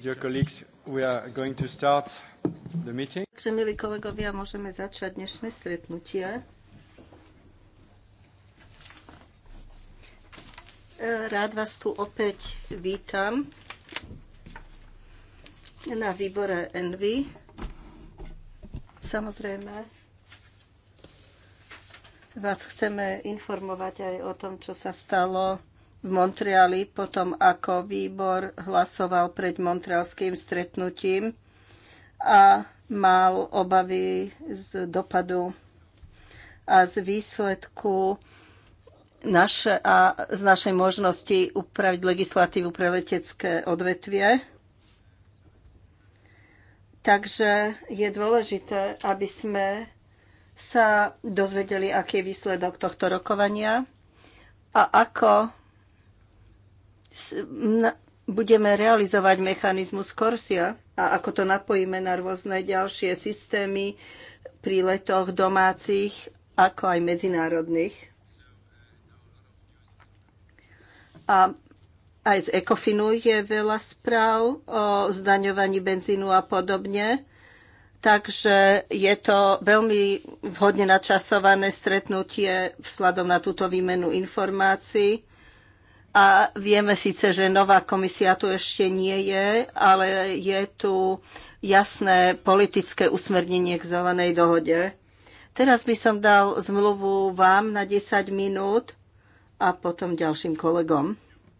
Dear colleagues, we are going to start the meeting. Takže, milí kolegovia, môžeme začať dnešné stretnutie. E, rád vás tu opäť vítam na výbore Envy. Samozrejme, vás chceme informovať aj o tom, čo sa stalo v Montreali, potom ako výbor hlasoval pred montrealským stretnutím a mal obavy z dopadu a z výsledku naše, a z našej možnosti upraviť legislatívu pre letecké odvetvie. Takže je dôležité, aby sme sa dozvedeli, aký je výsledok tohto rokovania a ako budeme realizovať mechanizmus Korsia a ako to napojíme na rôzne ďalšie systémy pri letoch domácich, ako aj medzinárodných. A aj z Ecofinu je veľa správ o zdaňovaní benzínu a podobne. Takže je to veľmi vhodne načasované stretnutie vzhľadom na túto výmenu informácií a vieme síce, že nová komisia tu ešte nie je, ale je tu jasné politické usmernenie k zelenej dohode. Teraz by som dal zmluvu vám na 10 minút a potom ďalším kolegom.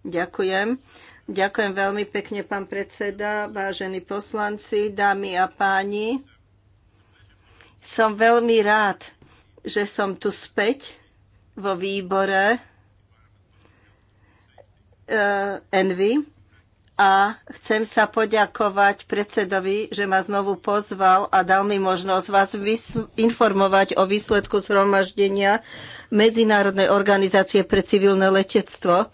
Ďakujem. Ďakujem veľmi pekne, pán predseda, vážení poslanci, dámy a páni. Som veľmi rád, že som tu späť vo výbore Eh, Envy a chcem sa poďakovať predsedovi, že ma znovu pozval a dal mi možnosť vás informovať o výsledku zhromaždenia Medzinárodnej organizácie pre civilné letectvo.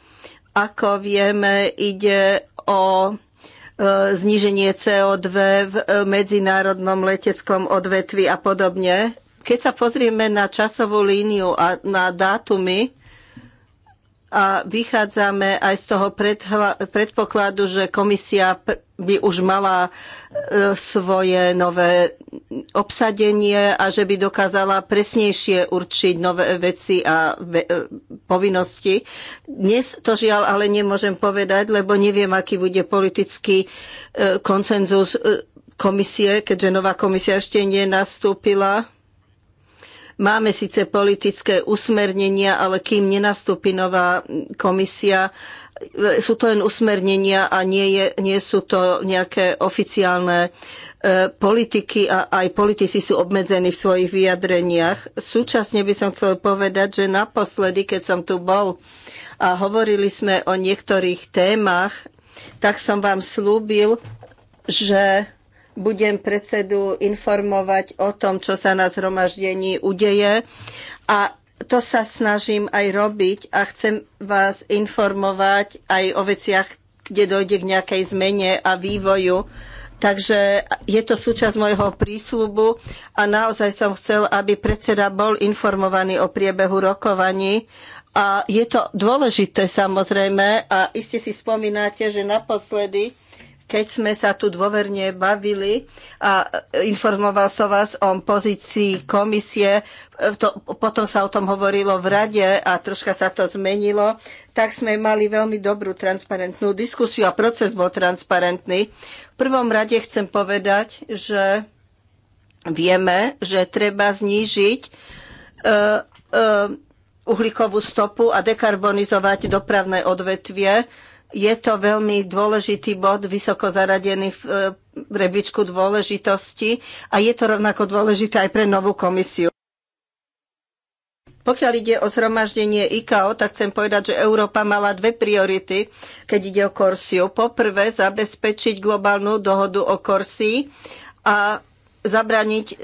Ako vieme, ide o eh, zníženie CO2 v medzinárodnom leteckom odvetvi a podobne. Keď sa pozrieme na časovú líniu a na dátumy, a vychádzame aj z toho predpokladu, že komisia by už mala e, svoje nové obsadenie a že by dokázala presnejšie určiť nové veci a e, povinnosti. Dnes to žiaľ ale nemôžem povedať, lebo neviem, aký bude politický e, koncenzus komisie, keďže nová komisia ešte nenastúpila Máme síce politické usmernenia, ale kým nenastúpi nová komisia, sú to len usmernenia a nie, je, nie sú to nejaké oficiálne e, politiky a aj politici sú obmedzení v svojich vyjadreniach. Súčasne by som chcel povedať, že naposledy, keď som tu bol a hovorili sme o niektorých témach, tak som vám slúbil, že budem predsedu informovať o tom, čo sa na zhromaždení udeje a to sa snažím aj robiť a chcem vás informovať aj o veciach, kde dojde k nejakej zmene a vývoju. Takže je to súčasť môjho prísľubu a naozaj som chcel, aby predseda bol informovaný o priebehu rokovaní. A je to dôležité samozrejme a iste si spomínate, že naposledy keď sme sa tu dôverne bavili a informoval som vás o pozícii komisie, to, potom sa o tom hovorilo v rade a troška sa to zmenilo, tak sme mali veľmi dobrú transparentnú diskusiu a proces bol transparentný. V prvom rade chcem povedať, že vieme, že treba znížiť uh, uh, uhlíkovú stopu a dekarbonizovať dopravné odvetvie. Uh, je to veľmi dôležitý bod, vysoko zaradený v e, rebičku dôležitosti a je to rovnako dôležité aj pre novú komisiu. Pokiaľ ide o zhromaždenie IKO, tak chcem povedať, že Európa mala dve priority, keď ide o Korsiu. Poprvé, zabezpečiť globálnu dohodu o Korsii a zabraniť e,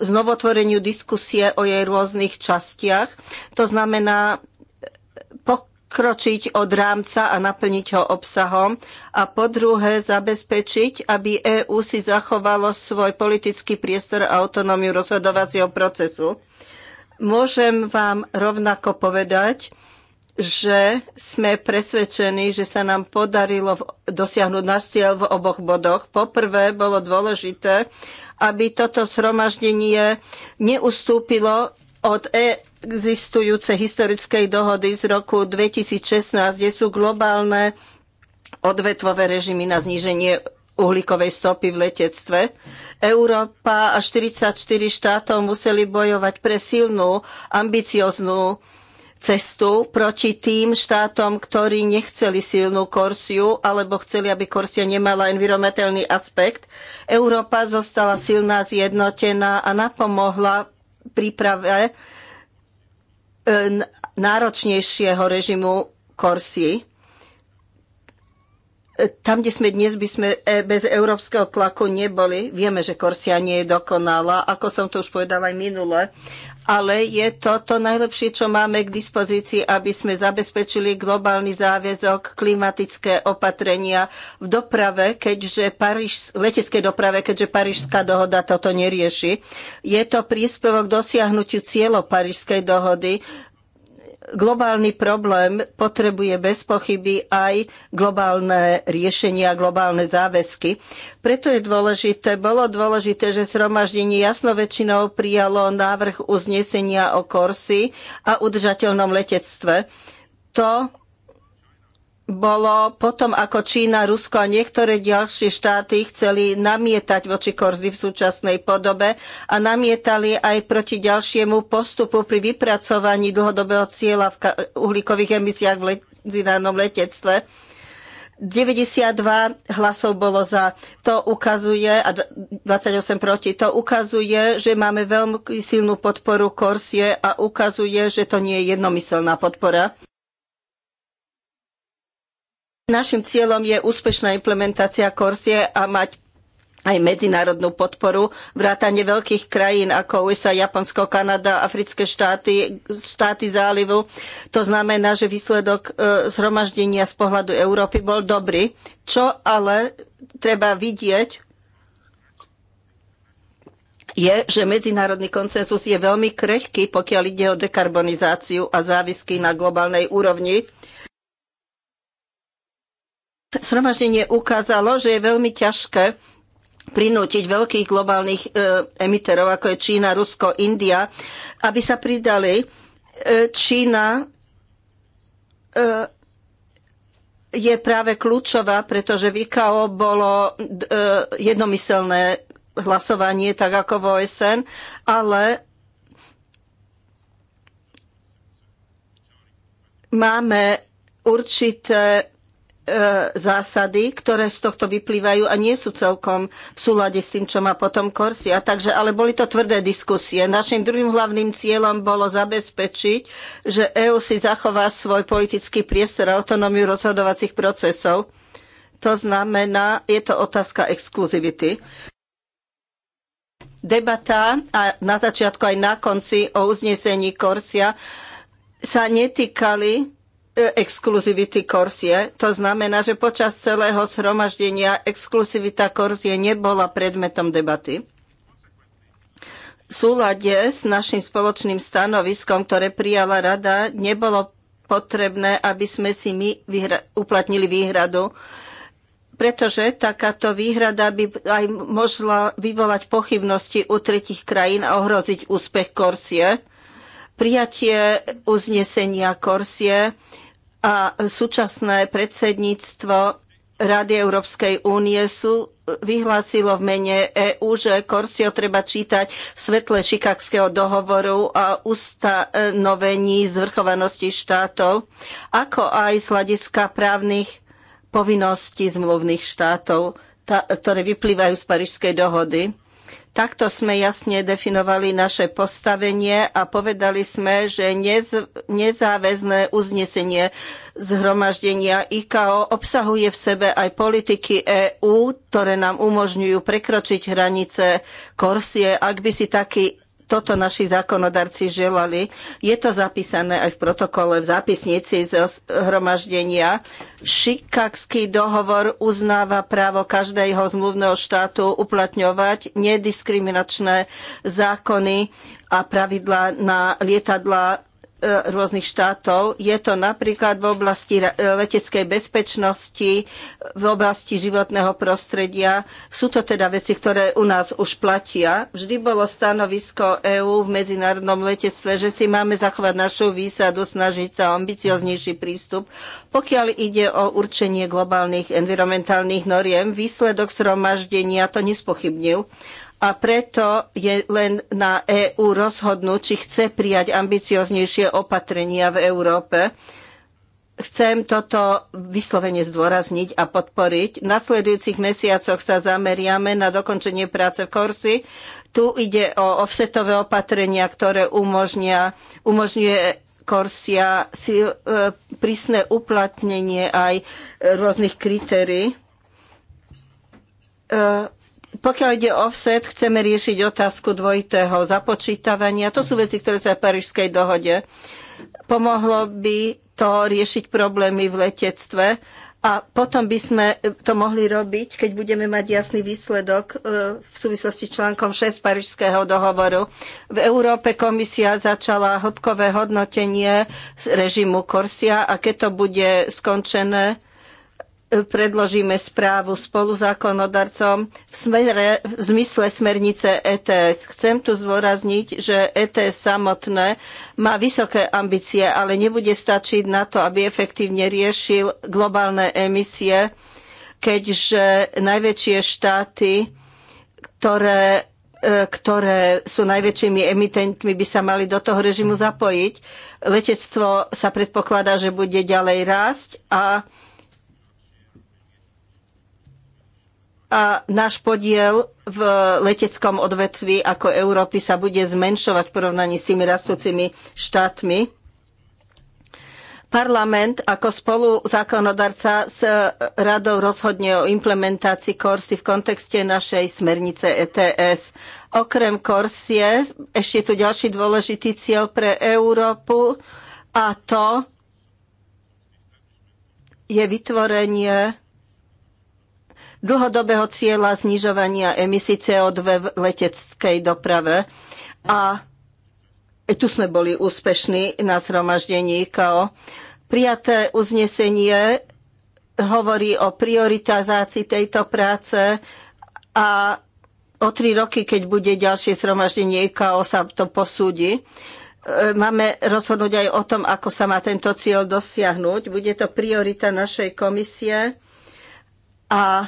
znovotvoreniu diskusie o jej rôznych častiach. To znamená e, po, odkročiť od rámca a naplniť ho obsahom a po druhé zabezpečiť, aby EÚ si zachovalo svoj politický priestor a autonómiu rozhodovacieho procesu. Môžem vám rovnako povedať, že sme presvedčení, že sa nám podarilo dosiahnuť náš cieľ v oboch bodoch. Poprvé bolo dôležité, aby toto zhromaždenie neustúpilo od e- existujúce historickej dohody z roku 2016, kde sú globálne odvetvové režimy na zníženie uhlíkovej stopy v letectve. Európa a 44 štátov museli bojovať pre silnú, ambicioznú cestu proti tým štátom, ktorí nechceli silnú Korsiu alebo chceli, aby Korsia nemala environmentálny aspekt. Európa zostala silná, zjednotená a napomohla príprave E, náročnejšieho režimu Korsi. E, tam, kde sme dnes, by sme e, bez európskeho tlaku neboli. Vieme, že Korsia nie je dokonalá, ako som to už povedala aj minule, ale je to to najlepšie, čo máme k dispozícii, aby sme zabezpečili globálny záväzok, klimatické opatrenia v doprave, keďže Paríž, leteckej doprave, keďže Parížská dohoda toto nerieši. Je to príspevok dosiahnutiu cieľov Parížskej dohody, globálny problém potrebuje bez pochyby aj globálne riešenia, globálne záväzky. Preto je dôležité, bolo dôležité, že zhromaždenie jasno väčšinou prijalo návrh uznesenia o korsi a udržateľnom letectve. To bolo potom, ako Čína, Rusko a niektoré ďalšie štáty chceli namietať voči korzy v súčasnej podobe a namietali aj proti ďalšiemu postupu pri vypracovaní dlhodobého cieľa v uhlíkových emisiách v medzinárodnom letectve. 92 hlasov bolo za. To ukazuje, a 28 proti, to ukazuje, že máme veľmi silnú podporu Korsie a ukazuje, že to nie je jednomyselná podpora. Našim cieľom je úspešná implementácia Korsie a mať aj medzinárodnú podporu, vrátanie veľkých krajín ako USA, Japonsko, Kanada, africké štáty, štáty zálivu. To znamená, že výsledok e, zhromaždenia z pohľadu Európy bol dobrý, čo ale treba vidieť je, že medzinárodný koncenzus je veľmi krehký, pokiaľ ide o dekarbonizáciu a závisky na globálnej úrovni Sromaždenie ukázalo, že je veľmi ťažké prinútiť veľkých globálnych e, emiterov, ako je Čína, Rusko, India, aby sa pridali. E, Čína e, je práve kľúčová, pretože v ICAO bolo e, jednomyselné hlasovanie, tak ako v OSN, ale máme určité E, zásady, ktoré z tohto vyplývajú a nie sú celkom v súlade s tým, čo má potom A Takže, ale boli to tvrdé diskusie. Našim druhým hlavným cieľom bolo zabezpečiť, že EÚ si zachová svoj politický priestor a autonómiu rozhodovacích procesov. To znamená, je to otázka exkluzivity. Debata a na začiatku aj na konci o uznesení Korsia sa netýkali E, exkluzivity Korsie. To znamená, že počas celého zhromaždenia exkluzivita Korsie nebola predmetom debaty. V súlade s našim spoločným stanoviskom, ktoré prijala rada, nebolo potrebné, aby sme si my vyhra- uplatnili výhradu, pretože takáto výhrada by aj mohla vyvolať pochybnosti u tretich krajín a ohroziť úspech Korsie. Prijatie uznesenia Korsie a súčasné predsedníctvo Rady Európskej únie sú vyhlásilo v mene EÚ, že Korsio treba čítať v svetle Chicagského dohovoru a ustanovení zvrchovanosti štátov, ako aj z hľadiska právnych povinností zmluvných štátov, ktoré vyplývajú z Parížskej dohody. Takto sme jasne definovali naše postavenie a povedali sme, že nez, nezáväzné uznesenie zhromaždenia IKO obsahuje v sebe aj politiky EÚ, ktoré nám umožňujú prekročiť hranice Korsie, ak by si taký toto naši zákonodarci želali. Je to zapísané aj v protokole, v zápisnici z hromaždenia. Šikakský dohovor uznáva právo každého zmluvného štátu uplatňovať nediskriminačné zákony a pravidla na lietadla E, rôznych štátov. Je to napríklad v oblasti e, leteckej bezpečnosti, v oblasti životného prostredia. Sú to teda veci, ktoré u nás už platia. Vždy bolo stanovisko EÚ v medzinárodnom letectve, že si máme zachovať našu výsadu, snažiť sa o ambicioznejší prístup. Pokiaľ ide o určenie globálnych environmentálnych noriem, výsledok zhromaždenia to nespochybnil a preto je len na EÚ rozhodnúť, či chce prijať ambicioznejšie opatrenia v Európe. Chcem toto vyslovene zdôrazniť a podporiť. V nasledujúcich mesiacoch sa zameriame na dokončenie práce v Korsi. Tu ide o offsetové opatrenia, ktoré umožnia, umožňuje Korsia si, e, prísne uplatnenie aj rôznych kritérií. E, pokiaľ ide o offset, chceme riešiť otázku dvojitého započítavania. To sú veci, ktoré sa v Parížskej dohode. Pomohlo by to riešiť problémy v letectve a potom by sme to mohli robiť, keď budeme mať jasný výsledok e, v súvislosti s článkom 6 Parížského dohovoru. V Európe komisia začala hĺbkové hodnotenie režimu Korsia a keď to bude skončené, predložíme správu spoluzákonodarcom v, smere, v zmysle smernice ETS. Chcem tu zvorazniť, že ETS samotné má vysoké ambície, ale nebude stačiť na to, aby efektívne riešil globálne emisie, keďže najväčšie štáty, ktoré e, ktoré sú najväčšími emitentmi, by sa mali do toho režimu zapojiť. Letectvo sa predpokladá, že bude ďalej rásť a a náš podiel v leteckom odvetvi ako Európy sa bude zmenšovať v porovnaní s tými rastúcimi štátmi. Parlament ako spolu zákonodarca s radou rozhodne o implementácii Korsy v kontexte našej smernice ETS. Okrem Korsie ešte je tu ďalší dôležitý cieľ pre Európu a to je vytvorenie dlhodobého cieľa znižovania emisí CO2 v leteckej doprave. A tu sme boli úspešní na zhromaždení IKO. Prijaté uznesenie hovorí o prioritizácii tejto práce a o tri roky, keď bude ďalšie zhromaždenie IKO, sa to posúdi. Máme rozhodnúť aj o tom, ako sa má tento cieľ dosiahnuť. Bude to priorita našej komisie a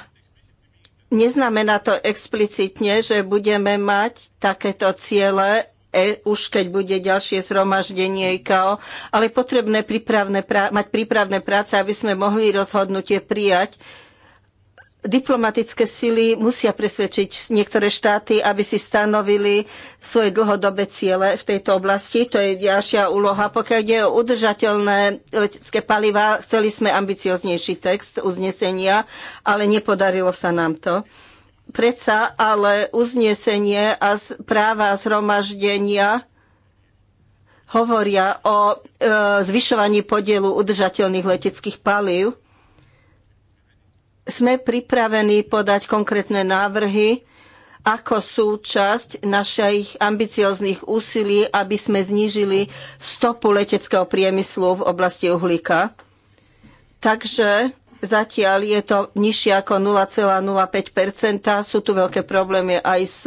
Neznamená to explicitne, že budeme mať takéto ciele e, už keď bude ďalšie zhromaždenie IKO, ale potrebné prípravné mať prípravné práce, aby sme mohli rozhodnutie prijať diplomatické sily musia presvedčiť niektoré štáty, aby si stanovili svoje dlhodobé ciele v tejto oblasti. To je ďalšia úloha. Pokiaľ ide o udržateľné letecké paliva, chceli sme ambicioznejší text uznesenia, ale nepodarilo sa nám to. Predsa ale uznesenie a práva zhromaždenia hovoria o e, zvyšovaní podielu udržateľných leteckých palív sme pripravení podať konkrétne návrhy ako súčasť našich ambicióznych úsilí, aby sme znížili stopu leteckého priemyslu v oblasti uhlíka. Takže Zatiaľ je to nižšie ako 0,05%. Sú tu veľké problémy aj s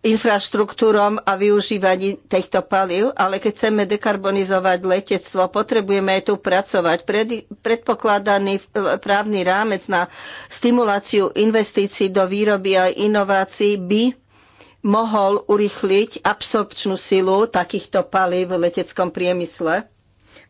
infraštruktúrom a využívaní týchto palív, ale keď chceme dekarbonizovať letectvo, potrebujeme aj tu pracovať. predpokladaný eh, právny rámec na stimuláciu investícií do výroby a inovácií by mohol urychliť absorpčnú silu takýchto palív v leteckom priemysle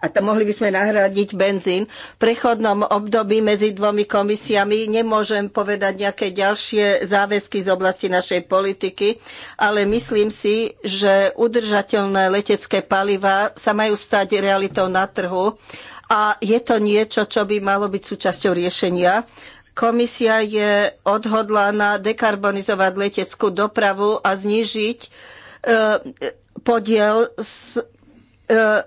a to mohli by sme nahradiť benzín. V prechodnom období medzi dvomi komisiami nemôžem povedať nejaké ďalšie záväzky z oblasti našej politiky, ale myslím si, že udržateľné letecké paliva sa majú stať realitou na trhu a je to niečo, čo by malo byť súčasťou riešenia. Komisia je odhodlaná dekarbonizovať leteckú dopravu a znížiť e, podiel z, e,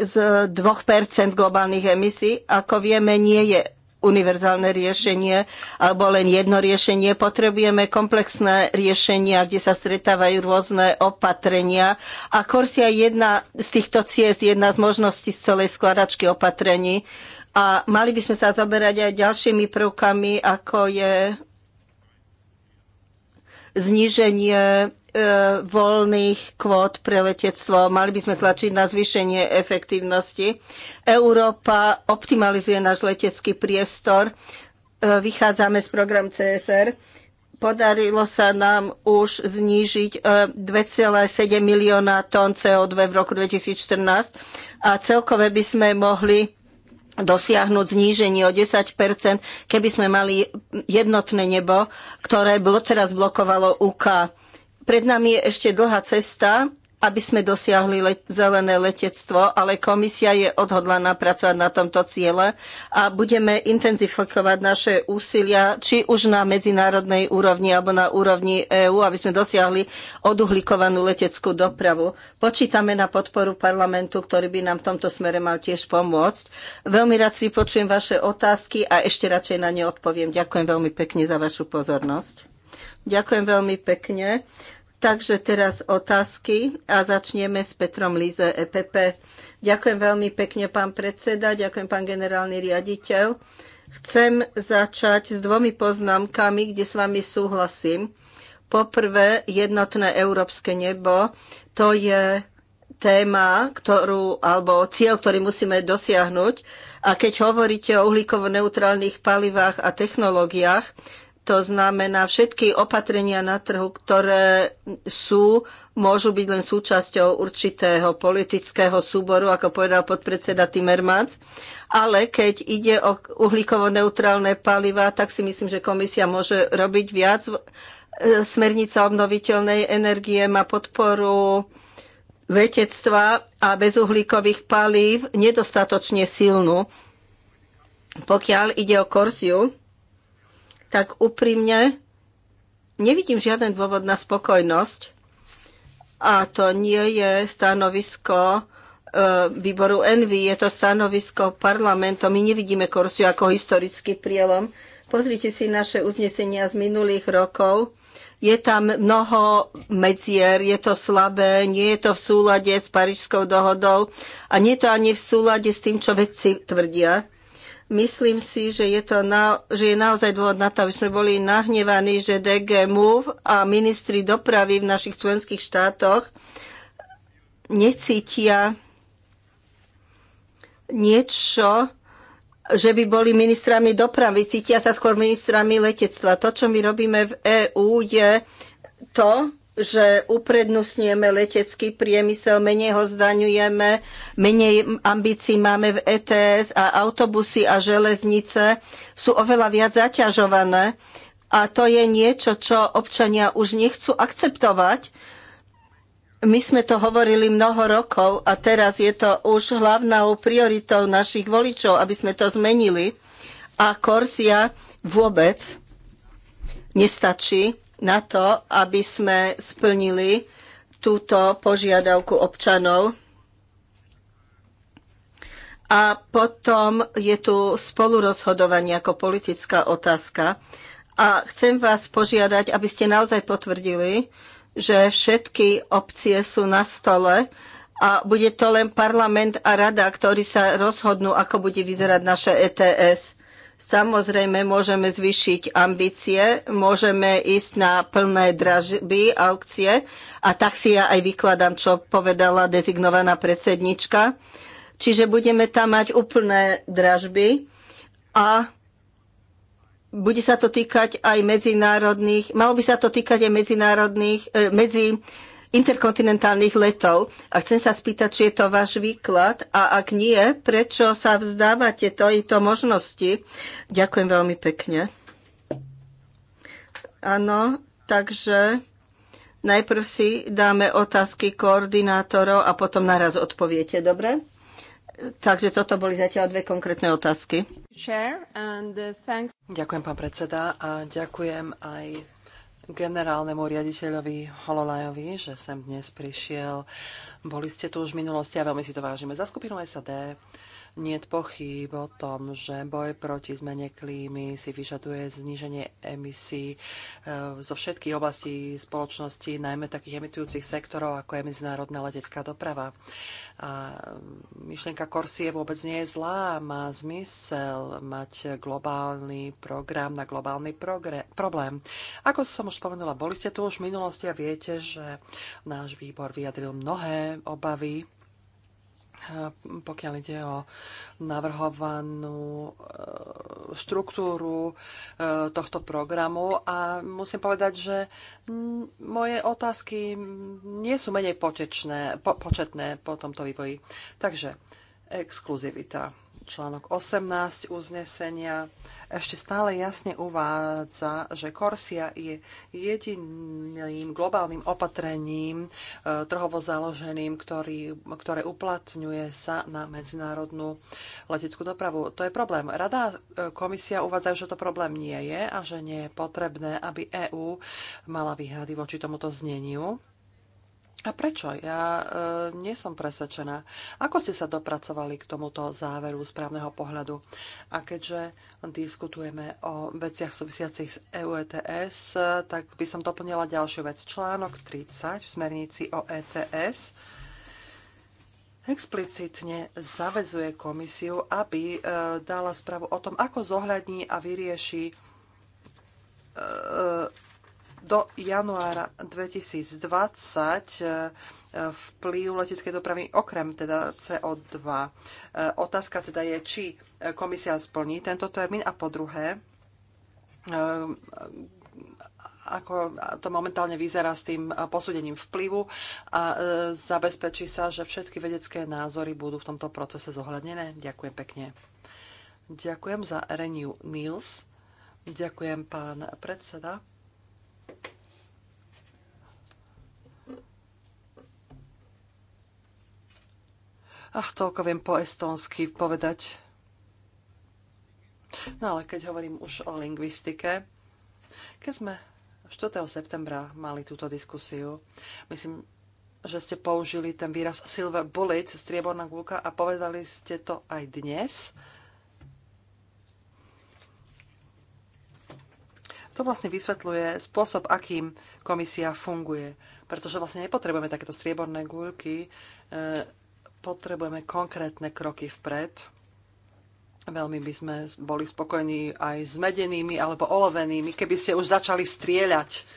z 2% globálnych emisí. Ako vieme, nie je univerzálne riešenie alebo len jedno riešenie. Potrebujeme komplexné riešenia, kde sa stretávajú rôzne opatrenia. A Korsia je jedna z týchto ciest, jedna z možností z celej skladačky opatrení. A mali by sme sa zoberať aj ďalšími prvkami, ako je zníženie E, voľných kvót pre letectvo. Mali by sme tlačiť na zvýšenie efektívnosti. Európa optimalizuje náš letecký priestor. E, vychádzame z program CSR. Podarilo sa nám už znížiť 2,7 e, milióna tón CO2 v roku 2014 a celkové by sme mohli dosiahnuť zníženie o 10 keby sme mali jednotné nebo, ktoré teraz blokovalo UK pred nami je ešte dlhá cesta, aby sme dosiahli le- zelené letectvo, ale komisia je odhodlaná pracovať na tomto ciele a budeme intenzifikovať naše úsilia, či už na medzinárodnej úrovni alebo na úrovni EÚ, aby sme dosiahli oduhlikovanú leteckú dopravu. Počítame na podporu parlamentu, ktorý by nám v tomto smere mal tiež pomôcť. Veľmi rád si počujem vaše otázky a ešte radšej na ne odpoviem. Ďakujem veľmi pekne za vašu pozornosť. Ďakujem veľmi pekne. Takže teraz otázky a začneme s Petrom Líze EPP. Ďakujem veľmi pekne, pán predseda, ďakujem, pán generálny riaditeľ. Chcem začať s dvomi poznámkami, kde s vami súhlasím. Poprvé, jednotné európske nebo, to je téma, ktorú, alebo cieľ, ktorý musíme dosiahnuť. A keď hovoríte o uhlíkovo-neutrálnych palivách a technológiách, to znamená, všetky opatrenia na trhu, ktoré sú, môžu byť len súčasťou určitého politického súboru, ako povedal podpredseda Timmermans. Ale keď ide o uhlíkovo-neutrálne paliva, tak si myslím, že komisia môže robiť viac. E, smernica obnoviteľnej energie má podporu letectva a bezuhlíkových palív nedostatočne silnú. Pokiaľ ide o korziu, tak úprimne nevidím žiaden dôvod na spokojnosť. A to nie je stanovisko e, výboru Envy, je to stanovisko parlamentu. My nevidíme Korsiu ako historický prielom. Pozrite si naše uznesenia z minulých rokov. Je tam mnoho medzier, je to slabé, nie je to v súlade s Parížskou dohodou a nie je to ani v súlade s tým, čo vedci tvrdia. Myslím si, že je, to na, že je naozaj dôvod na to, aby sme boli nahnevaní, že DG MOVE a ministri dopravy v našich členských štátoch necítia niečo, že by boli ministrami dopravy, cítia sa skôr ministrami letectva. To, čo my robíme v EÚ, je to, že uprednostňujeme letecký priemysel, menej ho zdaňujeme, menej ambícií máme v ETS a autobusy a železnice sú oveľa viac zaťažované a to je niečo, čo občania už nechcú akceptovať. My sme to hovorili mnoho rokov a teraz je to už hlavnou prioritou našich voličov, aby sme to zmenili. A Korsia vôbec nestačí na to, aby sme splnili túto požiadavku občanov. A potom je tu spolurozhodovanie ako politická otázka. A chcem vás požiadať, aby ste naozaj potvrdili, že všetky opcie sú na stole a bude to len parlament a rada, ktorí sa rozhodnú, ako bude vyzerať naše ETS. Samozrejme, môžeme zvýšiť ambície, môžeme ísť na plné dražby, aukcie a tak si ja aj vykladám, čo povedala dezignovaná predsednička. Čiže budeme tam mať úplné dražby a bude sa to týkať aj medzinárodných, malo by sa to týkať aj medzinárodných, eh, medzi interkontinentálnych letov. A chcem sa spýtať, či je to váš výklad a ak nie, prečo sa vzdávate tejto možnosti? Ďakujem veľmi pekne. Áno, takže najprv si dáme otázky koordinátorov a potom naraz odpoviete, dobre? Takže toto boli zatiaľ dve konkrétne otázky. Uh, ďakujem, pán predseda, a ďakujem aj generálnemu riaditeľovi Hololajovi, že sem dnes prišiel. Boli ste tu už v minulosti a veľmi si to vážime. Za skupinu SAD nie je pochyb o tom, že boj proti zmene klímy si vyžaduje zníženie emisí e, zo všetkých oblastí spoločnosti, najmä takých emitujúcich sektorov, ako je medzinárodná letecká doprava. A mm, myšlienka Korsie vôbec nie je zlá, má zmysel mať globálny program na globálny problém. Ako som už spomenula, boli ste tu už v minulosti a viete, že náš výbor vyjadril mnohé obavy Hm, pokiaľ ide o navrhovanú e, štruktúru e, tohto programu. A musím povedať, že moje otázky nie sú menej potečné, po, početné po tomto vývoji. Takže exkluzivita Článok 18 uznesenia ešte stále jasne uvádza, že Korsia je jediným globálnym opatrením e, trhovo založeným, ktorý, ktoré uplatňuje sa na medzinárodnú leteckú dopravu. To je problém. Rada e, komisia uvádzajú, že to problém nie je a že nie je potrebné, aby EÚ mala výhrady voči tomuto zneniu. A prečo? Ja e, nie som presvedčená. Ako ste sa dopracovali k tomuto záveru správneho pohľadu? A keďže diskutujeme o veciach súvisiacich s EU ETS, e, tak by som doplnila ďalšiu vec. Článok 30 v smernici o ETS explicitne zavezuje komisiu, aby e, dala správu o tom, ako zohľadní a vyrieši e, do januára 2020 e, vplyv leteckej dopravy okrem teda CO2. E, otázka teda je, či komisia splní tento termín a po druhé, e, ako to momentálne vyzerá s tým posúdením vplyvu a zabezpečí sa, že všetky vedecké názory budú v tomto procese zohľadnené. Ďakujem pekne. Ďakujem za Renew Niels. Ďakujem, pán predseda. Ach, toľko viem po estónsky povedať. No ale keď hovorím už o lingvistike, keď sme 4. septembra mali túto diskusiu, myslím, že ste použili ten výraz silver bullet, strieborná gulka a povedali ste to aj dnes. To vlastne vysvetľuje spôsob, akým komisia funguje. Pretože vlastne nepotrebujeme takéto strieborné guľky, e, potrebujeme konkrétne kroky vpred. Veľmi by sme boli spokojní aj s medenými alebo olovenými, keby ste už začali strieľať.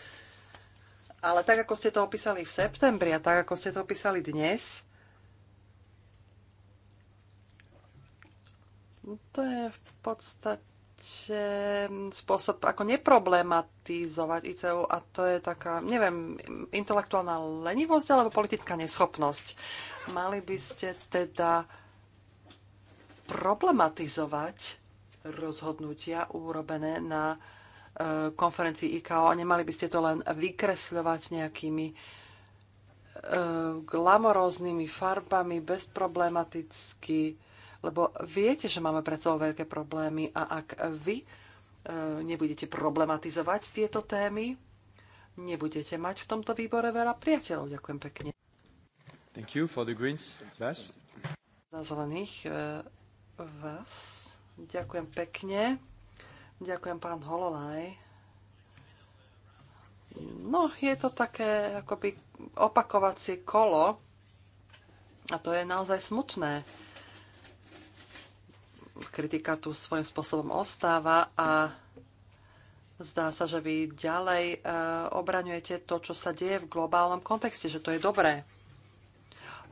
Ale tak, ako ste to opísali v septembri a tak, ako ste to opísali dnes, to je v podstate spôsob, ako neproblematizovať ICU a to je taká, neviem, intelektuálna lenivosť alebo politická neschopnosť. Mali by ste teda problematizovať rozhodnutia urobené na e, konferencii IKO a nemali by ste to len vykresľovať nejakými e, glamoróznymi farbami, bezproblematicky lebo viete, že máme pred sebou veľké problémy a ak vy e, nebudete problematizovať tieto témy, nebudete mať v tomto výbore veľa priateľov. Ďakujem pekne. Thank you for the greens. Vás. Za zelených e, vás. Ďakujem pekne. Ďakujem pán Hololaj. No, je to také akoby opakovacie kolo a to je naozaj smutné kritika tu svojím spôsobom ostáva a zdá sa, že vy ďalej e, obraňujete to, čo sa deje v globálnom kontexte, že to je dobré.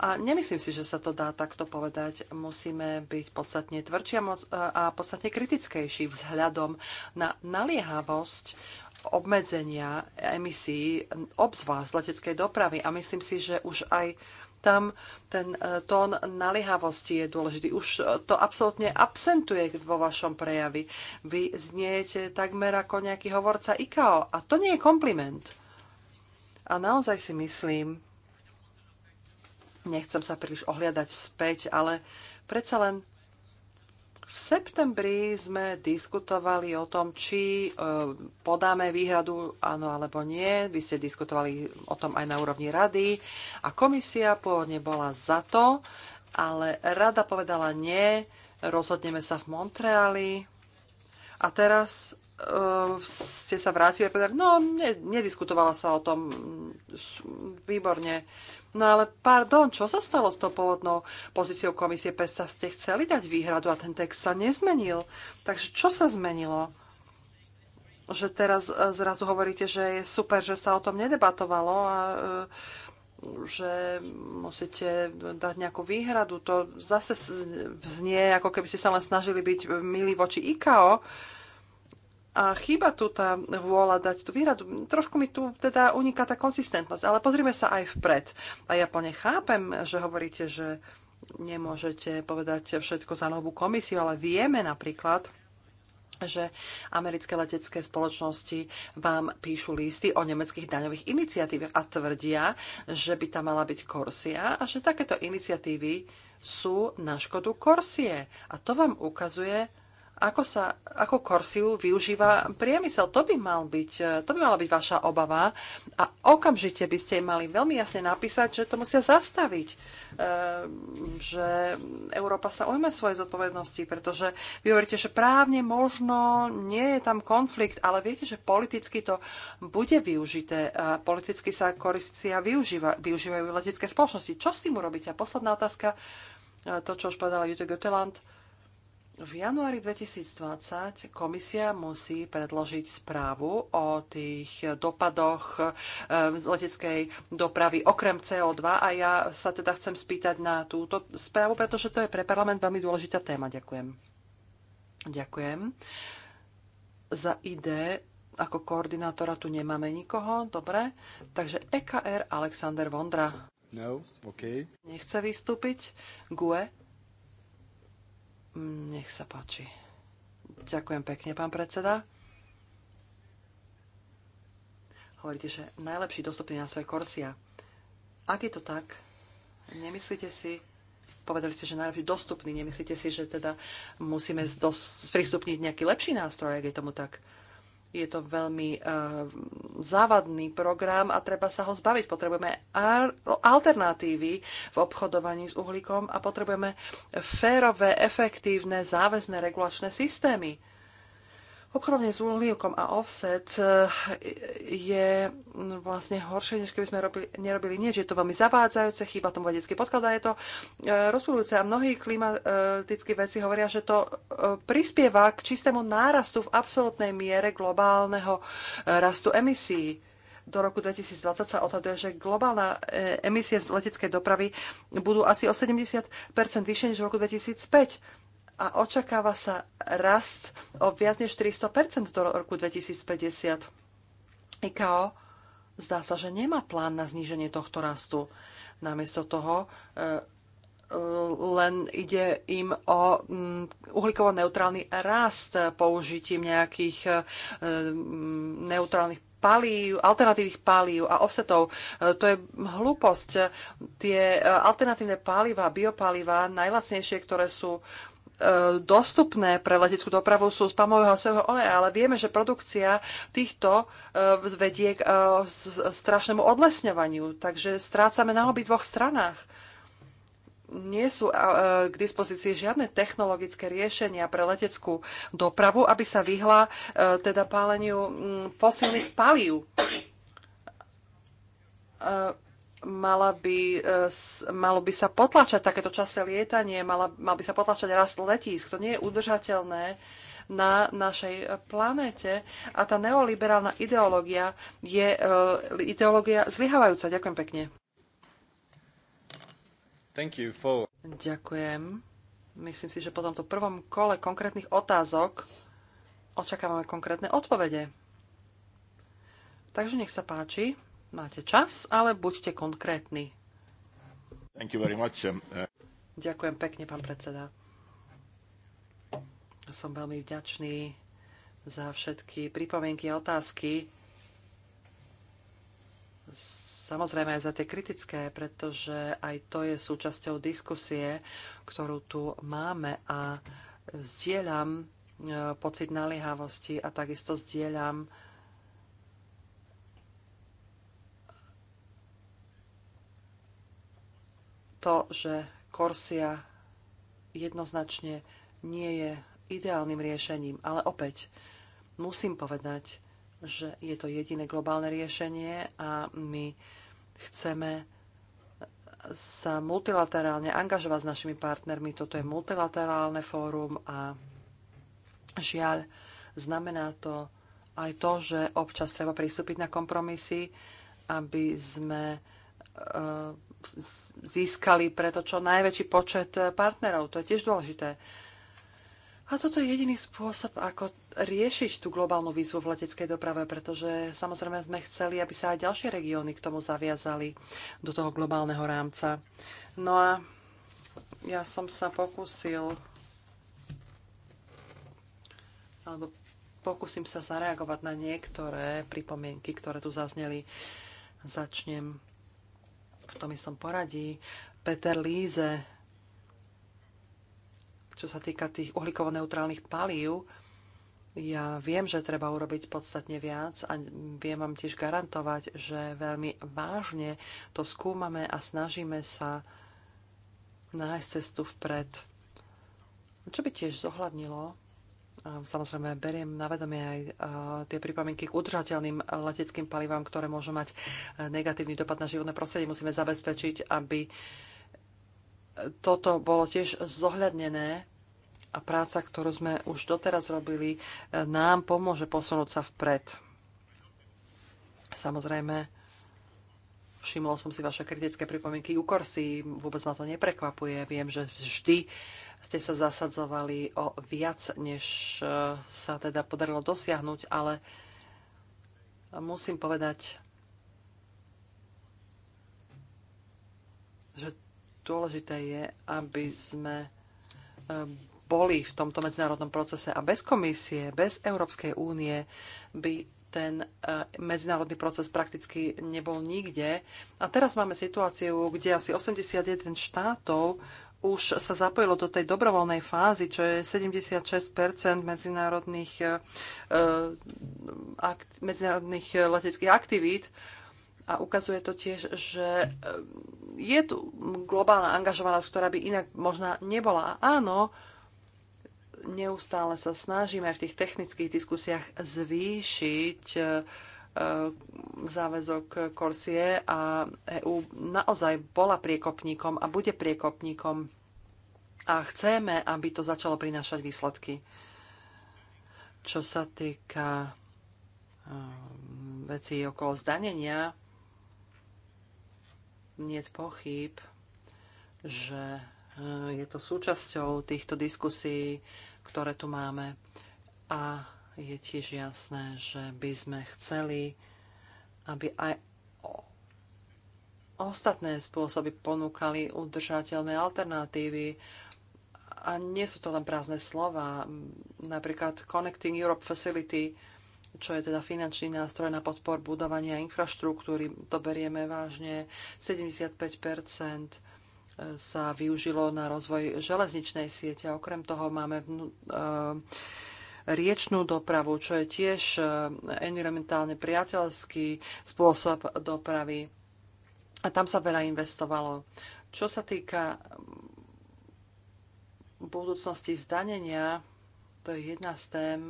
A nemyslím si, že sa to dá takto povedať. Musíme byť podstatne tvrdší a e, podstatne kritickejší vzhľadom na naliehavosť obmedzenia emisí, obzvlášť leteckej dopravy. A myslím si, že už aj tam ten e, tón naliehavosti je dôležitý. Už e, to absolútne absentuje vo vašom prejavi. Vy zniete takmer ako nejaký hovorca IKO a to nie je kompliment. A naozaj si myslím, nechcem sa príliš ohliadať späť, ale predsa len v septembri sme diskutovali o tom, či e, podáme výhradu áno alebo nie. Vy ste diskutovali o tom aj na úrovni rady a komisia pôvodne bola za to, ale rada povedala nie, rozhodneme sa v Montreali a teraz e, ste sa vrátili a povedali, no, nediskutovala sa o tom, výborne, No ale pardon, čo sa stalo s tou pôvodnou pozíciou komisie sa Ste chceli dať výhradu a ten text sa nezmenil. Takže čo sa zmenilo? Že teraz e, zrazu hovoríte, že je super, že sa o tom nedebatovalo a e, že musíte dať nejakú výhradu. To zase znie, ako keby ste sa len snažili byť milí voči IKO. A chýba tu tá vôľa dať tú výhradu. Trošku mi tu teda uniká tá konsistentnosť, ale pozrime sa aj vpred. A ja plne chápem, že hovoríte, že nemôžete povedať všetko za novú komisiu, ale vieme napríklad, že americké letecké spoločnosti vám píšu listy o nemeckých daňových iniciatívach a tvrdia, že by tam mala byť Korsia a že takéto iniciatívy sú na škodu Korsie. A to vám ukazuje, ako, sa, ako korsiu využíva priemysel. To by, mal byť, e, to by mala byť vaša obava a okamžite by ste mali veľmi jasne napísať, že to musia zastaviť, e, že Európa sa ujme svoje zodpovednosti, pretože vy hovoríte, že právne možno nie je tam konflikt, ale viete, že politicky to bude využité. A politicky sa Corsia využíva, využívajú letecké spoločnosti. Čo s tým urobíte? A posledná otázka, e, to, čo už povedala Jutta Götteland, v januári 2020 komisia musí predložiť správu o tých dopadoch eh, z leteckej dopravy okrem CO2 a ja sa teda chcem spýtať na túto správu, pretože to je pre parlament veľmi dôležitá téma. Ďakujem. Ďakujem. Za ID ako koordinátora tu nemáme nikoho, dobre. Takže EKR Alexander Vondra. No, okay. Nechce vystúpiť. GUE nech sa páči. Ďakujem pekne, pán predseda. Hovoríte, že najlepší dostupný nástroj Korsia. Ak je to tak, nemyslíte si, povedali ste, že najlepší dostupný, nemyslíte si, že teda musíme sprístupniť nejaký lepší nástroj, ak je tomu tak? Je to veľmi uh, závadný program a treba sa ho zbaviť. Potrebujeme alternatívy v obchodovaní s uhlíkom a potrebujeme férové, efektívne, záväzné regulačné systémy. Obchodovanie s uhlíkom a offset eh, je vlastne horšie, než keby sme robili, nerobili nič. Je to veľmi zavádzajúce, chýba tomu vedecký podklad a je to eh, rozhodujúce. A mnohí klimatickí veci hovoria, že to eh, prispieva k čistému nárastu v absolútnej miere globálneho rastu emisí do roku 2020 sa odhaduje, že globálna emisie z leteckej dopravy budú asi o 70 vyššie než v roku 2005 a očakáva sa rast o viac než 400 do roku 2050. IKO zdá sa, že nemá plán na zníženie tohto rastu. Namiesto toho eh, len ide im o mm, uhlíkovo-neutrálny rast použitím nejakých eh, mm, neutrálnych palív, alternatívnych palív a offsetov. Eh, to je hlúposť. Tie alternatívne paliva, biopaliva, najlacnejšie, ktoré sú E, dostupné pre leteckú dopravu sú z pamového svojho oleja, ale vieme, že produkcia týchto e, vedie k e, strašnému odlesňovaniu, takže strácame na obi dvoch stranách. Nie sú k dispozícii žiadne technologické riešenia pre leteckú dopravu, aby sa vyhla teda páleniu fosílnych palív mala by, e, malo by sa potlačať takéto časté lietanie, mala, mal by sa potlačať rast letísk. To nie je udržateľné na našej planéte a tá neoliberálna ideológia je e, ideológia zlyhávajúca. Ďakujem pekne. Thank you for... Ďakujem. Myslím si, že po tomto prvom kole konkrétnych otázok očakávame konkrétne odpovede. Takže nech sa páči. Máte čas, ale buďte konkrétni. Thank you very much. Um, uh, Ďakujem pekne, pán predseda. Som veľmi vďačný za všetky pripomienky a otázky. Samozrejme aj za tie kritické, pretože aj to je súčasťou diskusie, ktorú tu máme a vzdielam uh, pocit naliehavosti a takisto zdieľam to, že Korsia jednoznačne nie je ideálnym riešením, ale opäť musím povedať, že je to jediné globálne riešenie a my chceme sa multilaterálne angažovať s našimi partnermi. Toto je multilaterálne fórum a žiaľ, znamená to aj to, že občas treba pristúpiť na kompromisy, aby sme eh, získali preto čo najväčší počet partnerov. To je tiež dôležité. A toto je jediný spôsob, ako riešiť tú globálnu výzvu v leteckej doprave, pretože samozrejme sme chceli, aby sa aj ďalšie regióny k tomu zaviazali do toho globálneho rámca. No a ja som sa pokúsil alebo pokúsim sa zareagovať na niektoré pripomienky, ktoré tu zazneli. Začnem v tom som poradí. Peter Líze, čo sa týka tých uhlíkovo-neutrálnych palív, ja viem, že treba urobiť podstatne viac a viem vám tiež garantovať, že veľmi vážne to skúmame a snažíme sa nájsť cestu vpred. Čo by tiež zohľadnilo Samozrejme, beriem na vedomie aj e, tie pripomienky k udržateľným leteckým palivám, ktoré môžu mať e, negatívny dopad na životné prostredie. Musíme zabezpečiť, aby toto bolo tiež zohľadnené a práca, ktorú sme už doteraz robili, e, nám pomôže posunúť sa vpred. Samozrejme, všimol som si vaše kritické pripomienky u Korsi, vôbec ma to neprekvapuje, viem, že vždy ste sa zasadzovali o viac, než e, sa teda podarilo dosiahnuť, ale musím povedať, že dôležité je, aby sme e, boli v tomto medzinárodnom procese a bez komisie, bez Európskej únie by ten e, medzinárodný proces prakticky nebol nikde. A teraz máme situáciu, kde asi 81 štátov už sa zapojilo do tej dobrovoľnej fázy, čo je 76 medzinárodných, e, e, akt, medzinárodných leteckých aktivít. A ukazuje to tiež, že e, je tu globálna angažovanosť, ktorá by inak možná nebola. A áno, neustále sa snažíme v tých technických diskusiách zvýšiť uh, E, záväzok Korsie a EÚ naozaj bola priekopníkom a bude priekopníkom a chceme, aby to začalo prinášať výsledky. Čo sa týka e, veci okolo zdanenia, nie pochyb, že e, je to súčasťou týchto diskusí, ktoré tu máme. A je tiež jasné, že by sme chceli, aby aj ostatné spôsoby ponúkali udržateľné alternatívy. A nie sú to len prázdne slova. Napríklad Connecting Europe Facility, čo je teda finančný nástroj na podpor budovania infraštruktúry, to berieme vážne. 75 sa využilo na rozvoj železničnej siete. Okrem toho máme vnú, uh, riečnú dopravu, čo je tiež e, environmentálne priateľský spôsob dopravy. A tam sa veľa investovalo. Čo sa týka mm, budúcnosti zdanenia, to je jedna z tém,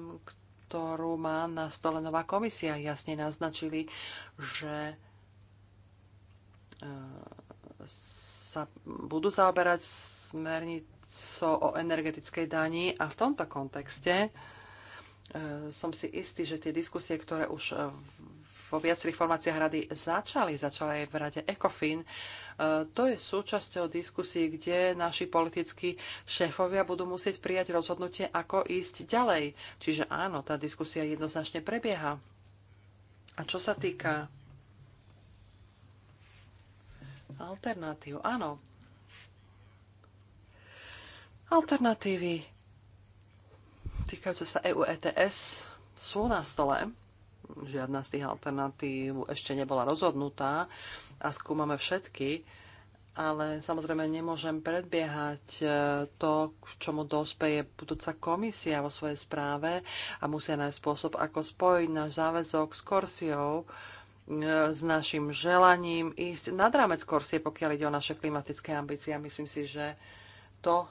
ktorú má na stole nová komisia. Jasne naznačili, že e, sa budú zaoberať smernicou o energetickej dani a v tomto kontexte E, som si istý, že tie diskusie, ktoré už e, vo viacerých formáciách rady začali, začali aj v rade ECOFIN. E, to je súčasťou diskusí, kde naši politickí šéfovia budú musieť prijať rozhodnutie, ako ísť ďalej. Čiže áno, tá diskusia jednoznačne prebieha. A čo sa týka alternatív, áno. Alternatívy týkajúce sa EU ETS sú na stole. Žiadna z tých alternatív ešte nebola rozhodnutá a skúmame všetky, ale samozrejme nemôžem predbiehať e, to, k čomu dospeje budúca komisia vo svojej správe a musia nájsť spôsob, ako spojiť náš záväzok s Korsiou, e, s našim želaním ísť nad rámec Korsie, pokiaľ ide o naše klimatické ambície. Myslím si, že to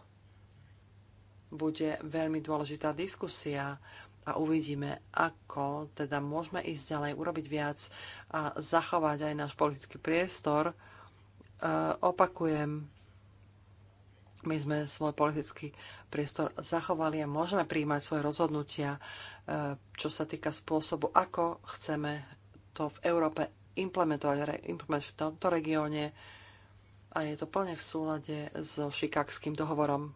bude veľmi dôležitá diskusia a uvidíme, ako teda môžeme ísť ďalej, urobiť viac a zachovať aj náš politický priestor. E, opakujem, my sme svoj politický priestor zachovali a môžeme príjmať svoje rozhodnutia, e, čo sa týka spôsobu, ako chceme to v Európe implementovať, implementovať v tomto regióne a je to plne v súlade so šikakským dohovorom.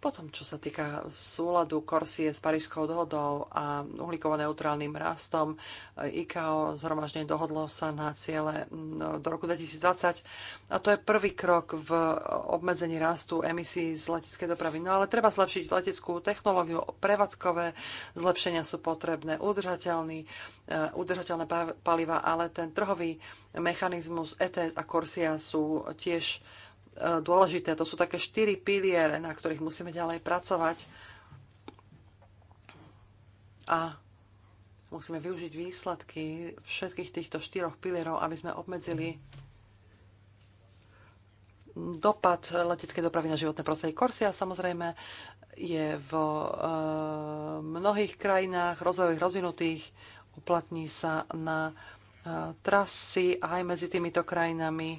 Potom, čo sa týka súladu Korsie s Parížskou dohodou a uhlíkovo-neutrálnym rastom, IKO zhromaždenie dohodlo sa na ciele no, do roku 2020 a to je prvý krok v obmedzení rastu emisí z leteckej dopravy. No ale treba zlepšiť leteckú technológiu, prevádzkové zlepšenia sú potrebné, udržateľný, eh, udržateľné paliva, ale ten trhový mechanizmus ETS a Korsia sú tiež E, dôležité. To sú také štyri piliere, na ktorých musíme ďalej pracovať. A musíme využiť výsledky všetkých týchto štyroch pilierov, aby sme obmedzili dopad leteckej dopravy na životné prostredie. Korsia samozrejme je v e, mnohých krajinách rozvojových rozvinutých, uplatní sa na e, trasy aj medzi týmito krajinami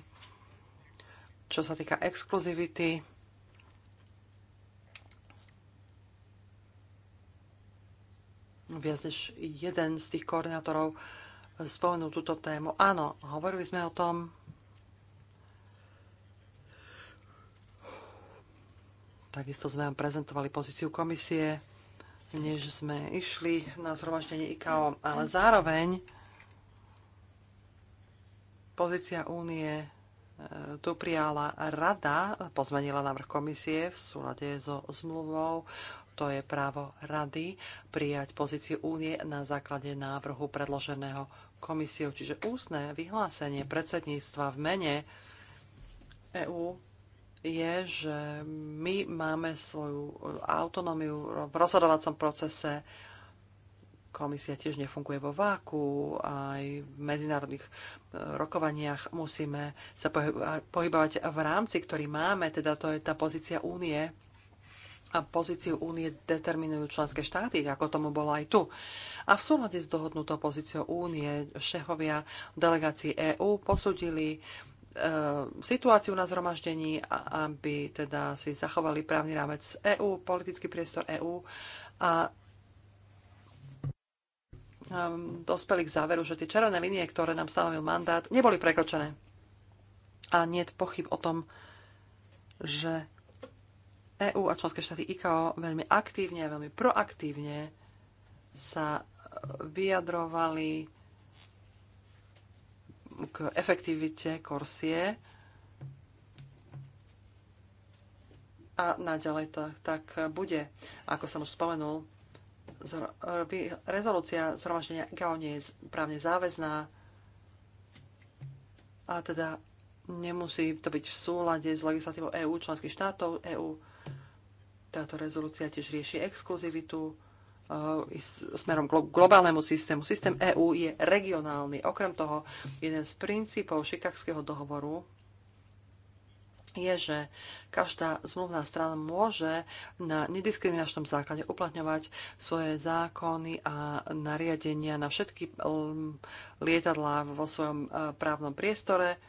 čo sa týka exkluzivity. Viac než jeden z tých koordinátorov spomenul túto tému. Áno, hovorili sme o tom. Takisto sme vám prezentovali pozíciu komisie, než sme išli na zhromaždenie IKO, ale zároveň pozícia únie dopriala rada, pozmenila návrh komisie v súlade so zmluvou. To je právo rady prijať pozíciu únie na základe návrhu predloženého komisiou. Čiže ústne vyhlásenie predsedníctva v mene EÚ je, že my máme svoju autonómiu v rozhodovacom procese Komisia tiež nefunguje vo váku, aj v medzinárodných e, rokovaniach musíme sa pohybovať v rámci, ktorý máme, teda to je tá pozícia únie a pozíciu únie determinujú členské štáty, ako tomu bolo aj tu. A v súlade s dohodnutou pozíciou únie šéfovia delegácií EÚ posudili e, situáciu na zhromaždení, aby teda si zachovali právny rámec EÚ, politický priestor EÚ a dospeli k záveru, že tie červené linie, ktoré nám stanovil mandát, neboli prekočené. A nie je pochyb o tom, že EÚ a členské štáty IKO veľmi aktívne a veľmi proaktívne sa vyjadrovali k efektivite korsie a naďalej to tak bude. Ako som už spomenul, rezolúcia zhromaždenia ICAO nie je právne záväzná a teda nemusí to byť v súlade s legislatívou EÚ, členských štátov EÚ. Táto rezolúcia tiež rieši exkluzivitu eh, smerom k globálnemu systému. Systém EÚ je regionálny. Okrem toho, jeden z princípov Šikakského dohovoru je, že každá zmluvná strana môže na nediskriminačnom základe uplatňovať svoje zákony a nariadenia na všetky mm, lietadlá vo svojom e, právnom priestore.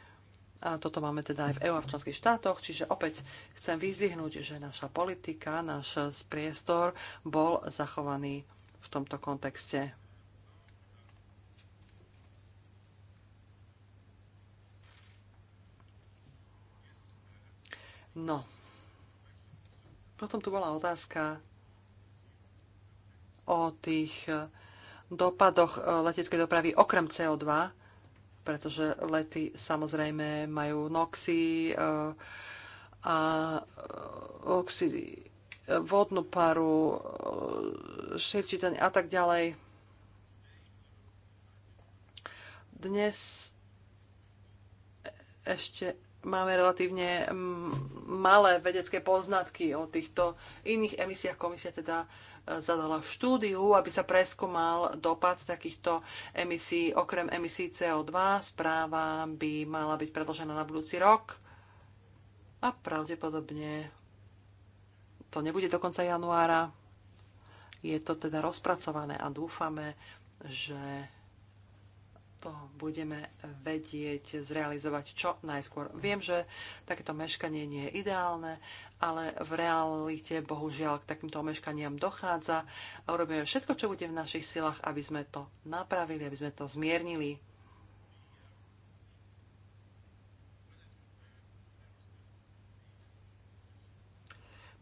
A toto máme teda aj v EU a v členských štátoch, čiže opäť chcem vyzvihnúť, že naša politika, náš priestor bol zachovaný v tomto kontexte. No. Potom tu bola otázka o tých eh, dopadoch eh, leteckej dopravy okrem CO2, pretože lety samozrejme majú noxy eh, a oxidy vodnú paru, širčiteň a tak ďalej. Dnes ešte máme relatívne mm, malé vedecké poznatky o týchto iných emisiách. Komisia teda e, zadala štúdiu, aby sa preskúmal dopad takýchto emisí, okrem emisí CO2. Správa by mala byť predložená na budúci rok a pravdepodobne to nebude do konca januára. Je to teda rozpracované a dúfame, že to budeme vedieť zrealizovať čo najskôr. Viem, že takéto meškanie nie je ideálne, ale v realite bohužiaľ k takýmto meškaniam dochádza a urobíme všetko, čo bude v našich silách, aby sme to napravili, aby sme to zmiernili.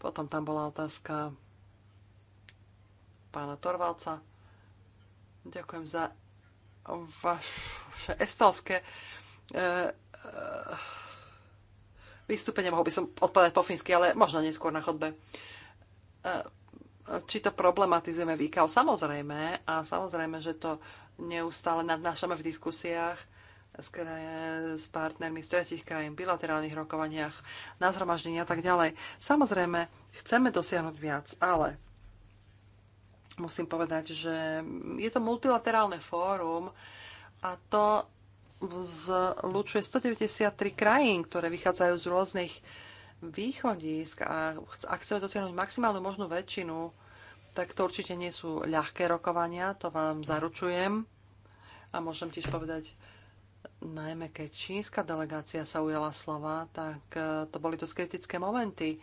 Potom tam bola otázka pána Torvalca. Ďakujem za vaše estonské e, e, vystúpenie, mohol by som odpovedať po fínsky, ale možno neskôr na chodbe. E, či to problematizujeme výkav? Samozrejme, a samozrejme, že to neustále nadnášame v diskusiách s, s partnermi z tretich krajín, bilaterálnych rokovaniach, na zhromaždení a tak ďalej. Samozrejme, chceme dosiahnuť viac, ale musím povedať, že je to multilaterálne fórum a to zlučuje 193 krajín, ktoré vychádzajú z rôznych východisk a ak chceme dosiahnuť maximálnu možnú väčšinu, tak to určite nie sú ľahké rokovania, to vám zaručujem. A môžem tiež povedať, najmä keď čínska delegácia sa ujala slova, tak eh, to boli dosť kritické momenty.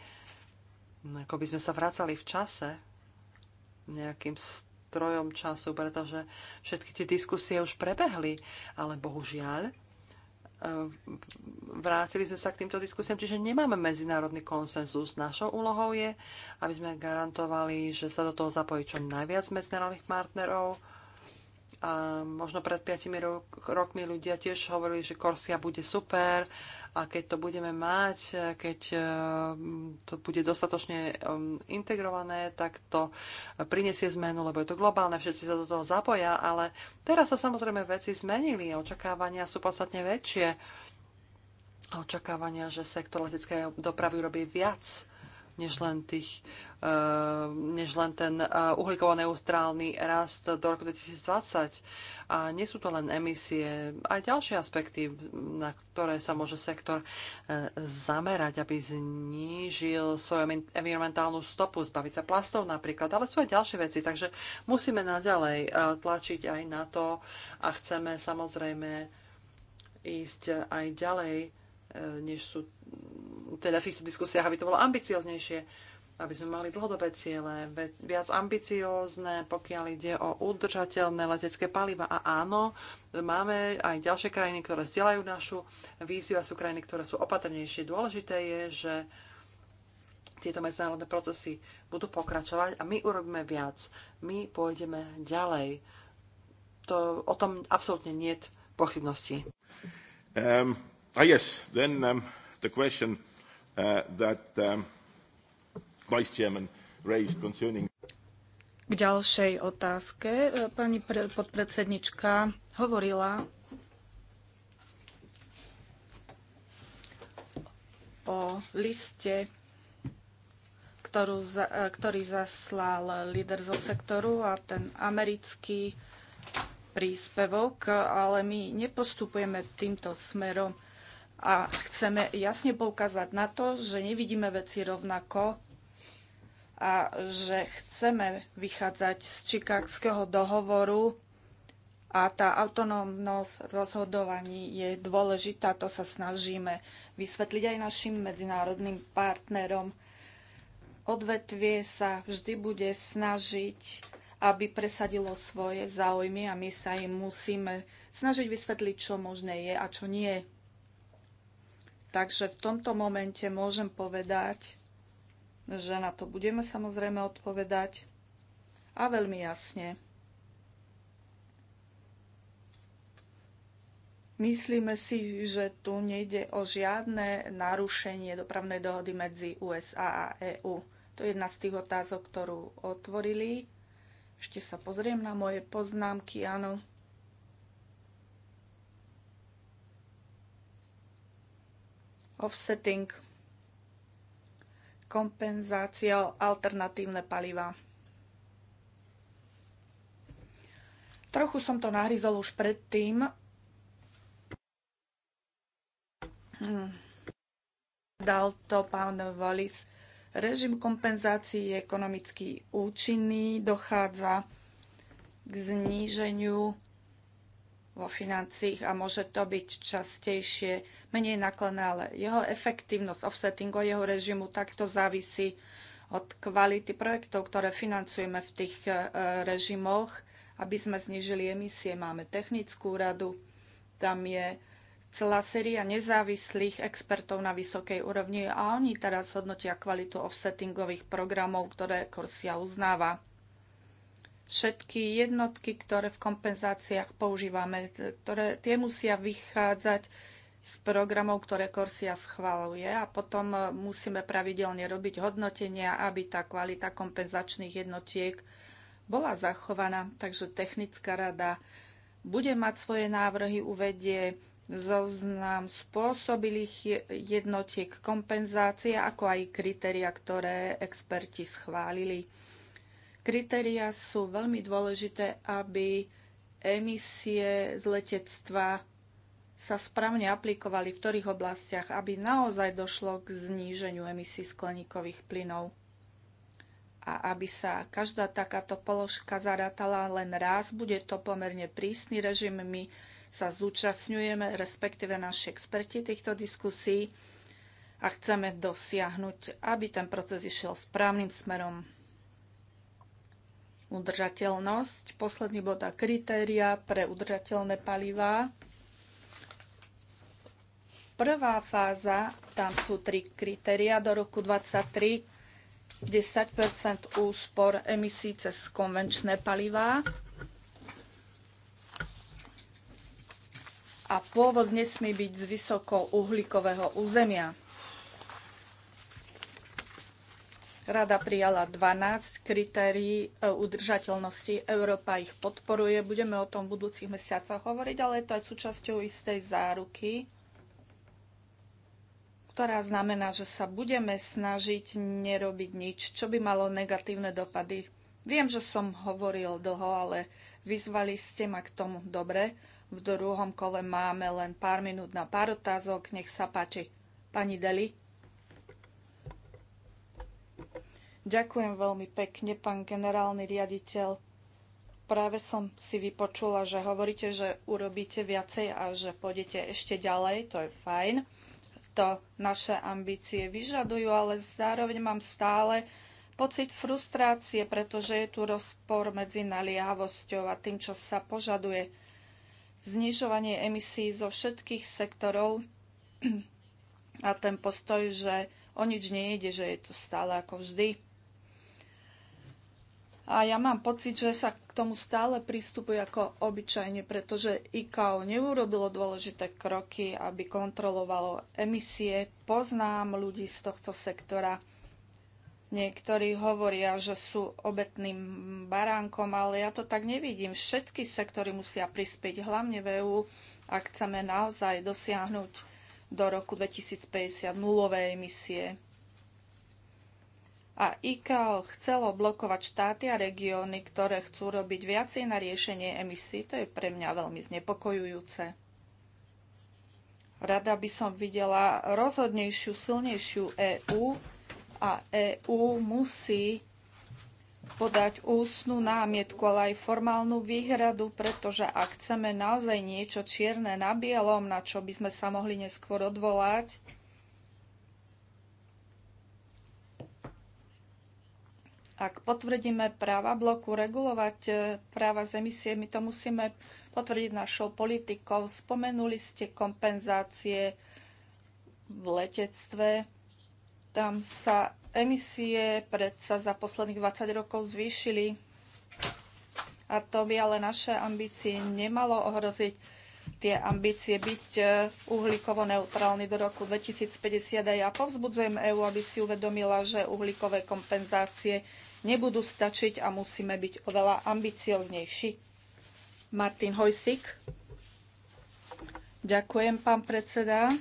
Ako by sme sa vracali v čase, nejakým strojom času, pretože všetky tie diskusie už prebehli, ale bohužiaľ e, vrátili sme sa k týmto diskusiám, čiže nemáme medzinárodný konsenzus. Našou úlohou je, aby sme garantovali, že sa do toho zapojí čo najviac medzinárodných partnerov, a možno pred 5 rok, rokmi ľudia tiež hovorili, že Corsia bude super a keď to budeme mať, keď e, to bude dostatočne um, integrované, tak to prinesie zmenu, lebo je to globálne, všetci sa do toho zapoja, ale teraz sa samozrejme veci zmenili, očakávania sú podstatne väčšie. Očakávania, že sektor leteckej dopravy robí viac než len, tých, eh, než len ten eh, uhlíkovo neustrálny rast do roku 2020. A nie sú to len emisie, aj ďalšie aspekty, na ktoré sa môže sektor eh, zamerať, aby znížil svoju environmentálnu stopu, zbaviť sa plastov napríklad, ale sú aj ďalšie veci, takže musíme naďalej tlačiť aj na to a chceme samozrejme ísť aj ďalej, než sú teda v týchto diskusiách, aby to bolo ambicioznejšie, aby sme mali dlhodobé ciele, viac ambiciózne, pokiaľ ide o udržateľné letecké paliva. A áno, máme aj ďalšie krajiny, ktoré zdieľajú našu víziu a sú krajiny, ktoré sú opatrnejšie. Dôležité je, že tieto medzinárodné procesy budú pokračovať a my urobíme viac. My pôjdeme ďalej. To, o tom absolútne nie pochybnosti. Um, ah yes, then um, the question uh, that um, Vice Chairman raised concerning k ďalšej otázke. Uh, pani podpredsednička hovorila o liste, ktorú, uh, ktorý zaslal líder zo sektoru a ten americký príspevok, ale my nepostupujeme týmto smerom a chceme jasne poukázať na to, že nevidíme veci rovnako a že chceme vychádzať z Čikákského dohovoru a tá autonómnosť rozhodovaní je dôležitá. To sa snažíme vysvetliť aj našim medzinárodným partnerom. Odvetvie sa vždy bude snažiť, aby presadilo svoje záujmy a my sa im musíme snažiť vysvetliť, čo možné je a čo nie je. Takže v tomto momente môžem povedať, že na to budeme samozrejme odpovedať a veľmi jasne. Myslíme si, že tu nejde o žiadne narušenie dopravnej dohody medzi USA a EÚ. To je jedna z tých otázok, ktorú otvorili. Ešte sa pozriem na moje poznámky, áno. offsetting, kompenzácia alternatívne paliva. Trochu som to nahryzol už predtým. Hmm. Dal to pán Wallis. Režim kompenzácií je ekonomicky účinný, dochádza k zníženiu vo financích a môže to byť častejšie menej nakladné, ale jeho efektívnosť offsettingu jeho režimu takto závisí od kvality projektov, ktoré financujeme v tých e, režimoch, aby sme znížili emisie. Máme technickú radu, tam je celá séria nezávislých expertov na vysokej úrovni a oni teraz hodnotia kvalitu offsettingových programov, ktoré Korsia uznáva všetky jednotky, ktoré v kompenzáciách používame, ktoré, tie musia vychádzať z programov, ktoré Korsia schvaluje a potom e, musíme pravidelne robiť hodnotenia, aby tá kvalita kompenzačných jednotiek bola zachovaná. Takže technická rada bude mať svoje návrhy, uvedie zoznam spôsobilých jednotiek kompenzácie, ako aj kritéria, ktoré experti schválili Kritéria sú veľmi dôležité, aby emisie z letectva sa správne aplikovali v ktorých oblastiach, aby naozaj došlo k zníženiu emisí skleníkových plynov a aby sa každá takáto položka zarátala len raz, bude to pomerne prísny režim. My sa zúčastňujeme, respektíve naši experti týchto diskusí a chceme dosiahnuť, aby ten proces išiel správnym smerom udržateľnosť. Posledný bod a kritéria pre udržateľné palivá. Prvá fáza, tam sú tri kritéria do roku 2023. 10 úspor emisí cez konvenčné palivá. A pôvod nesmí byť z vysokou uhlíkového územia. Rada prijala 12 kritérií e, udržateľnosti. Európa ich podporuje. Budeme o tom v budúcich mesiacoch hovoriť, ale je to aj súčasťou istej záruky, ktorá znamená, že sa budeme snažiť nerobiť nič, čo by malo negatívne dopady. Viem, že som hovoril dlho, ale vyzvali ste ma k tomu dobre. V druhom kole máme len pár minút na pár otázok. Nech sa páči. Pani Deli. Ďakujem veľmi pekne, pán generálny riaditeľ. Práve som si vypočula, že hovoríte, že urobíte viacej a že pôjdete ešte ďalej, to je fajn. To naše ambície vyžadujú, ale zároveň mám stále pocit frustrácie, pretože je tu rozpor medzi naliehavosťou a tým, čo sa požaduje. Znižovanie emisí zo všetkých sektorov a ten postoj, že o nič nejde, že je to stále ako vždy. A ja mám pocit, že sa k tomu stále pristupuje ako obyčajne, pretože IKO neurobilo dôležité kroky, aby kontrolovalo emisie. Poznám ľudí z tohto sektora. Niektorí hovoria, že sú obetným baránkom, ale ja to tak nevidím. Všetky sektory musia prispieť, hlavne v EU, ak chceme naozaj dosiahnuť do roku 2050 nulové emisie a ICAO chcelo blokovať štáty a regióny, ktoré chcú robiť viacej na riešenie emisí, to je pre mňa veľmi znepokojujúce. Rada by som videla rozhodnejšiu, silnejšiu EÚ a EÚ musí podať ústnu námietku, ale aj formálnu výhradu, pretože ak chceme naozaj niečo čierne na bielom, na čo by sme sa mohli neskôr odvolať, Ak potvrdíme práva bloku regulovať e, práva z emisie, my to musíme potvrdiť našou politikou. Spomenuli ste kompenzácie v letectve. Tam sa emisie predsa za posledných 20 rokov zvýšili. A to by ale naše ambície nemalo ohroziť tie ambície byť e, uhlíkovo neutrálny do roku 2050 a ja povzbudzujem EÚ, aby si uvedomila, že uhlíkové kompenzácie nebudú stačiť a musíme byť oveľa ambicioznejší. Martin Hojsik. Ďakujem, pán predseda.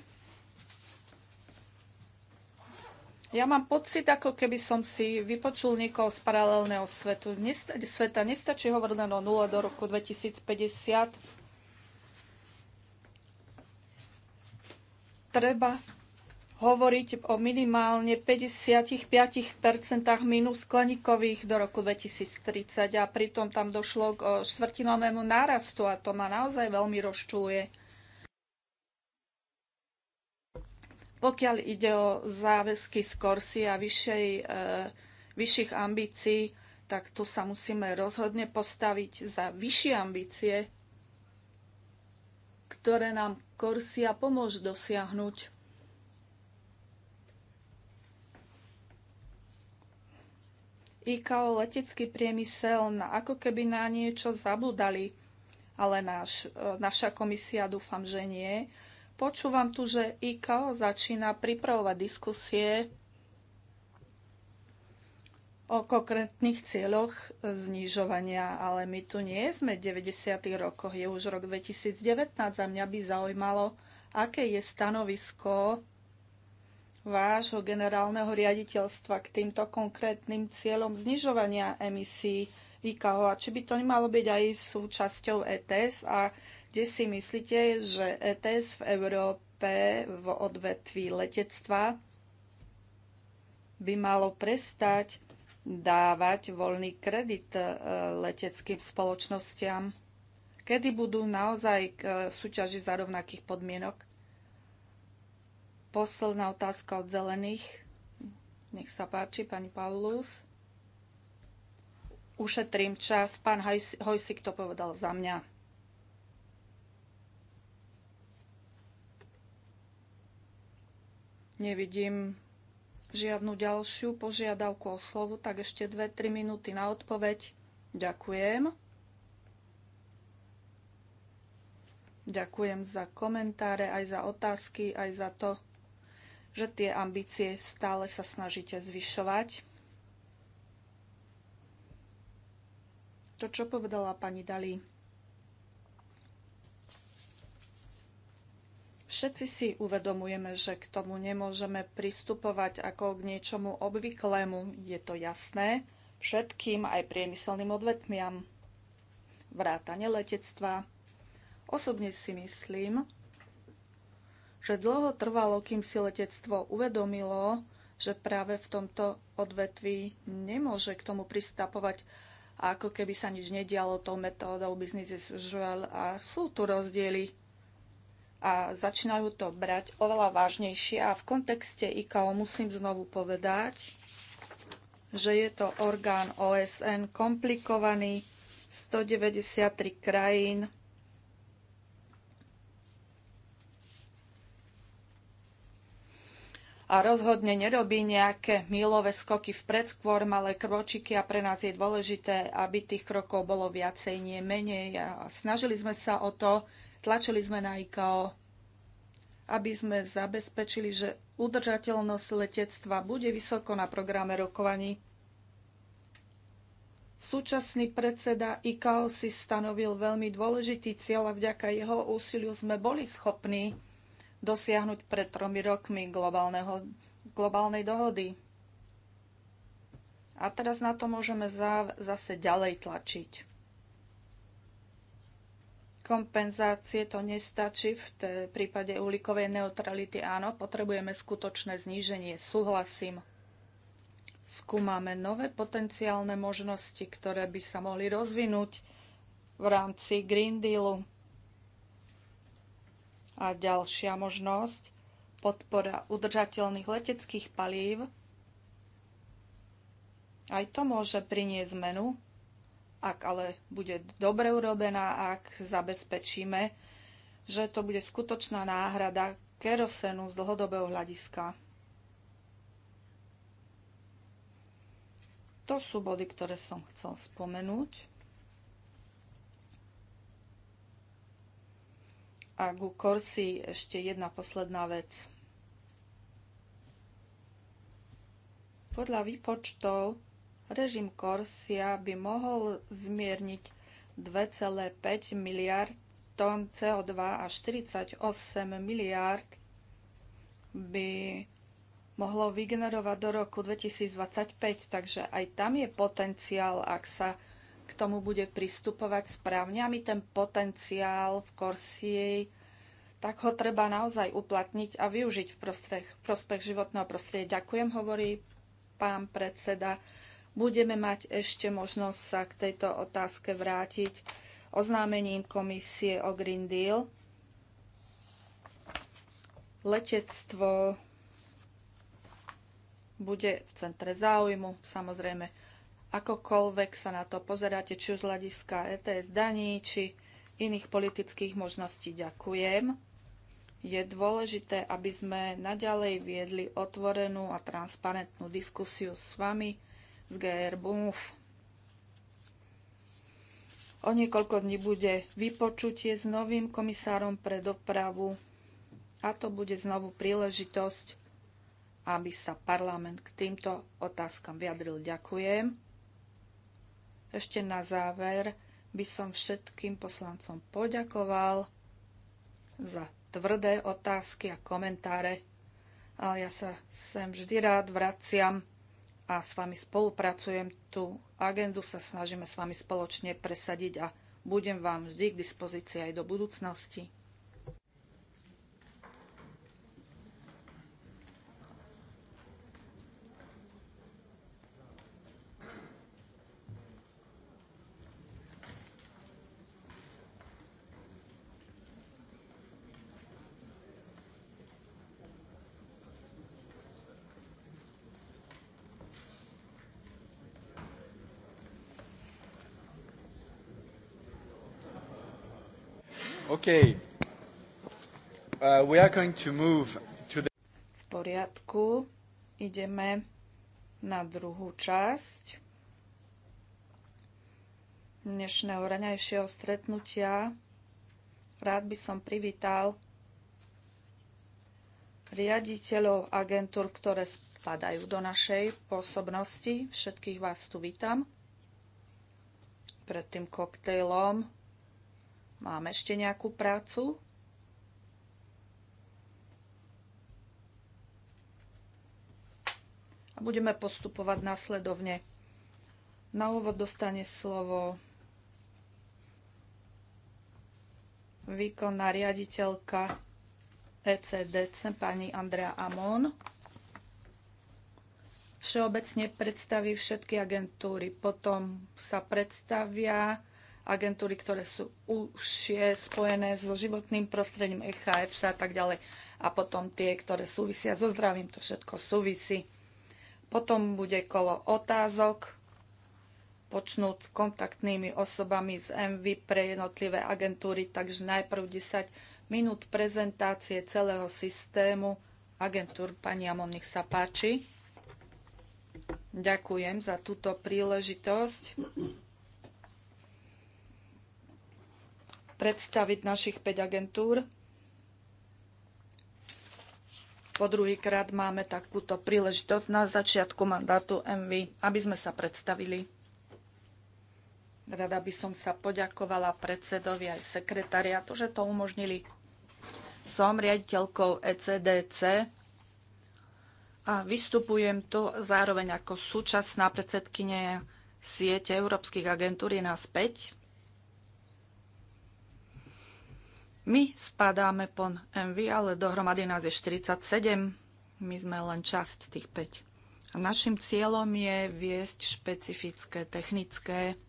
Ja mám pocit, ako keby som si vypočul niekoho z paralelného svetu. Nesta- sveta nestačí hovoriť o 0 do roku 2050. Treba hovoriť o minimálne 55% minus skleníkových do roku 2030 a pritom tam došlo k eh, štvrtinovému nárastu a to ma naozaj veľmi rozčuluje. Pokiaľ ide o záväzky z Korsy a vyššej, e, vyšších ambícií, tak tu sa musíme rozhodne postaviť za vyššie ambície, ktoré nám Korsia pomôže dosiahnuť. IKO letecký priemysel na, ako keby na niečo zabudali, ale náš, e, naša komisia dúfam, že nie. Počúvam tu, že IKO začína pripravovať diskusie o konkrétnych cieľoch znižovania, ale my tu nie sme v 90. rokoch, je už rok 2019 a mňa by zaujímalo, aké je stanovisko vášho generálneho riaditeľstva k týmto konkrétnym cieľom znižovania emisí výkahov a či by to nemalo byť aj súčasťou ETS a kde si myslíte, že ETS v Európe v odvetví letectva by malo prestať dávať voľný kredit e, leteckým spoločnostiam, kedy budú naozaj e, súťaži za rovnakých podmienok Posledná otázka od zelených. Nech sa páči, pani Paulus. Ušetrím čas. Pán Hojsik to povedal za mňa. Nevidím žiadnu ďalšiu požiadavku o slovu, tak ešte 2-3 minúty na odpoveď. Ďakujem. Ďakujem za komentáre, aj za otázky, aj za to, že tie ambície stále sa snažíte zvyšovať. To, čo povedala pani Dalí. Všetci si uvedomujeme, že k tomu nemôžeme pristupovať ako k niečomu obvyklému. Je to jasné všetkým aj priemyselným odvetmiam vrátane letectva. Osobne si myslím, že dlho trvalo, kým si letectvo uvedomilo, že práve v tomto odvetví nemôže k tomu pristapovať ako keby sa nič nedialo tou metódou business as usual a sú tu rozdiely a začínajú to brať oveľa vážnejšie a v kontexte ICAO musím znovu povedať, že je to orgán OSN komplikovaný, 193 krajín, a rozhodne nerobí nejaké milové skoky v predskôr malé kročiky a pre nás je dôležité, aby tých krokov bolo viacej, nie menej. A snažili sme sa o to, tlačili sme na IKO, aby sme zabezpečili, že udržateľnosť letectva bude vysoko na programe rokovaní. Súčasný predseda IKO si stanovil veľmi dôležitý cieľ a vďaka jeho úsiliu sme boli schopní dosiahnuť pred tromi rokmi globálnej dohody. A teraz na to môžeme zase ďalej tlačiť. Kompenzácie to nestačí. V prípade uhlíkovej neutrality áno, potrebujeme skutočné zníženie. Súhlasím. Skúmame nové potenciálne možnosti, ktoré by sa mohli rozvinúť v rámci Green Dealu a ďalšia možnosť, podpora udržateľných leteckých palív. Aj to môže priniesť zmenu, ak ale bude dobre urobená, ak zabezpečíme, že to bude skutočná náhrada kerosenu z dlhodobého hľadiska. To sú body, ktoré som chcel spomenúť. A ku Korsi ešte jedna posledná vec. Podľa výpočtov režim Korsia by mohol zmierniť 2,5 miliard tón CO2 a 48 miliard by mohlo vygenerovať do roku 2025, takže aj tam je potenciál, ak sa k tomu bude pristupovať správne a my ten potenciál v Korsii tak ho treba naozaj uplatniť a využiť v prospech, v prospech životného prostredia. Ďakujem, hovorí pán predseda. Budeme mať ešte možnosť sa k tejto otázke vrátiť oznámením komisie o Green Deal. Letectvo bude v centre záujmu, samozrejme akokoľvek sa na to pozeráte, či už z hľadiska ETS daní, či iných politických možností. Ďakujem. Je dôležité, aby sme naďalej viedli otvorenú a transparentnú diskusiu s vami z GR BUMF. O niekoľko dní bude vypočutie s novým komisárom pre dopravu a to bude znovu príležitosť, aby sa parlament k týmto otázkam vyjadril. Ďakujem. Ešte na záver by som všetkým poslancom poďakoval za tvrdé otázky a komentáre, ale ja sa sem vždy rád vraciam a s vami spolupracujem. Tú agendu sa snažíme s vami spoločne presadiť a budem vám vždy k dispozícii aj do budúcnosti. Okay. Uh, we are going to move to the... V poriadku. Ideme na druhú časť dnešného raňajšieho stretnutia. Rád by som privítal riaditeľov agentúr, ktoré spadajú do našej pôsobnosti. Všetkých vás tu vítam pred tým koktejlom Mám ešte nejakú prácu? A budeme postupovať následovne. Na úvod dostane slovo výkonná riaditeľka ECDC, pani Andrea Amon. Všeobecne predstaví všetky agentúry, potom sa predstavia agentúry, ktoré sú užšie spojené so životným prostredím, EHF a tak ďalej. A potom tie, ktoré súvisia so zdravím, to všetko súvisí. Potom bude kolo otázok, počnúť s kontaktnými osobami z MV pre jednotlivé agentúry, takže najprv 10 minút prezentácie celého systému agentúr. Pani Amon, nech sa páči. Ďakujem za túto príležitosť predstaviť našich 5 agentúr. Po druhýkrát máme takúto príležitosť na začiatku mandátu MV, aby sme sa predstavili. Rada by som sa poďakovala predsedovi aj sekretariatu, že to umožnili. Som riaditeľkou ECDC a vystupujem tu zároveň ako súčasná predsedkynie siete európskych agentúr je nás 5. My spadáme po MV, ale dohromady nás je 47. My sme len časť tých 5. A našim cieľom je viesť špecifické, technické,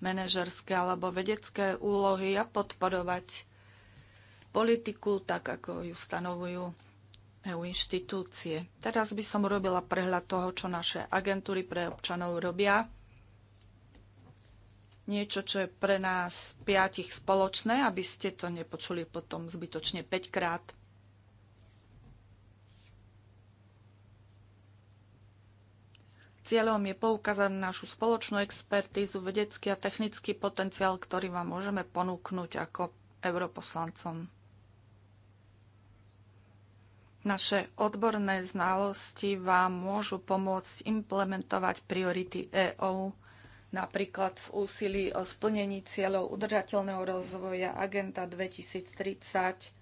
manažerské alebo vedecké úlohy a podporovať politiku tak, ako ju stanovujú EU inštitúcie. Teraz by som urobila prehľad toho, čo naše agentúry pre občanov robia niečo, čo je pre nás piatich spoločné, aby ste to nepočuli potom zbytočne 5 krát. Cieľom je poukázať našu spoločnú expertízu, vedecký a technický potenciál, ktorý vám môžeme ponúknuť ako europoslancom. Naše odborné znalosti vám môžu pomôcť implementovať priority EÚ napríklad v úsilí o splnení cieľov udržateľného rozvoja Agenda 2030,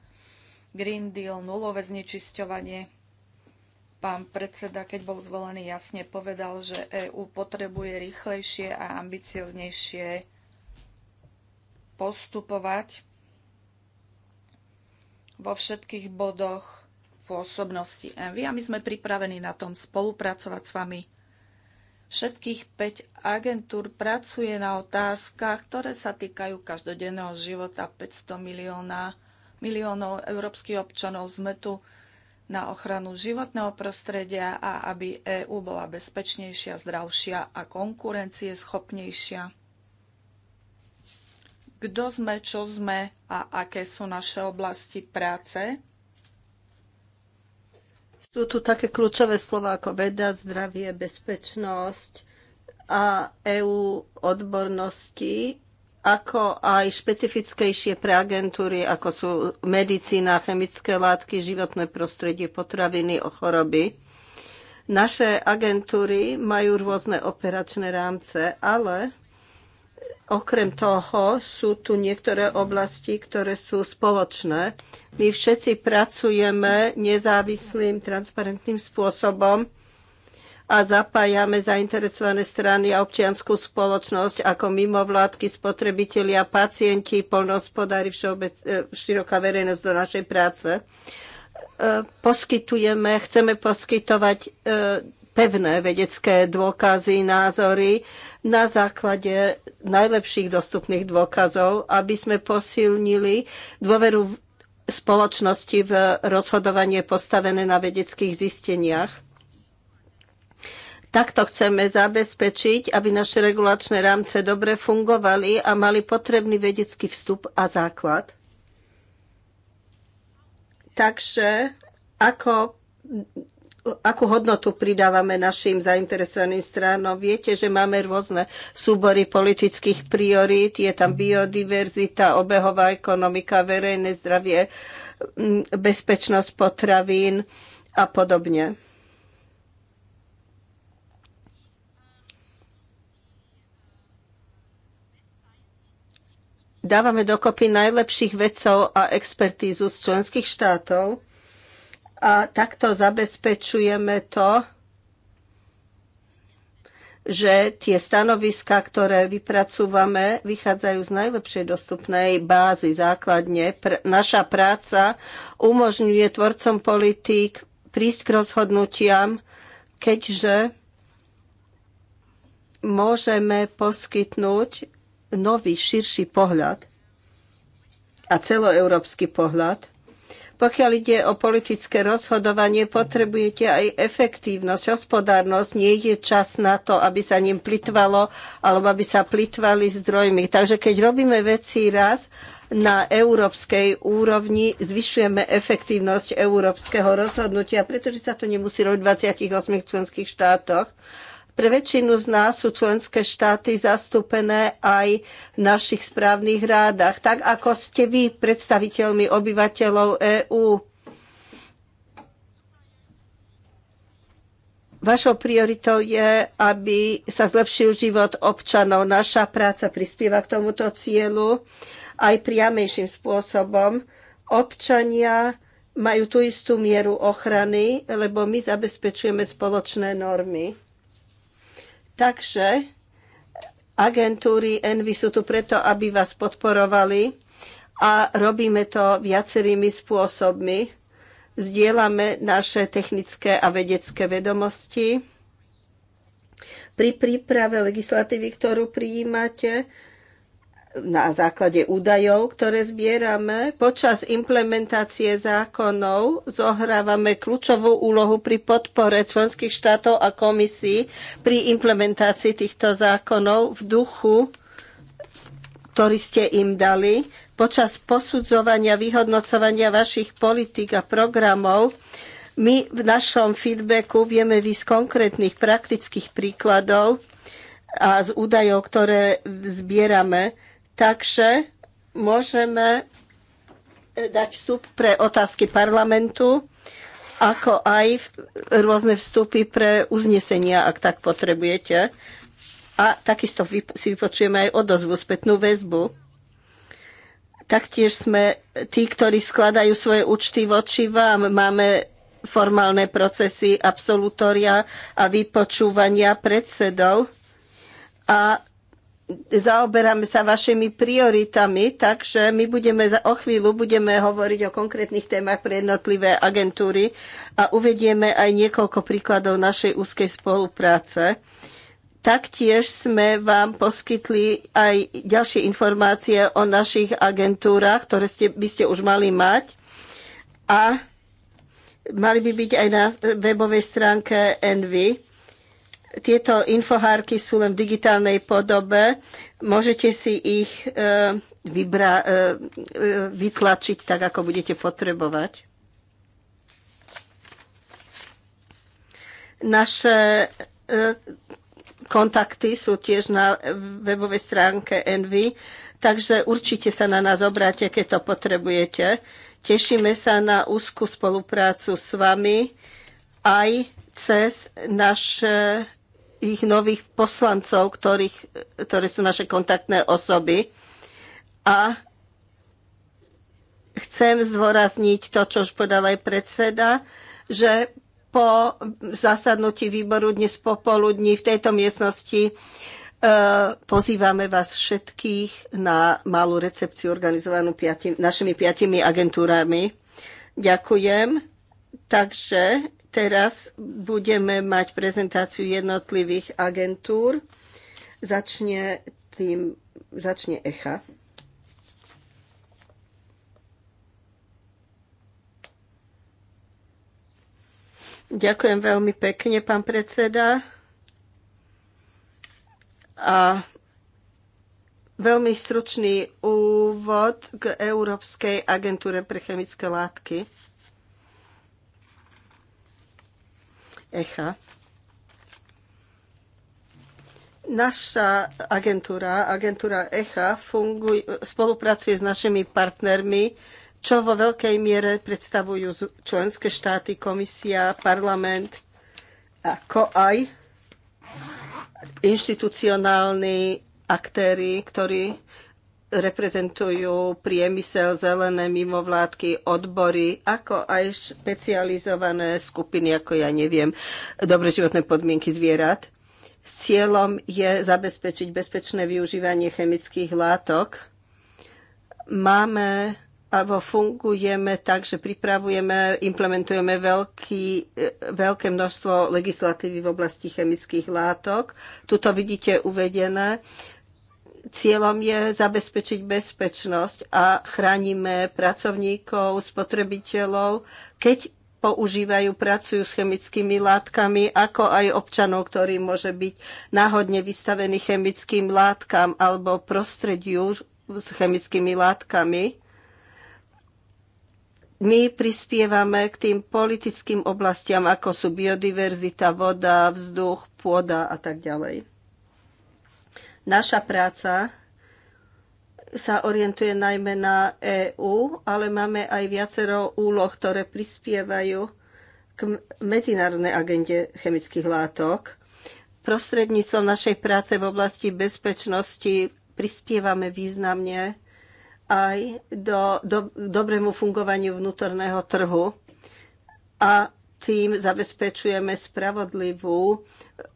Green Deal, nulové znečisťovanie. Pán predseda, keď bol zvolený, jasne povedal, že EÚ potrebuje rýchlejšie a ambicioznejšie postupovať vo všetkých bodoch pôsobnosti ENVY a my sme pripravení na tom spolupracovať s vami Všetkých 5 agentúr pracuje na otázkach, ktoré sa týkajú každodenného života 500 milióna, miliónov európskych občanov. Sme tu na ochranu životného prostredia a aby EÚ bola bezpečnejšia, zdravšia a konkurencie schopnejšia. Kto sme, čo sme a aké sú naše oblasti práce? Sú tu také kľúčové slova ako veda, zdravie, bezpečnosť a EU odbornosti, ako aj špecifickejšie pre agentúry, ako sú medicína, chemické látky, životné prostredie, potraviny, ochoroby. choroby. Naše agentúry majú rôzne operačné rámce, ale Okrem toho sú tu niektoré oblasti, ktoré sú spoločné. My všetci pracujeme nezávislým, transparentným spôsobom a zapájame zainteresované strany a občianskú spoločnosť ako mimovládky, spotrebitelia, pacienti, polnohospodári, všeobec, e, široká verejnosť do našej práce. E, poskytujeme, chceme poskytovať e, pevné vedecké dôkazy, názory na základe najlepších dostupných dôkazov, aby sme posilnili dôveru spoločnosti v rozhodovanie postavené na vedeckých zisteniach. Takto chceme zabezpečiť, aby naše regulačné rámce dobre fungovali a mali potrebný vedecký vstup a základ. Takže ako akú hodnotu pridávame našim zainteresovaným stranom. Viete, že máme rôzne súbory politických priorít, je tam biodiverzita, obehová ekonomika, verejné zdravie, bezpečnosť potravín a podobne. Dávame dokopy najlepších vedcov a expertízu z členských štátov a takto zabezpečujeme to, že tie stanoviska, ktoré vypracúvame, vychádzajú z najlepšej dostupnej bázy základne. Pr- naša práca umožňuje tvorcom politík prísť k rozhodnutiam, keďže môžeme poskytnúť nový, širší pohľad a celoeurópsky pohľad pokiaľ ide o politické rozhodovanie, potrebujete aj efektívnosť, hospodárnosť. Nie je čas na to, aby sa ním plitvalo alebo aby sa plitvali zdrojmi. Takže keď robíme veci raz, na európskej úrovni zvyšujeme efektívnosť európskeho rozhodnutia, pretože sa to nemusí robiť v 28 členských štátoch. Pre väčšinu z nás sú členské štáty zastúpené aj v našich správnych rádach, tak ako ste vy predstaviteľmi obyvateľov EÚ. Vašou prioritou je, aby sa zlepšil život občanov. Naša práca prispieva k tomuto cieľu aj priamejším spôsobom. Občania majú tú istú mieru ochrany, lebo my zabezpečujeme spoločné normy. Takže agentúry Envy sú tu preto, aby vás podporovali a robíme to viacerými spôsobmi. Zdieľame naše technické a vedecké vedomosti. Pri príprave legislatívy, ktorú prijímate, na základe údajov, ktoré zbierame. Počas implementácie zákonov zohrávame kľúčovú úlohu pri podpore členských štátov a komisí pri implementácii týchto zákonov v duchu, ktorý ste im dali. Počas posudzovania, vyhodnocovania vašich politik a programov my v našom feedbacku vieme z konkrétnych praktických príkladov a z údajov, ktoré zbierame Takže môžeme e, dať vstup pre otázky parlamentu, ako aj rôzne vstupy pre uznesenia, ak tak potrebujete. A takisto si vypočujeme aj odozvu, spätnú väzbu. Taktiež sme tí, ktorí skladajú svoje účty voči vám. Máme formálne procesy absolutória a vypočúvania predsedov. A zaoberáme sa vašimi prioritami, takže my budeme za, o chvíľu budeme hovoriť o konkrétnych témach pre jednotlivé agentúry a uvedieme aj niekoľko príkladov našej úzkej spolupráce. Taktiež sme vám poskytli aj ďalšie informácie o našich agentúrach, ktoré ste, by ste už mali mať. A mali by byť aj na webovej stránke Envy. Tieto infohárky sú len v digitálnej podobe. Môžete si ich e, vybra- e, e, vytlačiť tak, ako budete potrebovať. Naše kontakty sú tiež na webovej stránke Envy, takže určite sa na nás obráte, keď to potrebujete. Tešíme sa na úzkú spoluprácu s vami aj cez naše ich nových poslancov, ktorých, ktoré sú naše kontaktné osoby. A chcem zdôrazniť to, čo už povedal aj predseda, že po zasadnutí výboru dnes popoludní v tejto miestnosti e, pozývame vás všetkých na malú recepciu organizovanú piatim, našimi piatimi agentúrami. Ďakujem. Takže Teraz budeme mať prezentáciu jednotlivých agentúr. Začne tým, začne ECHA. Ďakujem veľmi pekne, pán predseda. A veľmi stručný úvod k Európskej agentúre pre chemické látky. ECHA. Naša agentúra, agentúra ECHA, funguj, spolupracuje s našimi partnermi, čo vo veľkej miere predstavujú členské štáty, komisia, parlament a aj inštitucionálni aktéry, ktorí reprezentujú priemysel, zelené mimovládky, odbory, ako aj špecializované skupiny, ako ja neviem, dobre životné podmienky zvierat. S cieľom je zabezpečiť bezpečné využívanie chemických látok. Máme alebo fungujeme tak, že pripravujeme, implementujeme veľký, veľké množstvo legislatívy v oblasti chemických látok. Tuto vidíte uvedené cieľom je zabezpečiť bezpečnosť a chránime pracovníkov, spotrebiteľov, keď používajú, pracujú s chemickými látkami, ako aj občanov, ktorí môže byť náhodne vystavený chemickým látkam alebo prostrediu s chemickými látkami. My prispievame k tým politickým oblastiam, ako sú biodiverzita, voda, vzduch, pôda a tak ďalej. Naša práca sa orientuje najmä na EÚ, ale máme aj viacero úloh, ktoré prispievajú k medzinárodnej agende chemických látok. Prostredníctvom našej práce v oblasti bezpečnosti prispievame významne aj do, do dobrému fungovaniu vnútorného trhu a tým zabezpečujeme spravodlivú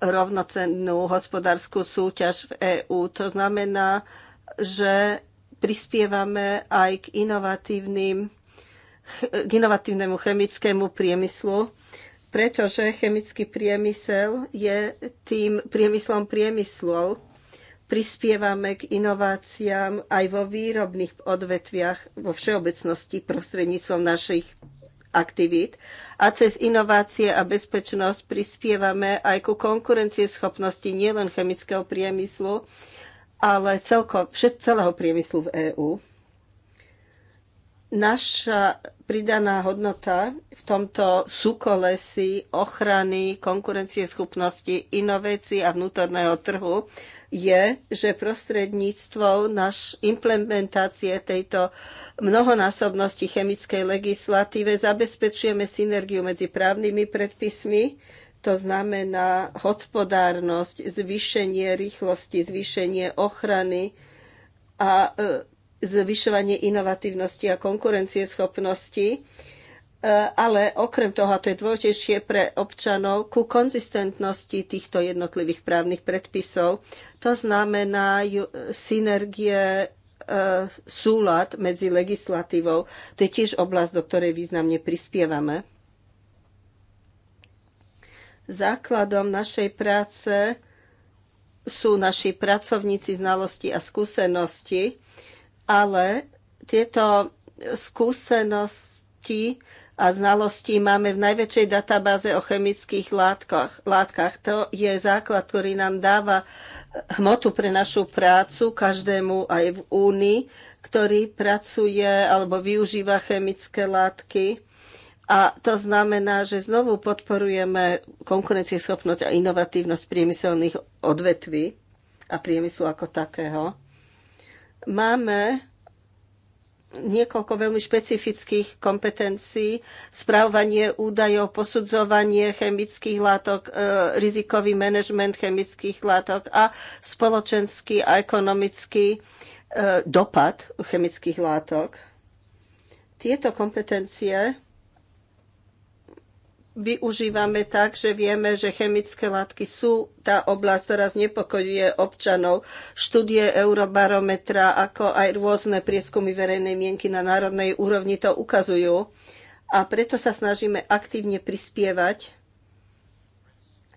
rovnocennú hospodárskú súťaž v EÚ. To znamená, že prispievame aj k, inovatívnym, k inovatívnemu chemickému priemyslu, pretože chemický priemysel je tým priemyslom priemyslov. Prispievame k inováciám aj vo výrobných odvetviach vo všeobecnosti prostredníctvom našich aktivít a cez inovácie a bezpečnosť prispievame aj ku konkurencieschopnosti nielen chemického priemyslu, ale celko, celého priemyslu v EÚ. Naša pridaná hodnota v tomto súkolesí ochrany konkurencieschopnosti, inovácií a vnútorného trhu je, že prostredníctvom naš implementácie tejto mnohonásobnosti chemickej legislatíve zabezpečujeme synergiu medzi právnymi predpismi, to znamená hospodárnosť, zvýšenie rýchlosti, zvýšenie ochrany a e, zvyšovanie inovatívnosti a konkurencieschopnosti, e, ale okrem toho, a to je dôležitejšie pre občanov, ku konzistentnosti týchto jednotlivých právnych predpisov. To znamená synergie, e, súlad medzi legislatívou. To je tiež oblasť, do ktorej významne prispievame. Základom našej práce sú naši pracovníci znalosti a skúsenosti ale tieto skúsenosti a znalosti máme v najväčšej databáze o chemických látkach. látkach. To je základ, ktorý nám dáva hmotu pre našu prácu, každému aj v Únii, ktorý pracuje alebo využíva chemické látky. A to znamená, že znovu podporujeme konkurencieschopnosť a inovatívnosť priemyselných odvetví a priemyslu ako takého. Máme niekoľko veľmi špecifických kompetencií, správanie údajov, posudzovanie chemických látok, e, rizikový manažment chemických látok a spoločenský a ekonomický e, dopad chemických látok. Tieto kompetencie využívame tak, že vieme, že chemické látky sú tá oblasť, ktorá znepokojuje občanov. Štúdie Eurobarometra, ako aj rôzne prieskumy verejnej mienky na národnej úrovni to ukazujú. A preto sa snažíme aktívne prispievať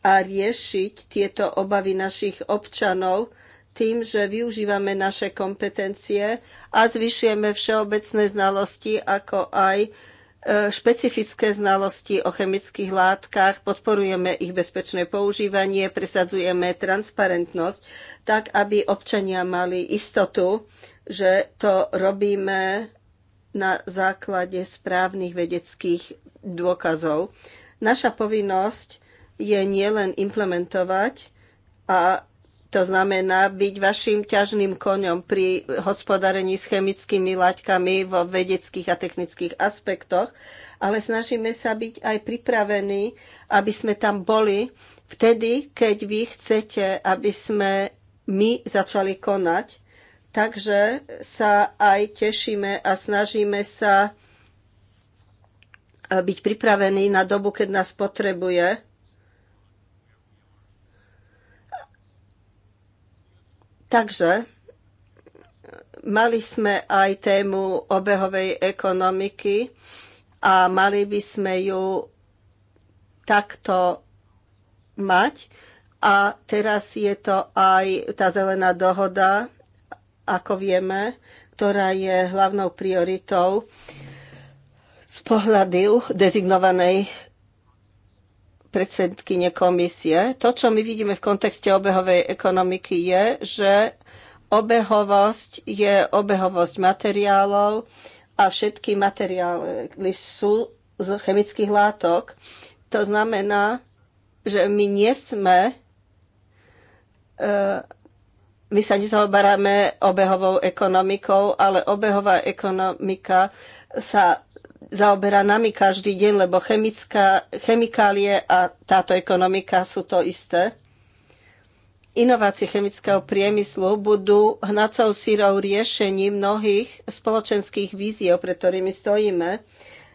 a riešiť tieto obavy našich občanov, tým, že využívame naše kompetencie a zvyšujeme všeobecné znalosti, ako aj E, špecifické znalosti o chemických látkach, podporujeme ich bezpečné používanie, presadzujeme transparentnosť, tak aby občania mali istotu, že to robíme na základe správnych vedeckých dôkazov. Naša povinnosť je nielen implementovať a to znamená byť vašim ťažným koňom pri hospodárení s chemickými laťkami vo vedeckých a technických aspektoch, ale snažíme sa byť aj pripravení, aby sme tam boli vtedy, keď vy chcete, aby sme my začali konať. Takže sa aj tešíme a snažíme sa e, byť pripravení na dobu, keď nás potrebuje Takže mali sme aj tému obehovej ekonomiky a mali by sme ju takto mať. A teraz je to aj tá zelená dohoda, ako vieme, ktorá je hlavnou prioritou z pohľadu dezignovanej predsedkyne komisie. To, čo my vidíme v kontexte obehovej ekonomiky, je, že obehovosť je obehovosť materiálov a všetky materiály sú z chemických látok. To znamená, že my nie sme, e, my sa nezoberáme obehovou ekonomikou, ale obehová ekonomika sa zaoberá nami každý deň, lebo chemická, chemikálie a táto ekonomika sú to isté. Inovácie chemického priemyslu budú hnacou sírou riešení mnohých spoločenských víziev, pre ktorými stojíme.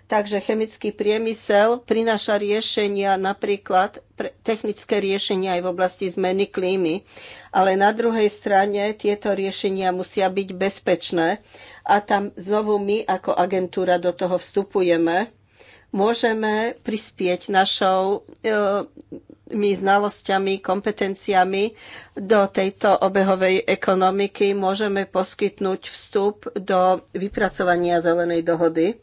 Takže chemický priemysel prináša riešenia, napríklad technické riešenia aj v oblasti zmeny klímy. Ale na druhej strane tieto riešenia musia byť bezpečné a tam znovu my ako agentúra do toho vstupujeme. Môžeme prispieť našou e, my znalosťami, kompetenciami do tejto obehovej ekonomiky môžeme poskytnúť vstup do vypracovania zelenej dohody.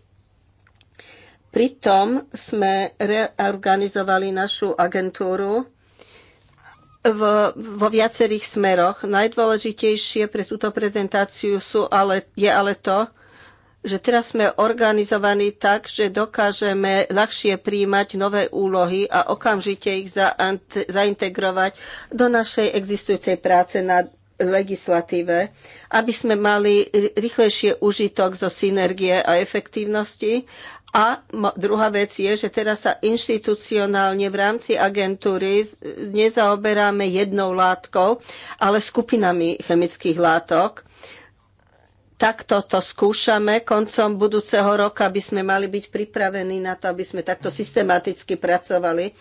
Pritom sme reorganizovali našu agentúru v, vo viacerých smeroch. Najdôležitejšie pre túto prezentáciu sú ale, je ale to, že teraz sme organizovaní tak, že dokážeme ľahšie príjmať nové úlohy a okamžite ich zaintegrovať do našej existujúcej práce na legislatíve, aby sme mali rýchlejšie užitok zo synergie a efektívnosti a druhá vec je, že teraz sa inštitucionálne v rámci agentúry nezaoberáme jednou látkou, ale skupinami chemických látok. Takto to skúšame. Koncom budúceho roka by sme mali byť pripravení na to, aby sme takto systematicky pracovali.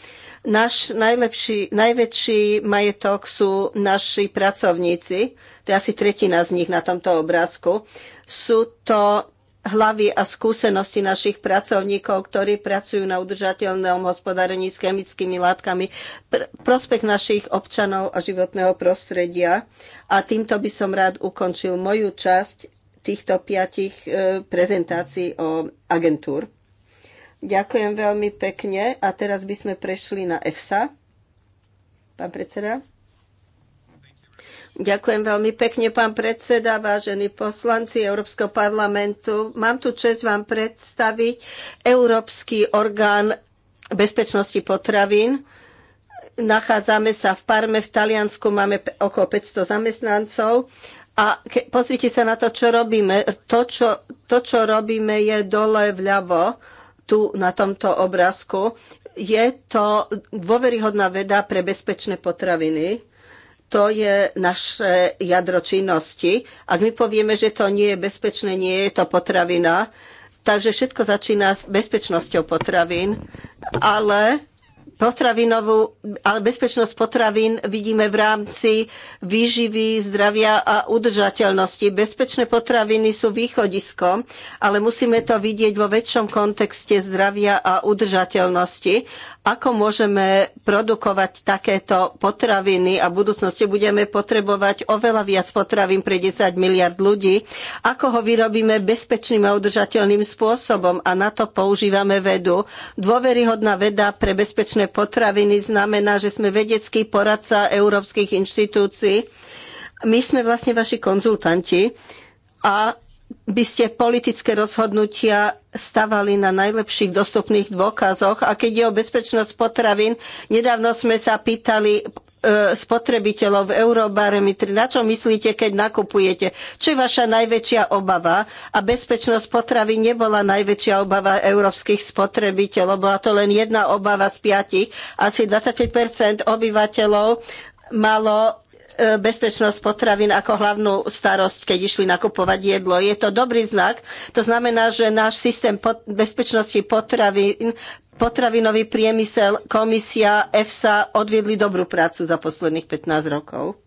Náš najlepší, najväčší majetok sú naši pracovníci, to je asi tretina z nich na tomto obrázku. Sú to hlavy a skúsenosti našich pracovníkov, ktorí pracujú na udržateľnom hospodárení s chemickými látkami, pr- prospech našich občanov a životného prostredia. A týmto by som rád ukončil moju časť týchto piatich e, prezentácií o agentúr. Ďakujem veľmi pekne a teraz by sme prešli na EFSA. Pán predseda. Ďakujem veľmi pekne, pán predseda, vážení poslanci Európskeho parlamentu. Mám tu čest vám predstaviť Európsky orgán bezpečnosti potravín. Nachádzame sa v Parme v Taliansku, máme okolo 500 zamestnancov a ke, pozrite sa na to, čo robíme. To čo, to, čo robíme, je dole vľavo, tu na tomto obrázku. Je to dôveryhodná veda pre bezpečné potraviny to je naše jadro činnosti. Ak my povieme, že to nie je bezpečné, nie je to potravina, takže všetko začína s bezpečnosťou potravín, ale potravinovú, ale bezpečnosť potravín vidíme v rámci výživy, zdravia a udržateľnosti. Bezpečné potraviny sú východiskom, ale musíme to vidieť vo väčšom kontexte zdravia a udržateľnosti. Ako môžeme produkovať takéto potraviny a v budúcnosti budeme potrebovať oveľa viac potravín pre 10 miliard ľudí? Ako ho vyrobíme bezpečným a udržateľným spôsobom? A na to používame vedu. Dôveryhodná veda pre bezpečné potraviny znamená, že sme vedecký poradca európskych inštitúcií. My sme vlastne vaši konzultanti a by ste politické rozhodnutia stavali na najlepších dostupných dôkazoch. A keď je o bezpečnosť potravín, nedávno sme sa pýtali e, spotrebiteľov v Eurobarometri. Na čo myslíte, keď nakupujete? Čo je vaša najväčšia obava? A bezpečnosť potravy nebola najväčšia obava európskych spotrebiteľov. Bola to len jedna obava z piatich. Asi 25 obyvateľov malo E, bezpečnosť potravín ako hlavnú starosť, keď išli nakupovať jedlo. Je to dobrý znak. To znamená, že náš systém bezpečnosti potravín, potravinový priemysel, komisia, EFSA odviedli dobrú prácu za posledných 15 rokov.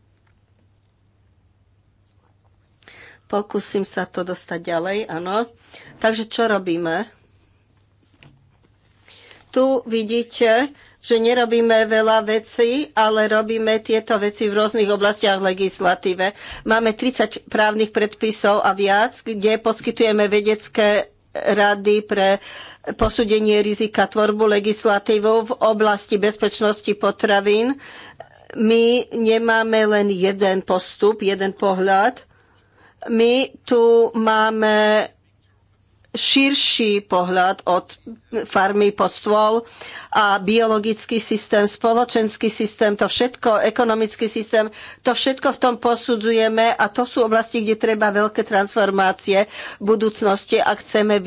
Pokúsim sa to dostať ďalej, áno. Takže čo robíme? Tu vidíte že nerobíme veľa vecí, ale robíme tieto veci v rôznych oblastiach legislatíve. Máme 30 právnych predpisov a viac, kde poskytujeme vedecké rady pre posúdenie rizika tvorbu legislatívu v oblasti bezpečnosti potravín. My nemáme len jeden postup, jeden pohľad. My tu máme širší pohľad od farmy pod stôl a biologický systém, spoločenský systém, to všetko, ekonomický systém, to všetko v tom posudzujeme a to sú oblasti, kde treba veľké transformácie v budúcnosti a chceme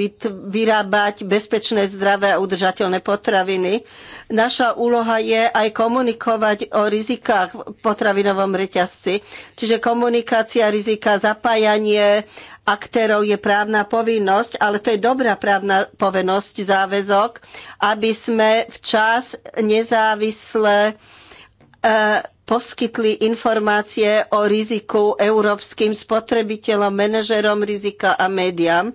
vyrábať bezpečné, zdravé a udržateľné potraviny. Naša úloha je aj komunikovať o rizikách v potravinovom reťazci, čiže komunikácia rizika, zapájanie aktérov je právna povinnosť, ale to je dobrá právna povinnosť záväzná záväzok, aby sme včas nezávisle e, poskytli informácie o riziku európskym spotrebiteľom, manažerom rizika a médiám.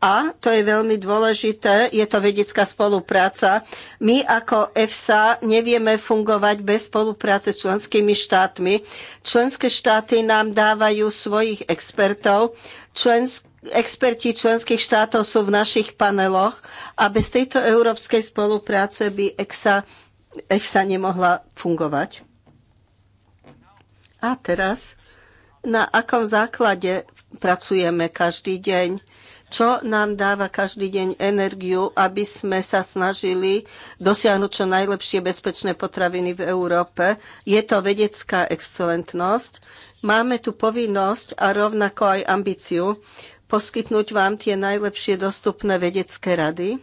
A to je veľmi dôležité, je to vedecká spolupráca. My ako EFSA nevieme fungovať bez spolupráce s členskými štátmi. Členské štáty nám dávajú svojich expertov. Členské experti členských štátov sú v našich paneloch a bez tejto európskej spolupráce by EXA, EFSA nemohla fungovať. A teraz, na akom základe pracujeme každý deň? Čo nám dáva každý deň energiu, aby sme sa snažili dosiahnuť čo najlepšie bezpečné potraviny v Európe? Je to vedecká excelentnosť. Máme tu povinnosť a rovnako aj ambíciu poskytnúť vám tie najlepšie dostupné vedecké rady.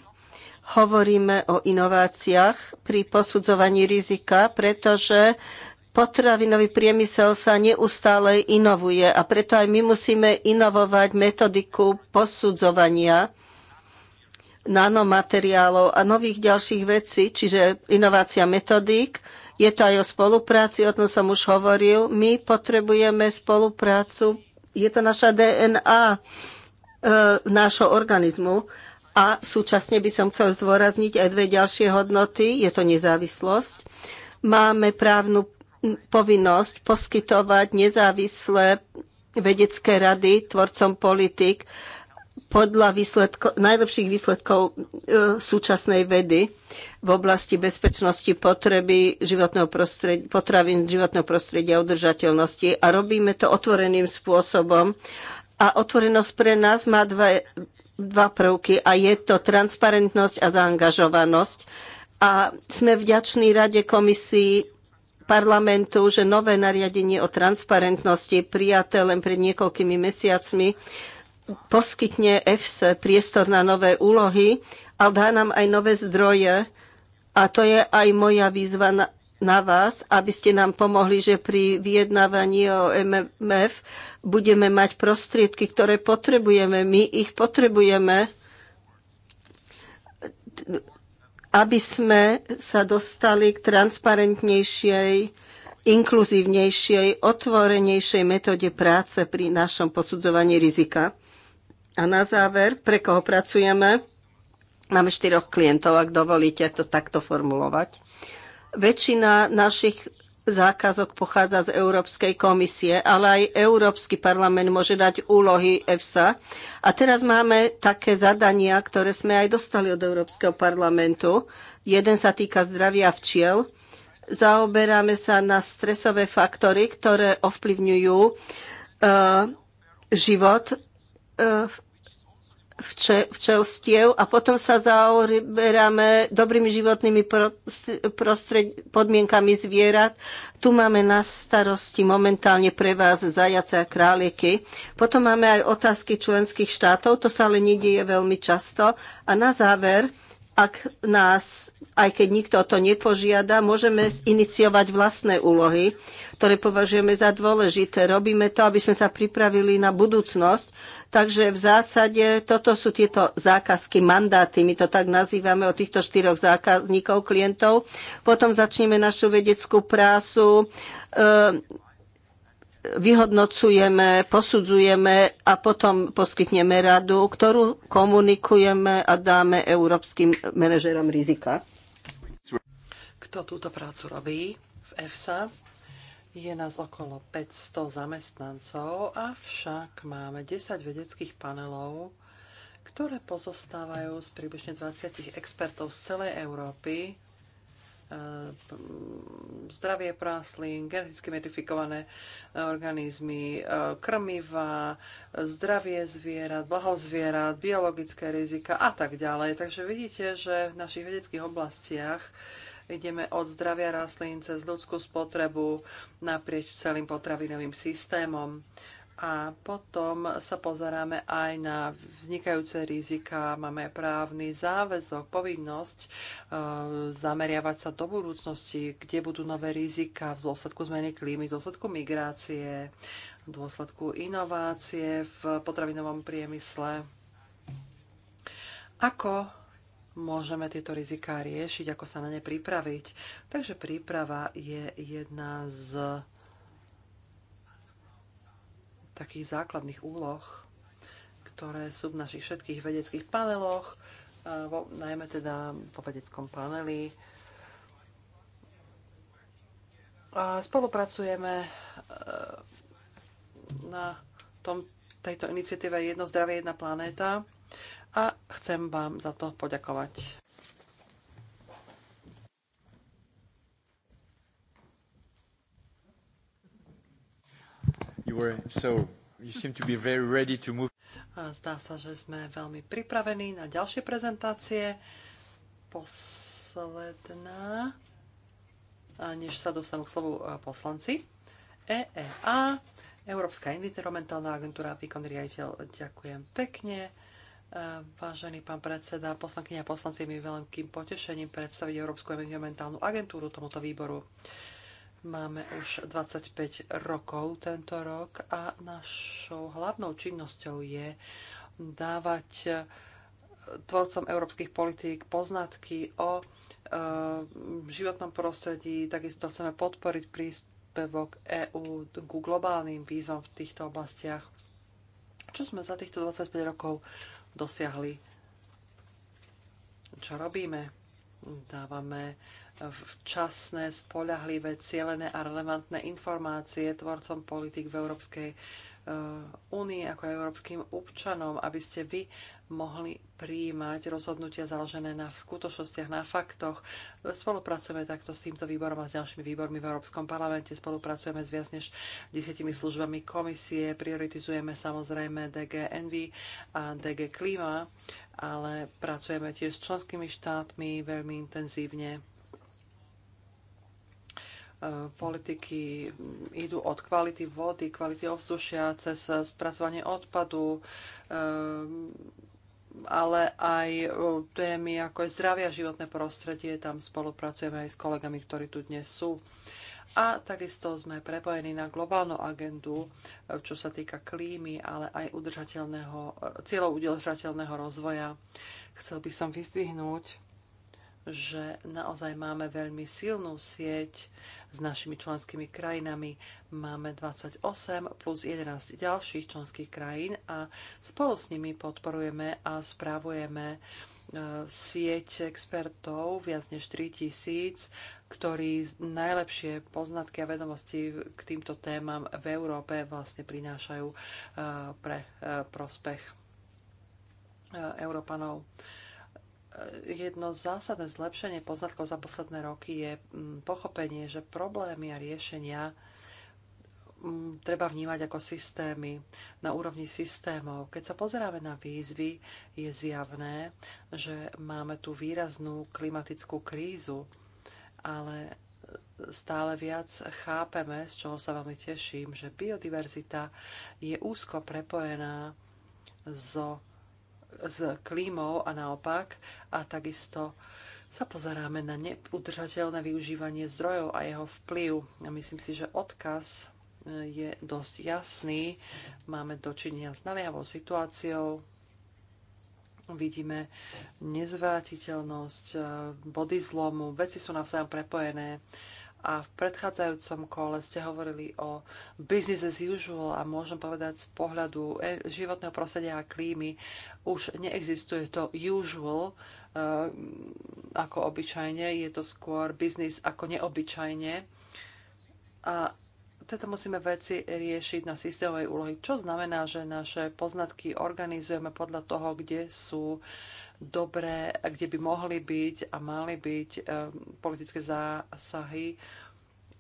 Hovoríme o inováciách pri posudzovaní rizika, pretože potravinový priemysel sa neustále inovuje a preto aj my musíme inovovať metodiku posudzovania nanomateriálov a nových ďalších vecí, čiže inovácia metodík. Je to aj o spolupráci, o tom som už hovoril. My potrebujeme spoluprácu, je to naša DNA E, nášho organizmu. A súčasne by som chcel zdôrazniť aj dve ďalšie hodnoty. Je to nezávislosť. Máme právnu povinnosť poskytovať nezávislé vedecké rady tvorcom politik podľa výsledko, najlepších výsledkov e, súčasnej vedy v oblasti bezpečnosti potreby životného potravín, životného prostredia a udržateľnosti. A robíme to otvoreným spôsobom. A otvorenosť pre nás má dva, dva prvky a je to transparentnosť a zaangažovanosť. A sme vďační Rade komisii parlamentu, že nové nariadenie o transparentnosti prijaté len pred niekoľkými mesiacmi poskytne EFS priestor na nové úlohy, a dá nám aj nové zdroje. A to je aj moja výzva na vás, aby ste nám pomohli, že pri vyjednávaní o MMF budeme mať prostriedky, ktoré potrebujeme. My ich potrebujeme, aby sme sa dostali k transparentnejšej, inkluzívnejšej, otvorenejšej metóde práce pri našom posudzovaní rizika. A na záver, pre koho pracujeme? Máme štyroch klientov, ak dovolíte to takto formulovať Väčšina našich zákazok pochádza z Európskej komisie, ale aj Európsky parlament môže dať úlohy EFSA. A teraz máme také zadania, ktoré sme aj dostali od Európskeho parlamentu. Jeden sa týka zdravia včiel. Zaoberáme sa na stresové faktory, ktoré ovplyvňujú uh, život uh, včelstiev a potom sa zaoberáme dobrými životnými prostred, podmienkami zvierat. Tu máme na starosti momentálne pre vás zajace a králieky. Potom máme aj otázky členských štátov, to sa ale nedieje veľmi často. A na záver, ak nás, aj keď nikto to nepožiada, môžeme iniciovať vlastné úlohy, ktoré považujeme za dôležité. Robíme to, aby sme sa pripravili na budúcnosť Takže v zásade toto sú tieto zákazky, mandáty, my to tak nazývame o týchto štyroch zákazníkov, klientov. Potom začneme našu vedeckú prácu, e, vyhodnocujeme, posudzujeme a potom poskytneme radu, ktorú komunikujeme a dáme európskym manažerom rizika. Kto túto prácu robí v EFSA? Je nás okolo 500 zamestnancov, avšak máme 10 vedeckých panelov, ktoré pozostávajú z približne 20 expertov z celej Európy. E, zdravie práslin, geneticky modifikované e, organizmy, e, krmiva, zdravie zvierat, blaho zvierat, biologické rizika a tak ďalej. Takže vidíte, že v našich vedeckých oblastiach Ideme od zdravia rastlín cez ľudskú spotrebu naprieč celým potravinovým systémom. A potom sa pozeráme aj na vznikajúce rizika, máme právny záväzok, povinnosť e, zameriavať sa do budúcnosti, kde budú nové rizika v dôsledku zmeny klímy, v dôsledku migrácie, v dôsledku inovácie v potravinovom priemysle. Ako môžeme tieto riziká riešiť, ako sa na ne pripraviť. Takže príprava je jedna z takých základných úloh, ktoré sú v našich všetkých vedeckých paneloch, vo, najmä teda po vedeckom paneli. A spolupracujeme e, na tom, tejto iniciatíve Jedno zdravie, jedna planéta a chcem vám za to poďakovať. You were so you seem to be very ready to move. A zdá sa, že sme veľmi pripravení na ďalšie prezentácie. Posledná, a než sa dostanú k slovu poslanci. EEA, Európska environmentálna agentúra, výkon riaditeľ, ďakujem pekne. Vážený pán predseda, poslankyňa a poslanci, mi veľkým potešením predstaviť Európsku environmentálnu agentúru tomuto výboru. Máme už 25 rokov tento rok a našou hlavnou činnosťou je dávať eh, tvorcom európskych politík poznatky o e, životnom prostredí. Takisto chceme podporiť príspevok EÚ ku globálnym výzvam v týchto oblastiach. Čo sme za týchto 25 rokov dosiahli. Čo robíme? Dávame včasné, spoľahlivé, cielené a relevantné informácie tvorcom politik v Európskej Únii eh, ako aj európskym občanom, aby ste vy mohli prijímať rozhodnutia založené na skutočnostiach, na faktoch. Spolupracujeme takto s týmto výborom a s ďalšími výbormi v Európskom parlamente. Spolupracujeme s viac než desiatimi službami komisie. Prioritizujeme samozrejme DG Envy a DG Klima, ale pracujeme tiež s členskými štátmi veľmi intenzívne E, politiky mm, idú od kvality vody, kvality ovzdušia cez e, spracovanie odpadu, e, ale aj témy ako je zdravie a životné prostredie. Tam spolupracujeme aj s kolegami, ktorí tu dnes sú. A takisto sme prepojení na globálnu agendu, čo sa týka klímy, ale aj udržateľného, cieľov udržateľného rozvoja. Chcel by som vyzdvihnúť že naozaj máme veľmi silnú sieť s našimi členskými krajinami. Máme 28 plus 11 ďalších členských krajín a spolu s nimi podporujeme a správujeme e, sieť expertov, viac než 3000, ktorí najlepšie poznatky a vedomosti k týmto témam v Európe vlastne prinášajú e, pre e, prospech Európanov jedno zásadné zlepšenie poznatkov za posledné roky je mm, pochopenie, že problémy a riešenia mm, treba vnímať ako systémy, na úrovni systémov. Keď sa pozeráme na výzvy, je zjavné, že máme tu výraznú klimatickú krízu, ale stále viac chápeme, z čoho sa veľmi teším, že biodiverzita je úzko prepojená so s klímou a naopak a takisto sa pozeráme na neudržateľné využívanie zdrojov a jeho vplyv. A myslím si, že odkaz e, je dosť jasný. Máme dočinenia s naliavou situáciou. Vidíme nezvratiteľnosť e, body zlomu. Veci sú navzájom prepojené a v predchádzajúcom kole ste hovorili o business as usual a môžem povedať z pohľadu e, životného prostredia a klímy už neexistuje to usual e, ako obyčajne, je to skôr business ako neobyčajne. A teda musíme veci riešiť na systémovej úlohy, čo znamená, že naše poznatky organizujeme podľa toho, kde sú uh, dobré, kde by mohli byť a mali byť eh, politické zásahy.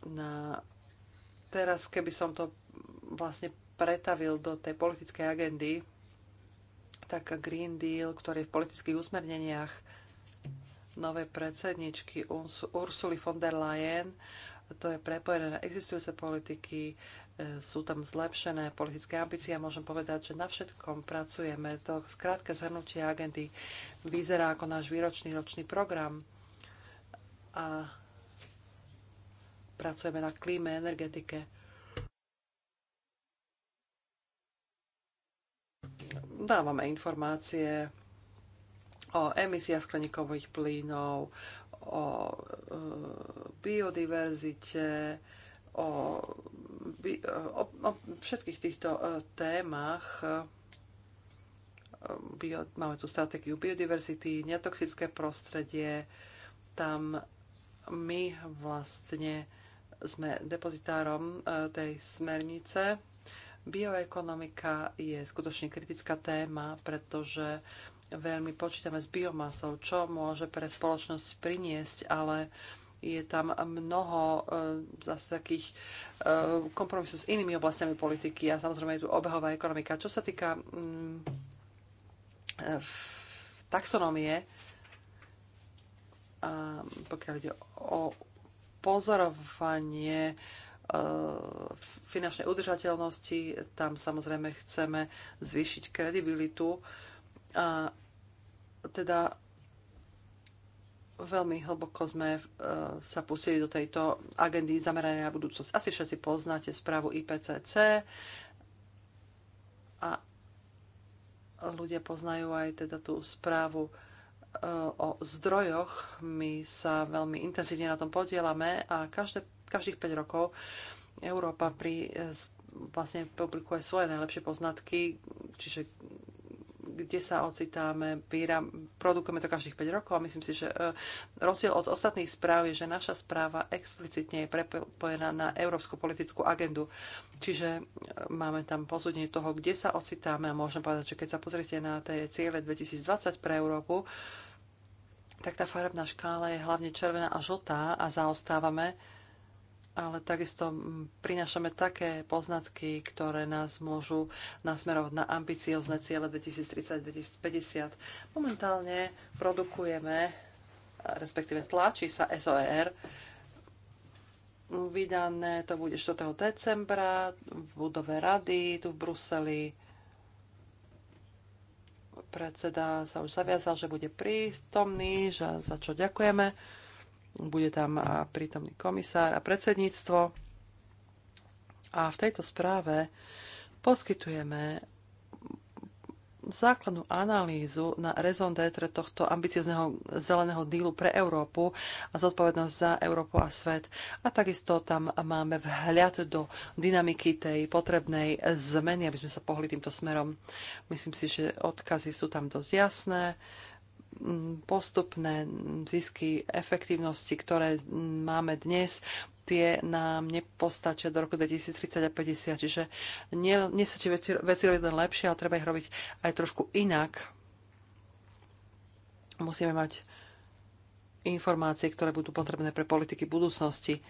Na... Teraz, keby som to vlastne pretavil do tej politickej agendy, tak Green Deal, ktorý je v politických usmerneniach nové predsedničky Ursuly von der Leyen, to je prepojené na existujúce politiky, sú tam zlepšené politické ambície a môžem povedať, že na všetkom pracujeme. To skrátke zhrnutie agendy vyzerá ako náš výročný ročný program a pracujeme na klíme, energetike. Dávame informácie o emisiách skleníkových plynov, o e, biodiverzite, o, o, o všetkých týchto e, témach. E, bio, máme tu stratégiu biodiverzity, netoxické prostredie. Tam my vlastne sme depozitárom e, tej smernice. Bioekonomika je skutočne kritická téma, pretože veľmi počítame s biomasou, čo môže pre spoločnosť priniesť, ale uh, je tam mnoho eh, zase takých eh, kompromisov s inými oblastiami politiky a samozrejme je tu obehová ekonomika. Čo sa týka mm, eh, taxonómie, a pokiaľ ide o pozorovanie finančnej udržateľnosti, tam samozrejme chceme zvýšiť kredibilitu a teda veľmi hlboko sme eh, sa pustili do tejto agendy zameranej na budúcnosť. Asi všetci poznáte správu IPCC a ľudia poznajú aj teda tú správu eh, o zdrojoch. My sa veľmi intenzívne na tom podielame a každé, každých 5 rokov Európa pri, eh, vlastne publikuje svoje najlepšie poznatky, čiže kde sa ocitáme, píra, produkujeme to každých 5 rokov a myslím si, že e, rozdiel od ostatných správ je, že naša správa explicitne je prepojená na európsku politickú agendu. Čiže e, máme tam posúdenie toho, kde sa ocitáme a môžem povedať, že keď sa pozriete na tie ciele 2020 pre Európu, tak tá farebná škála je hlavne červená a žltá a zaostávame ale takisto prinášame také poznatky, ktoré nás môžu nasmerovať na ambiciozne ciele 2030-2050. Momentálne produkujeme, respektíve tlačí sa SOER. Vydané to bude 4. decembra v budove rady tu v Bruseli. Predseda sa už zaviazal, že bude prítomný, za čo ďakujeme bude tam prítomný komisár a predsedníctvo. A v tejto správe poskytujeme základnú analýzu na raison d'être tohto ambiciozného zeleného dílu pre Európu a zodpovednosť za Európu a svet. A takisto tam máme vhľad do dynamiky tej potrebnej zmeny, aby sme sa pohli týmto smerom. Myslím si, že odkazy sú tam dosť jasné postupné zisky efektívnosti, ktoré máme dnes, tie nám nepostačia do roku 2030 a 50. Čiže nestačí veci, veci robiť len lepšie, ale treba ich robiť aj trošku inak. Musíme mať informácie, ktoré budú potrebné pre politiky budúcnosti.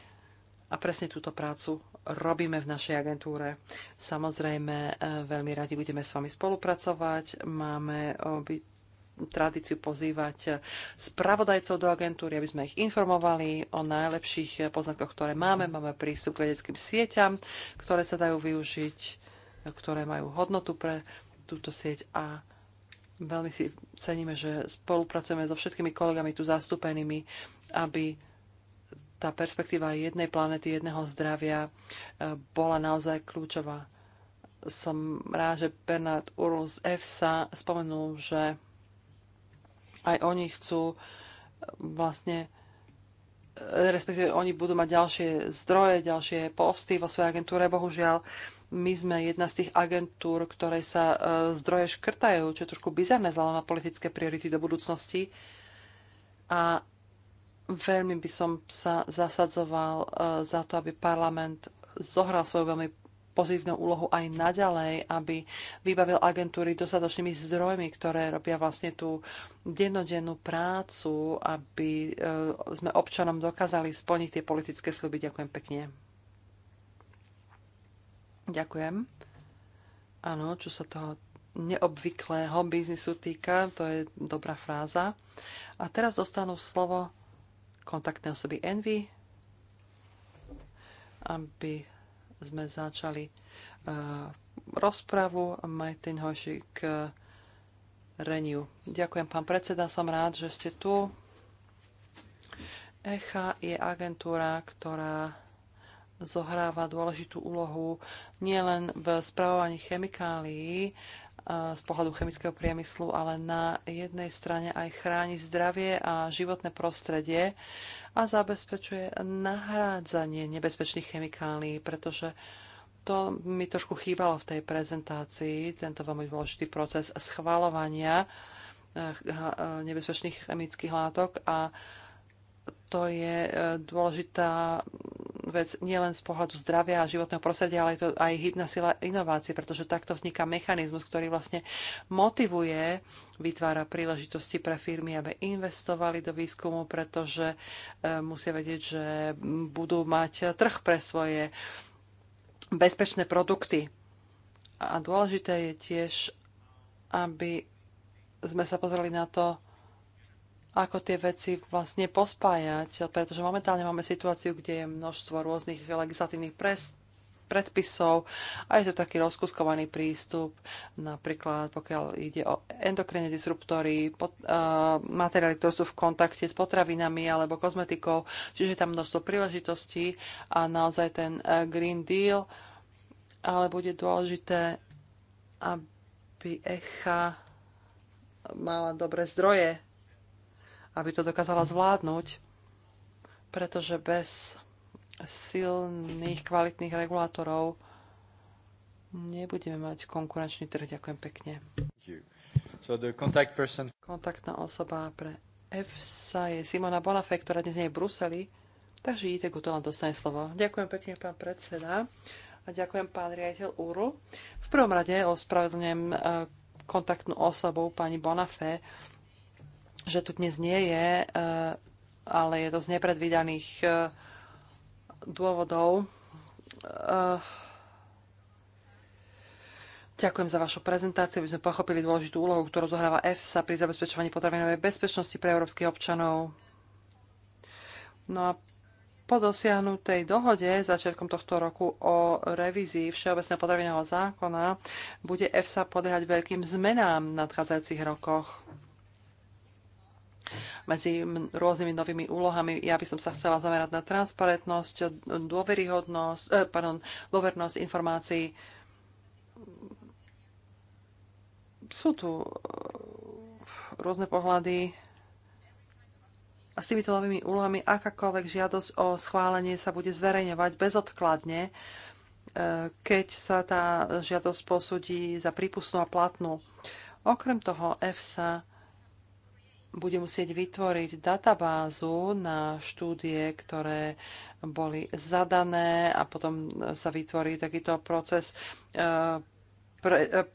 A presne túto prácu robíme v našej agentúre. Samozrejme, e, veľmi radi budeme s vami spolupracovať. Máme byť tradíciu pozývať spravodajcov do agentúry, aby sme ich informovali o najlepších poznatkoch, ktoré máme. Máme prístup k vedeckým sieťam, ktoré sa dajú využiť, ktoré majú hodnotu pre túto sieť a veľmi si ceníme, že spolupracujeme so všetkými kolegami tu zastúpenými, aby tá perspektíva jednej planety, jedného zdravia e, bola naozaj kľúčová. Som rád, že Bernard Url z EFSA spomenul, že aj oni chcú e, vlastne e, respektíve oni budú mať ďalšie zdroje, ďalšie posty vo svojej agentúre. Bohužiaľ, my sme jedna z tých agentúr, ktoré sa e, zdroje škrtajú, čo je trošku bizarné zále na politické priority do budúcnosti. A veľmi by som sa zasadzoval za to, aby parlament zohral svoju veľmi pozitívnu úlohu aj naďalej, aby vybavil agentúry dostatočnými zdrojmi, ktoré robia vlastne tú dennodennú prácu, aby e, sme občanom dokázali splniť tie politické sluby. Ďakujem pekne. Ďakujem. Áno, čo sa toho neobvyklého biznisu týka, to je dobrá fráza. A teraz dostanú slovo kontaktné osoby Envy, aby sme začali uh, rozpravu. Martin Hojšik uh, eh, Reniu. Ďakujem, pán predseda, som rád, že ste tu. ECHA je agentúra, ktorá zohráva dôležitú úlohu nielen v spravovaní chemikálií eh, z pohľadu chemického priemyslu, ale na jednej strane aj chráni zdravie a životné prostredie a zabezpečuje nahrádzanie nebezpečných chemikálií, pretože to mi trošku chýbalo v tej prezentácii, tento veľmi dôležitý proces schvalovania eh, eh, nebezpečných chemických látok a to je e, dôležitá vec nielen z pohľadu zdravia a životného prostredia, ale je to aj hybná sila inovácie, pretože takto vzniká mechanizmus, ktorý vlastne motivuje, vytvára príležitosti pre firmy, aby investovali do výskumu, pretože e, musia vedieť, že budú mať trh pre svoje bezpečné produkty. A dôležité je tiež, aby sme sa pozreli na to, ako tie veci vlastne pospájať, pretože momentálne máme situáciu, kde je množstvo rôznych legislatívnych prest predpisov a je to taký rozkuskovaný prístup, napríklad pokiaľ ide o endokrinné disruptory, pot, uh, materiály, ktoré sú v kontakte s potravinami alebo kozmetikou, čiže je tam množstvo príležitostí a naozaj ten uh, Green Deal, ale bude dôležité, aby ECHA mala dobré zdroje aby to dokázala zvládnuť, pretože bez silných, kvalitných regulátorov nebudeme mať konkurenčný trh. Ďakujem pekne. So contact person... Kontaktná osoba pre EFSA je Simona Bonafé, ktorá dnes nie je v Bruseli, takže idete ku to len dostane slovo. Ďakujem pekne, pán predseda. A ďakujem, pán riaditeľ Úru. V prvom rade ospravedlňujem eh, kontaktnú osobu pani Bonafé, že tu dnes nie je, eh, ale je to z nepredvídaných eh, dôvodov. Eh, ďakujem za vašu prezentáciu, aby sme pochopili dôležitú úlohu, ktorú zohráva EFSA pri zabezpečovaní potravinovej bezpečnosti pre európskych občanov. No a po dosiahnutej dohode začiatkom tohto roku o revízii Všeobecného potravinového zákona bude EFSA podehať veľkým zmenám v nadchádzajúcich rokoch medzi rôznymi novými úlohami. Ja by som sa chcela zamerať na transparentnosť, dôveryhodnosť, eh, pardon, dôvernosť informácií. Sú tu eh, rôzne pohľady a s týmito novými úlohami akákoľvek žiadosť o schválenie sa bude zverejňovať bezodkladne, eh, keď sa tá žiadosť posúdi za prípustnú a platnú. Okrem toho EFSA bude musieť vytvoriť databázu na štúdie, ktoré boli zadané a potom sa vytvorí takýto proces e, pre, e,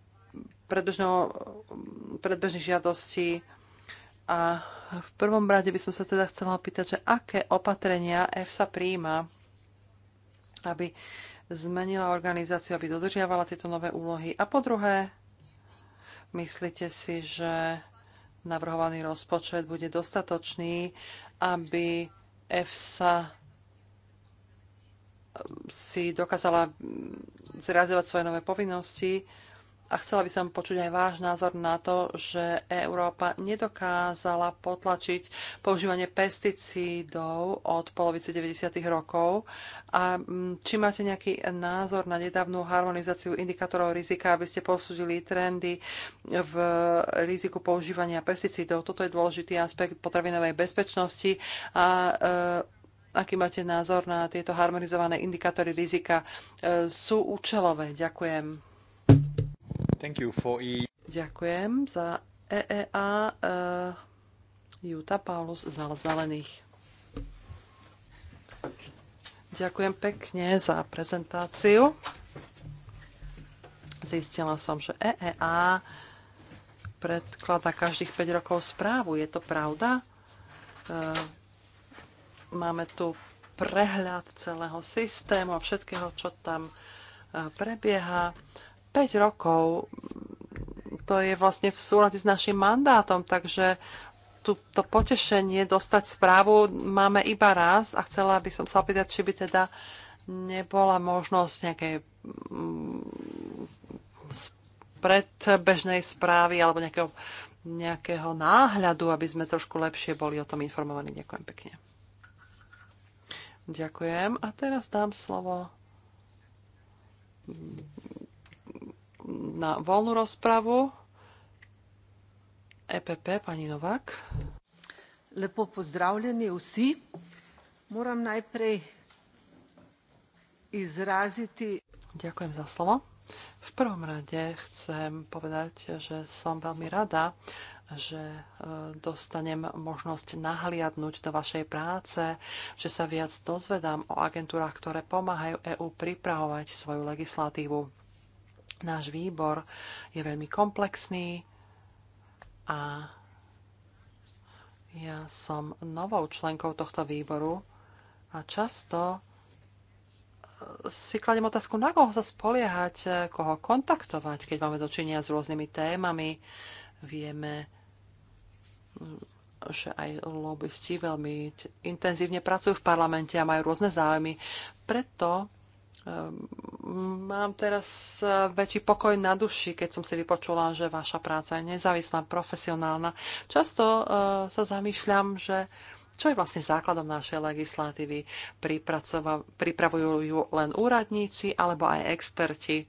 predbežných žiadostí. A v prvom rade by som sa teda chcela opýtať, že aké opatrenia EFSA príjma, aby zmenila organizáciu, aby dodržiavala tieto nové úlohy. A po druhé, myslíte si, že navrhovaný rozpočet bude dostatočný, aby EFSA um, si dokázala mm, zrealizovať svoje nové povinnosti a chcela by som počuť aj váš názor na to, že Európa nedokázala potlačiť používanie pesticídov od polovice 90. rokov. A mm, či máte nejaký názor na nedávnu harmonizáciu indikátorov rizika, aby ste posúdili trendy v riziku používania pesticídov? Toto je dôležitý aspekt potravinovej bezpečnosti a e, aký máte názor na tieto harmonizované indikátory rizika. E, sú účelové. Ďakujem. E. Ďakujem za EEA uh, eh, Juta Paulus za zelených. Ďakujem pekne za prezentáciu. Zistila som, že EEA predklada každých 5 rokov správu. Je to pravda? Uh, máme tu prehľad celého systému a všetkého, čo tam eh, prebieha. 5 rokov to je vlastne v súlade s našim mandátom, takže tú, to potešenie dostať správu máme iba raz a chcela by som sa opýtať, či by teda nebola možnosť nejakej mm, predbežnej správy alebo nejakého, nejakého náhľadu, aby sme trošku lepšie boli o tom informovaní. Ďakujem pekne. Ďakujem. A teraz dám slovo na voľnú rozpravu. EPP, pani Novák. Lepo pozdravljeni vsi. Moram najprej izraziti... Ďakujem za slovo. V prvom rade chcem povedať, že som veľmi rada, že e, dostanem možnosť nahliadnúť do vašej práce, že sa viac dozvedám o agentúrach, ktoré pomáhajú EÚ pripravovať svoju legislatívu. Náš výbor je veľmi komplexný a ja som novou členkou tohto výboru a často eh, si kladem otázku, na koho sa spoliehať, eh, koho kontaktovať, keď máme dočinia s rôznymi témami. Vieme, mm, že aj lobbysti veľmi intenzívne pracujú v parlamente a majú rôzne záujmy. Preto Ehm, mám teraz e, väčší pokoj na duši, keď som si vypočula, že vaša práca je nezávislá, profesionálna. Často e, sa zamýšľam, že čo je vlastne základom našej legislatívy. Pripravujú ju len úradníci alebo aj experti.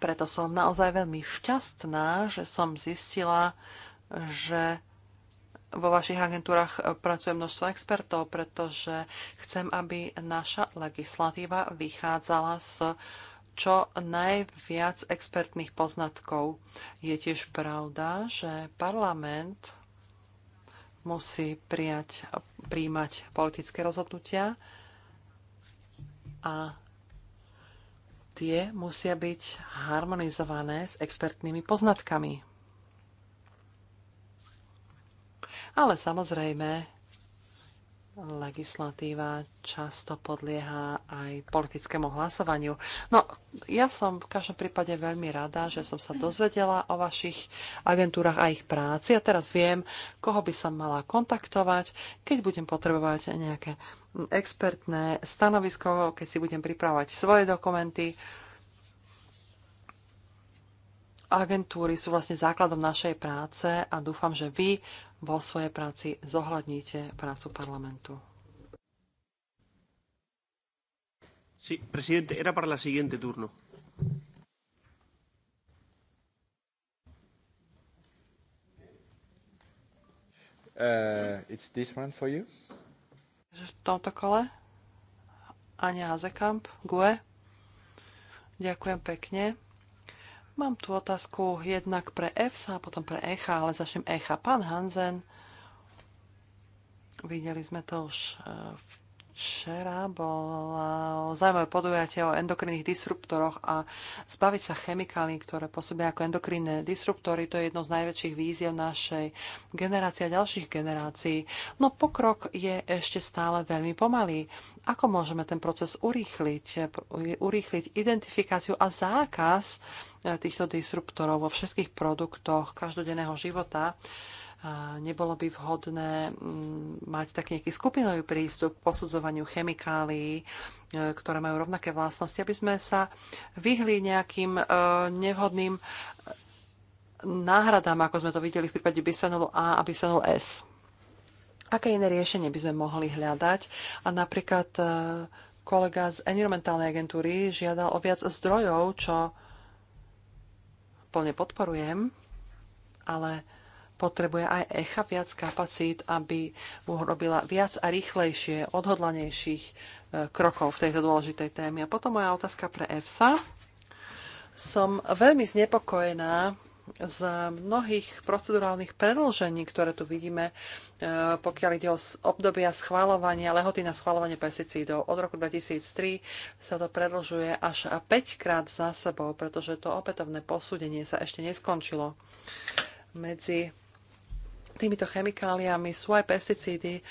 Preto som naozaj veľmi šťastná, že som zistila, že vo vašich agentúrach e, pracuje množstvo expertov, pretože chcem, aby naša legislatíva vychádzala z čo najviac expertných poznatkov. Je tiež pravda, že parlament musí prijať, príjmať politické rozhodnutia a tie musia byť harmonizované s expertnými poznatkami. Ale samozrejme, legislatíva často podlieha aj politickému hlasovaniu. No, ja som v každom prípade veľmi rada, že som sa dozvedela o vašich agentúrach a ich práci a teraz viem, koho by som mala kontaktovať, keď budem potrebovať nejaké expertné stanovisko, keď si budem pripravovať svoje dokumenty. Agentúry sú vlastne základom našej práce a dúfam, že vy vo svojej práci zohľadníte prácu parlamentu. Sí, presidente, era para la siguiente turno. Uh, it's this one for you. V tomto kole Ania Hazekamp, GUE. Ďakujem pekne. Mám tu otázku jednak pre EFSA a potom pre ECHA, ale začnem ECHA. Pán Hanzen, videli sme to už eh, v Včera bola zaujímavé podujatie o endokrinných disruptoroch a zbaviť sa chemikálií, ktoré pôsobia ako endokrinné disruptory, to je jedno z najväčších víziev našej generácie a ďalších generácií. No pokrok je ešte stále veľmi pomalý. Ako môžeme ten proces urýchliť? Urýchliť identifikáciu a zákaz eh, týchto disruptorov vo všetkých produktoch každodenného života nebolo by vhodné mm, mať tak nejaký skupinový prístup k posudzovaniu chemikálií, e, ktoré majú rovnaké vlastnosti, aby sme sa vyhli nejakým e, nevhodným e, náhradám, ako sme to videli v prípade bisfenolu A a bisfenolu S. Aké iné riešenie by sme mohli hľadať? A napríklad kolega z environmentálnej agentúry žiadal o viac zdrojov, čo plne podporujem, ale potrebuje aj ECHA viac kapacít, aby urobila viac a rýchlejšie, odhodlanejších e, krokov v tejto dôležitej téme. A potom moja otázka pre EFSA. Som veľmi znepokojená z mnohých procedurálnych predlžení, ktoré tu vidíme, e, pokiaľ ide o obdobia schváľovania, lehoty na schváľovanie pesticídov. Od roku 2003 sa to predlžuje až 5 krát za sebou, pretože to opätovné posúdenie sa ešte neskončilo. Medzi týmito chemikáliami sú aj pesticídy, e,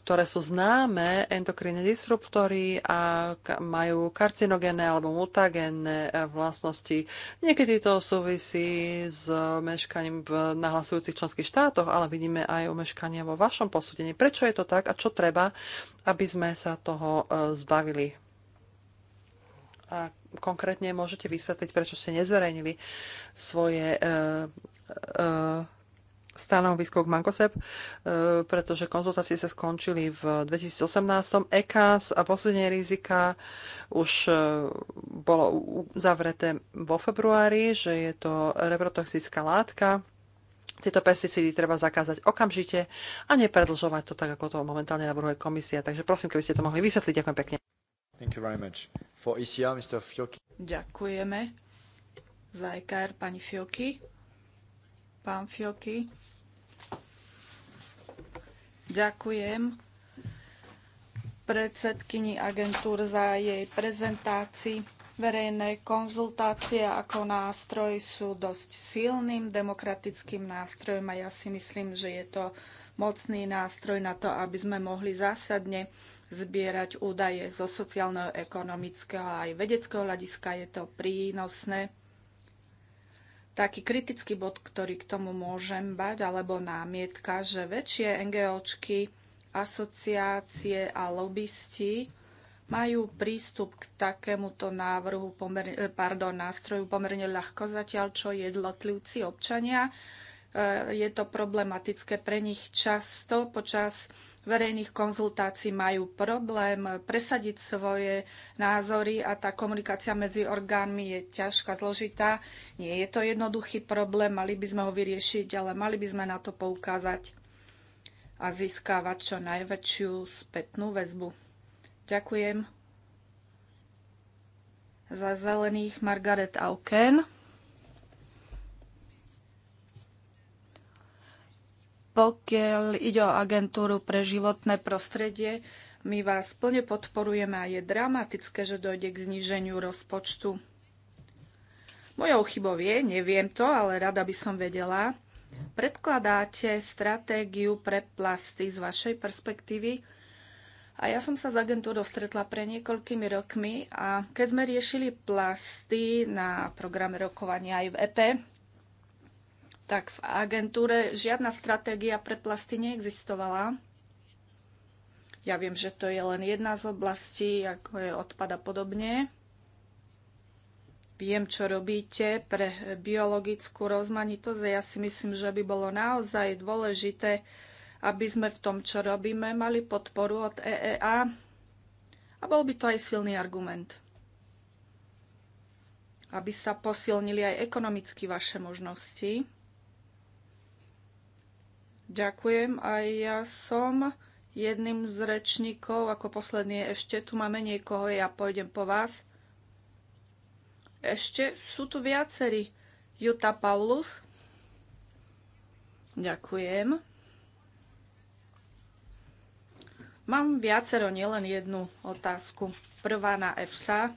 ktoré sú známe, endokrinné disruptory a majú karcinogénne alebo mutagénne e, vlastnosti. Niekedy to súvisí s meškaním v nahlasujúcich členských štátoch, ale vidíme aj omeškania vo vašom posúdení. Prečo je to tak a čo treba, aby sme sa toho e, zbavili? A konkrétne môžete vysvetliť, prečo ste nezverejnili svoje stanovisko k Mankosep, e, pretože konzultácie sa skončili v 2018. EKAS a posúdenie rizika už e, bolo uzavreté vo februári, že je to reprotoxická látka. Tieto pesticídy treba zakázať okamžite a nepredlžovať to tak, ako to momentálne navrhuje komisia. Takže prosím, keby ste to mohli vysvetliť. Ďakujem pekne. Thank you very much. For ECR, Mr. Ďakujeme. Za EKR, pani Fioki pán Fioky. Ďakujem predsedkyni agentúr za jej prezentácii. Verejné konzultácie ako nástroj sú dosť silným demokratickým nástrojom a ja si myslím, že je to mocný nástroj na to, aby sme mohli zásadne zbierať údaje zo sociálneho, ekonomického a aj vedeckého hľadiska. Je to prínosné taký kritický bod, ktorý k tomu môžem bať, alebo námietka, že väčšie NGOčky, asociácie a lobbysti majú prístup k takémuto návrhu, pomer, eh, pardon, nástroju pomerne ľahko zatiaľ, čo jednotlivci občania. Eh, je to problematické pre nich často počas verejných konzultácií majú problém presadiť svoje názory a tá komunikácia medzi orgánmi je ťažká, zložitá. Nie je to jednoduchý problém, mali by sme ho vyriešiť, ale mali by sme na to poukázať a získávať čo najväčšiu spätnú väzbu. Ďakujem. Za zelených Margaret Auken. Pokiaľ ide o agentúru pre životné prostredie, my vás plne podporujeme a je dramatické, že dojde k zníženiu rozpočtu. Mojou chybou je, neviem to, ale rada by som vedela, predkladáte stratégiu pre plasty z vašej perspektívy a ja som sa s agentúrou stretla pre niekoľkými rokmi a keď sme riešili plasty na programe rokovania aj v epe tak v agentúre žiadna stratégia pre plasty neexistovala. Ja viem, že to je len jedna z oblastí, ako je odpad a podobne. Viem, čo robíte pre biologickú rozmanitosť ja si myslím, že by bolo naozaj dôležité, aby sme v tom, čo robíme, mali podporu od EEA a bol by to aj silný argument, aby sa posilnili aj ekonomicky vaše možnosti. Ďakujem. a ja som jedným z rečníkov. Ako posledný ešte tu máme niekoho. Ja pôjdem po vás. Ešte sú tu viacerí. Juta Paulus. Ďakujem. Mám viacero, nielen jednu otázku. Prvá na EFSA.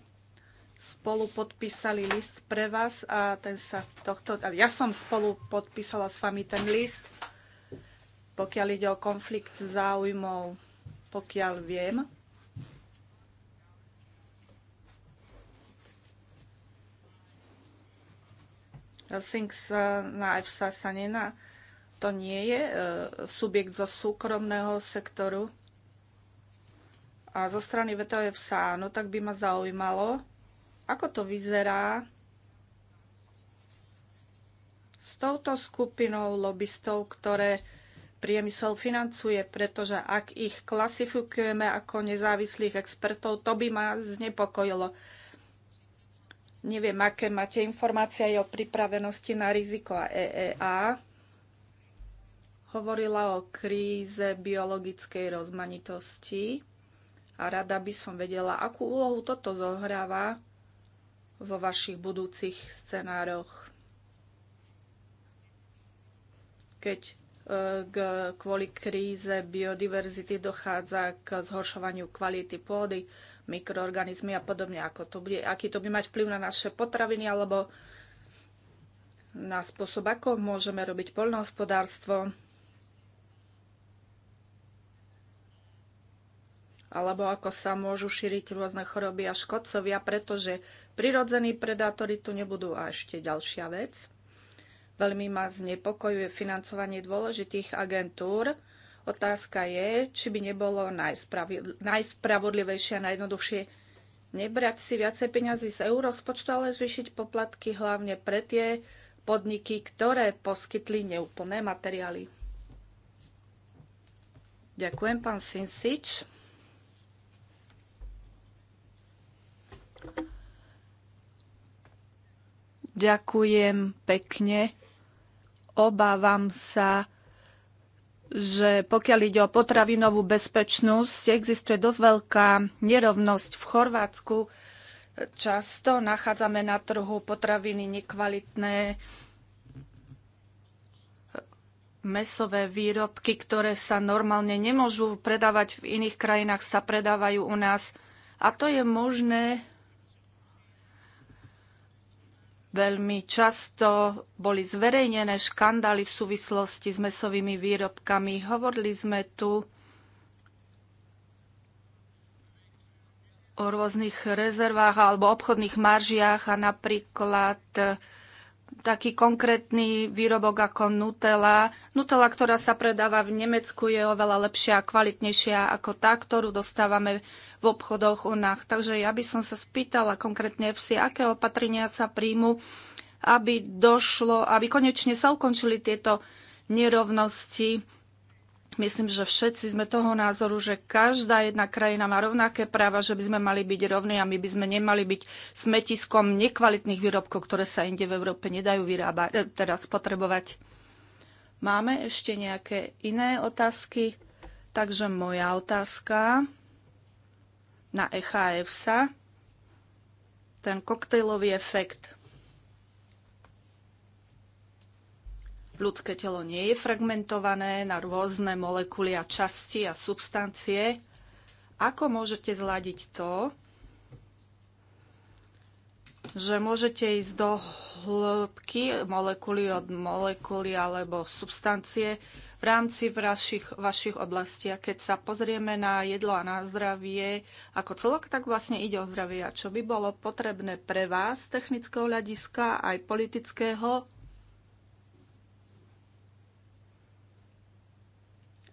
Spolu podpísali list pre vás a ten sa tohto... Ja som spolu podpísala s vami ten list pokiaľ ide o konflikt záujmov, pokiaľ viem, Helsings eh, na EFSA sa nená. To nie je eh, subjekt zo súkromného sektoru. A zo strany VTO EFSA, no tak by ma zaujímalo, ako to vyzerá s touto skupinou lobbystov, ktoré priemysel financuje, pretože ak ich klasifikujeme ako nezávislých expertov, to by ma znepokojilo. Neviem, aké máte informácie aj o pripravenosti na riziko a EEA. Hovorila o kríze biologickej rozmanitosti a rada by som vedela, akú úlohu toto zohráva vo vašich budúcich scenároch. Keď k, kvôli kríze biodiverzity dochádza k zhoršovaniu kvality pôdy, mikroorganizmy a podobne, ako to bude, aký to bude mať vplyv na naše potraviny alebo na spôsob, ako môžeme robiť poľnohospodárstvo, alebo ako sa môžu šíriť rôzne choroby a škodcovia, pretože prirodzení predátori tu nebudú. A ešte ďalšia vec – Veľmi ma znepokojuje financovanie dôležitých agentúr. Otázka je, či by nebolo najspravodlivejšie a najjednoduchšie nebrať si viacej peňazí z eurozpočtu, ale zvýšiť poplatky hlavne pre tie podniky, ktoré poskytli neúplné materiály. Ďakujem, pán Sinsič. Ďakujem pekne. Obávam sa, že pokiaľ ide o potravinovú bezpečnosť, existuje dosť veľká nerovnosť v Chorvátsku. Často nachádzame na trhu potraviny nekvalitné, mesové výrobky, ktoré sa normálne nemôžu predávať v iných krajinách, sa predávajú u nás. A to je možné Veľmi často boli zverejnené škandály v súvislosti s mesovými výrobkami. Hovorili sme tu o rôznych rezervách alebo obchodných maržiach a napríklad e, taký konkrétny výrobok ako Nutella. Nutella, ktorá sa predáva v Nemecku, je oveľa lepšia a kvalitnejšia ako tá, ktorú dostávame v obchodoch u nás. Takže ja by som sa spýtala konkrétne si, aké opatrenia sa príjmu, aby došlo, aby konečne sa ukončili tieto nerovnosti. Myslím, že všetci sme toho názoru, že každá jedna krajina má rovnaké práva, že by sme mali byť rovní a my by sme nemali byť smetiskom nekvalitných výrobkov, ktoré sa inde v Európe nedajú vyrábať, eh, teda spotrebovať. Máme ešte nejaké iné otázky? Takže moja otázka na EHFSA, ten koktejlový efekt. Ľudské telo nie je fragmentované na rôzne molekuly a časti a substancie. Ako môžete zladiť to, že môžete ísť do hĺbky molekuly od molekuly alebo substancie, v rámci vašich, vašich oblastí. A keď sa pozrieme na jedlo a na zdravie ako celok, tak vlastne ide o zdravie. A čo by bolo potrebné pre vás z technického hľadiska aj politického,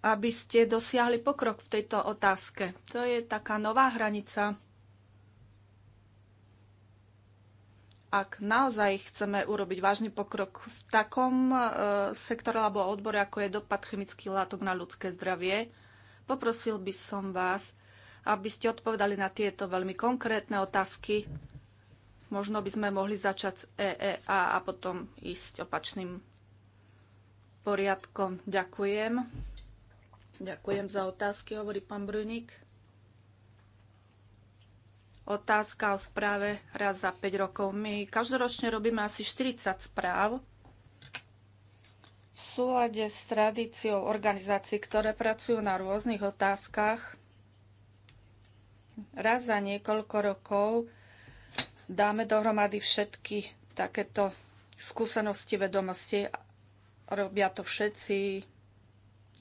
aby ste dosiahli pokrok v tejto otázke? To je taká nová hranica ak naozaj chceme urobiť vážny pokrok v takom e, sektore alebo odbore, ako je dopad chemických látok na ľudské zdravie, poprosil by som vás, aby ste odpovedali na tieto veľmi konkrétne otázky. Možno by sme mohli začať s EEA a potom ísť opačným poriadkom. Ďakujem. Ďakujem za otázky, hovorí pán Bruník otázka o správe raz za 5 rokov. My každoročne robíme asi 40 správ v súlade s tradíciou organizácií, ktoré pracujú na rôznych otázkach. Raz za niekoľko rokov dáme dohromady všetky takéto skúsenosti, vedomosti. Robia to všetci,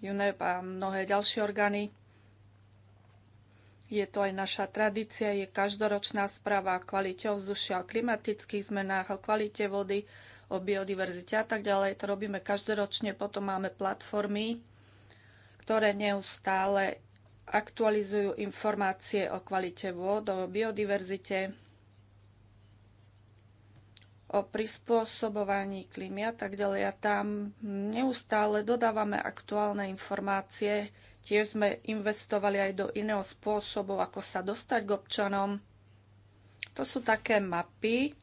UNEP a mnohé ďalšie orgány. Je to aj naša tradícia, je každoročná správa o kvalite ovzdušia, o klimatických zmenách, o kvalite vody, o biodiverzite a tak ďalej. To robíme každoročne, potom máme platformy, ktoré neustále aktualizujú informácie o kvalite vôd, o biodiverzite, o prispôsobovaní klímy a tak ďalej. A tam neustále dodávame aktuálne informácie, Tiež sme investovali aj do iného spôsobu, ako sa dostať k občanom. To sú také mapy,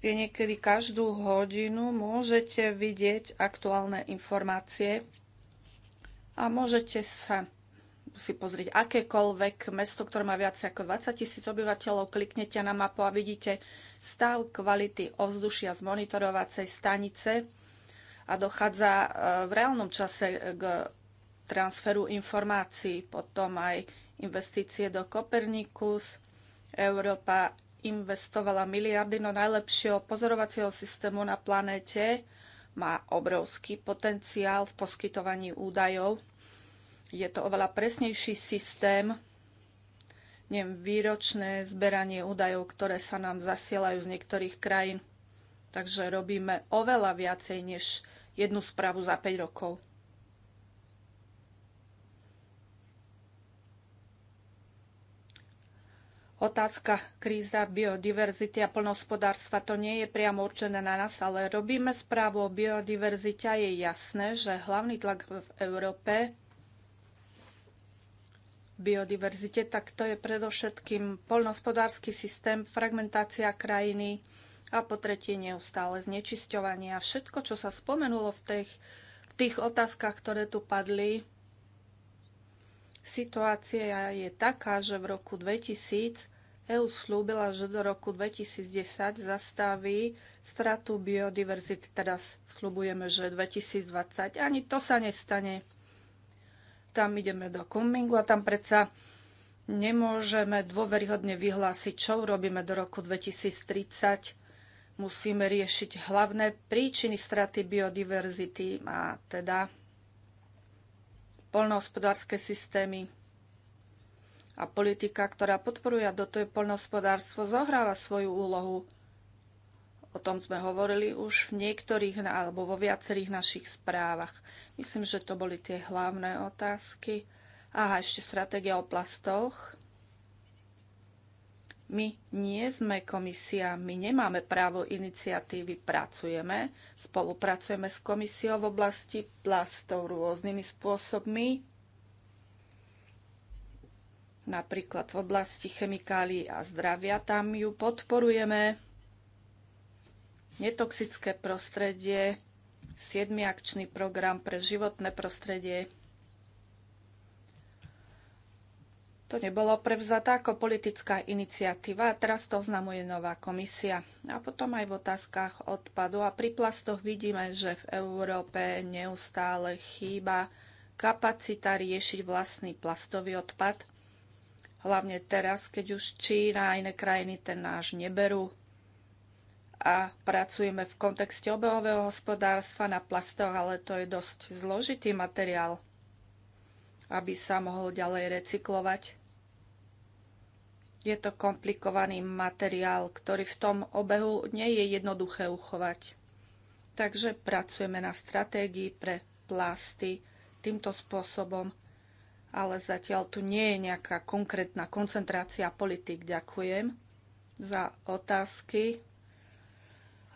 kde niekedy každú hodinu môžete vidieť aktuálne informácie a môžete sa si pozrieť akékoľvek mesto, ktoré má viac ako 20 tisíc obyvateľov, kliknete na mapu a vidíte stav kvality ovzdušia z monitorovacej stanice a dochádza e, v reálnom čase k transferu informácií, potom aj investície do Kopernikus. Európa investovala miliardy no najlepšieho pozorovacieho systému na planéte. Má obrovský potenciál v poskytovaní údajov. Je to oveľa presnejší systém, neviem, výročné zberanie údajov, ktoré sa nám zasielajú z niektorých krajín. Takže robíme oveľa viacej než jednu správu za 5 rokov. Otázka kríza biodiverzity a plnohospodárstva to nie je priamo určené na nás, ale robíme správu o biodiverzite a je jasné, že hlavný tlak v Európe biodiverzite, tak to je predovšetkým poľnohospodársky systém, fragmentácia krajiny a po tretie neustále znečisťovanie. A všetko, čo sa spomenulo v tých, v tých otázkach, ktoré tu padli, situácia je taká, že v roku 2000 EU slúbila, že do roku 2010 zastaví stratu biodiverzity. Teraz slúbujeme, že 2020. Ani to sa nestane. Tam ideme do kummingu a tam predsa nemôžeme dôveryhodne vyhlásiť, čo urobíme do roku 2030. Musíme riešiť hlavné príčiny straty biodiverzity a teda polnohospodárske systémy a politika, ktorá podporuje dotuje poľnohospodárstvo, zohráva svoju úlohu. O tom sme hovorili už v niektorých alebo vo viacerých našich správach. Myslím, že to boli tie hlavné otázky. Aha, ešte stratégia o plastoch. My nie sme komisia, my nemáme právo iniciatívy, pracujeme, spolupracujeme s komisiou v oblasti plastov rôznymi spôsobmi napríklad v oblasti chemikálií a zdravia. Tam ju podporujeme. Netoxické prostredie, 7. akčný program pre životné prostredie. To nebolo prevzatá ako politická iniciatíva teraz to oznamuje nová komisia. A potom aj v otázkach odpadu a pri plastoch vidíme, že v Európe neustále chýba kapacita riešiť vlastný plastový odpad – hlavne teraz, keď už Čína a iné krajiny ten náš neberú. A pracujeme v kontexte obehového hospodárstva na plastoch, ale to je dosť zložitý materiál, aby sa mohol ďalej recyklovať. Je to komplikovaný materiál, ktorý v tom obehu nie je jednoduché uchovať. Takže pracujeme na stratégii pre plasty týmto spôsobom ale zatiaľ tu nie je nejaká konkrétna koncentrácia politik. Ďakujem za otázky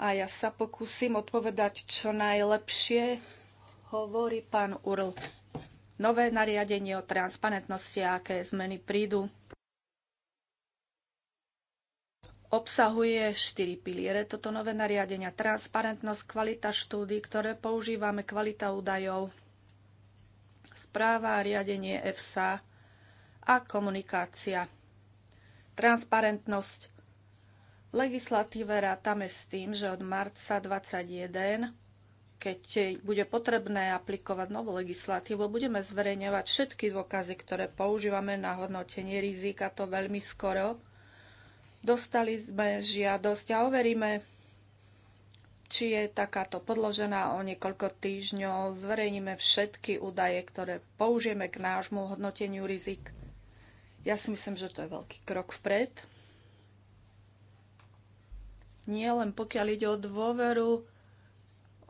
a ja sa pokúsim odpovedať čo najlepšie, hovorí pán Url. Nové nariadenie o transparentnosti a aké zmeny prídu obsahuje štyri piliere. Toto nové nariadenia transparentnosť, kvalita štúdy, ktoré používame, kvalita údajov, správa, riadenie EFSA a komunikácia. Transparentnosť. legislatíve rátame s tým, že od marca 2021, keď bude potrebné aplikovať novú legislatívu, budeme zverejňovať všetky dôkazy, ktoré používame na hodnotenie rizika, to veľmi skoro. Dostali sme žiadosť a overíme či je takáto podložená. O niekoľko týždňov zverejníme všetky údaje, ktoré použijeme k nášmu hodnoteniu rizik. Ja si myslím, že to je veľký krok vpred. Nie len pokiaľ ide o dôveru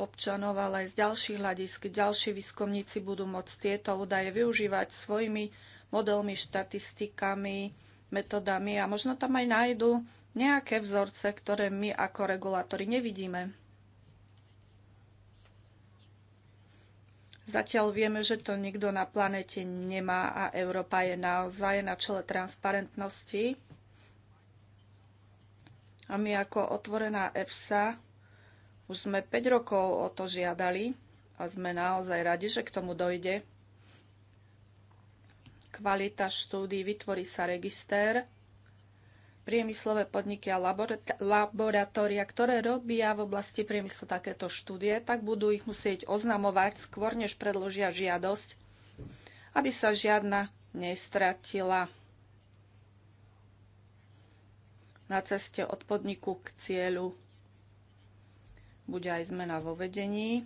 občanov, ale aj z ďalších hľadisk. Ďalší výskumníci budú môcť tieto údaje využívať svojimi modelmi, štatistikami, metodami a možno tam aj nájdu nejaké vzorce, ktoré my ako regulátori nevidíme. Zatiaľ vieme, že to nikto na planete nemá a Európa je naozaj na čele transparentnosti. A my ako otvorená EFSA už sme 5 rokov o to žiadali a sme naozaj radi, že k tomu dojde. Kvalita štúdy, vytvorí sa register priemyslové podniky a laboratória, ktoré robia v oblasti priemyslu takéto štúdie, tak budú ich musieť oznamovať skôr, než predložia žiadosť, aby sa žiadna nestratila na ceste od podniku k cieľu. Bude aj zmena vo vedení.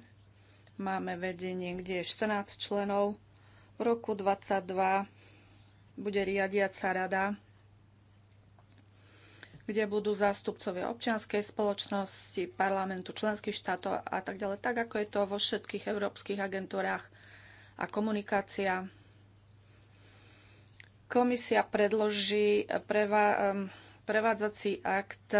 Máme vedenie, kde je 14 členov. V roku 22 bude riadiaca rada kde budú zástupcovia občianskej spoločnosti, parlamentu, členských štátov a tak ďalej, tak ako je to vo všetkých európskych agentúrách a komunikácia. Komisia predloží prevá, prevádzací akt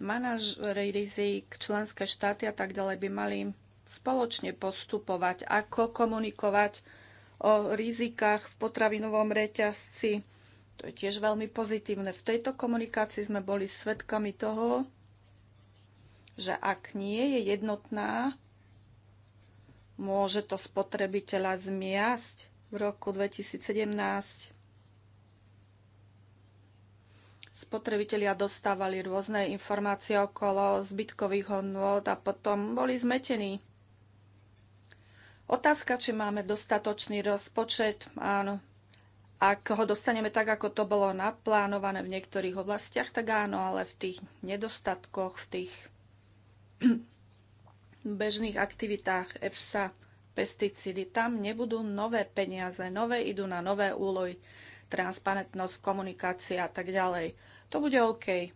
manažery rizik, členské štáty a tak ďalej by mali spoločne postupovať, ako komunikovať o rizikách v potravinovom reťazci, to je tiež veľmi pozitívne. V tejto komunikácii sme boli svedkami toho, že ak nie je jednotná, môže to spotrebiteľa zmiasť v roku 2017. Spotrebitelia dostávali rôzne informácie okolo zbytkových hodnôt a potom boli zmetení. Otázka, či máme dostatočný rozpočet, áno, ak ho dostaneme tak, ako to bolo naplánované v niektorých oblastiach, tak áno, ale v tých nedostatkoch, v tých bežných aktivitách EFSA, pesticídy, tam nebudú nové peniaze, nové idú na nové úlohy, transparentnosť, komunikácia a tak ďalej. To bude OK.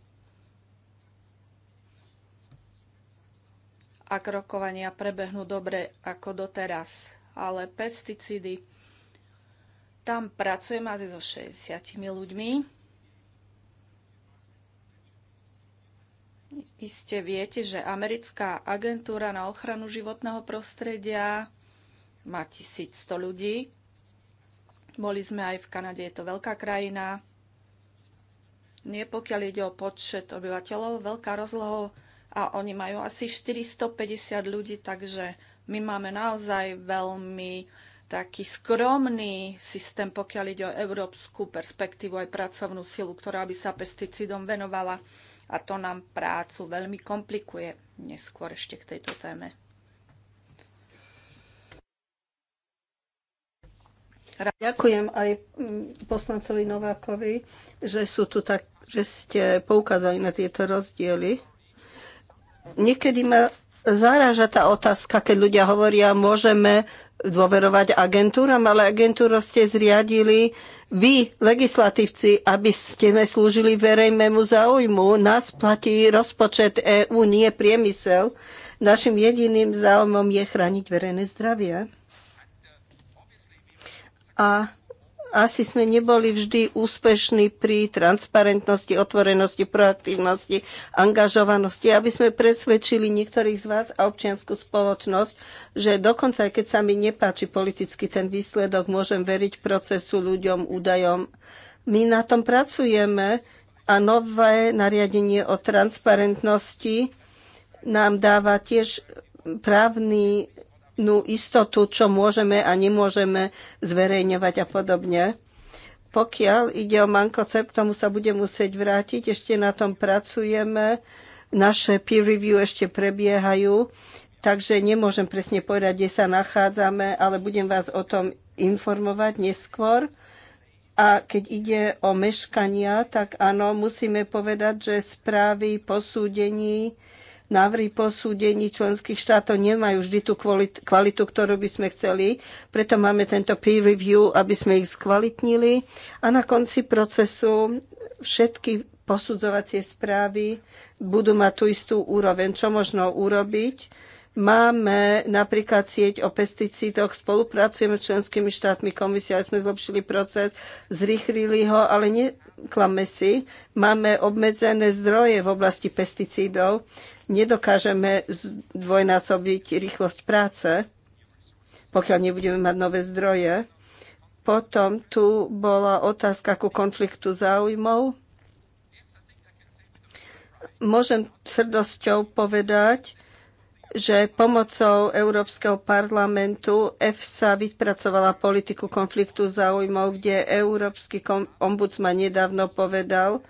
Ak rokovania prebehnú dobre ako doteraz, ale pesticídy, tam pracujem asi so 60 ľuďmi. Iste viete, že americká agentúra na ochranu životného prostredia má 1100 ľudí. Boli sme aj v Kanade, je to veľká krajina. Nie pokiaľ ide o počet obyvateľov, veľká rozlohou a oni majú asi 450 ľudí, takže my máme naozaj veľmi taký skromný systém, pokiaľ ide o európsku perspektívu aj pracovnú silu, ktorá by sa pesticídom venovala. A to nám prácu veľmi komplikuje neskôr ešte k tejto téme. Ďakujem aj mm, poslancovi Novákovi, že, sú tu tak, že ste poukázali na tieto rozdiely. Niekedy ma zaráža tá otázka, keď ľudia hovoria, môžeme dôverovať agentúram, ale agentúru ste zriadili vy, legislatívci, aby ste neslúžili verejnému záujmu. Nás platí rozpočet EÚ, nie priemysel. Našim jediným záujmom je chrániť verejné zdravie. A asi sme neboli vždy úspešní pri transparentnosti, otvorenosti, proaktívnosti, angažovanosti, aby sme presvedčili niektorých z vás a občianskú spoločnosť, že dokonca aj keď sa mi nepáči politicky ten výsledok, môžem veriť procesu, ľuďom, údajom. My na tom pracujeme a nové nariadenie o transparentnosti nám dáva tiež právny istotu, čo môžeme a nemôžeme zverejňovať a podobne. Pokiaľ ide o mankocept, tomu sa bude musieť vrátiť, ešte na tom pracujeme, naše peer review ešte prebiehajú, takže nemôžem presne povedať, kde sa nachádzame, ale budem vás o tom informovať neskôr. A keď ide o meškania, tak áno, musíme povedať, že správy, posúdení, Návrhy posúdení členských štátov nemajú vždy tú kvalitu, ktorú by sme chceli, preto máme tento peer review, aby sme ich skvalitnili a na konci procesu všetky posudzovacie správy budú mať tú istú úroveň, čo možno urobiť. Máme napríklad sieť o pesticídoch, spolupracujeme s členskými štátmi komisie, aby sme zlepšili proces, zrýchlili ho, ale neklame si, máme obmedzené zdroje v oblasti pesticídov nedokážeme zdvojnásobiť rýchlosť práce, pokiaľ nebudeme mať nové zdroje. Potom tu bola otázka ku konfliktu záujmov. Môžem srdosťou povedať, že pomocou Európskeho parlamentu EFSA vypracovala politiku konfliktu záujmov, kde Európsky ombudsman nedávno povedal,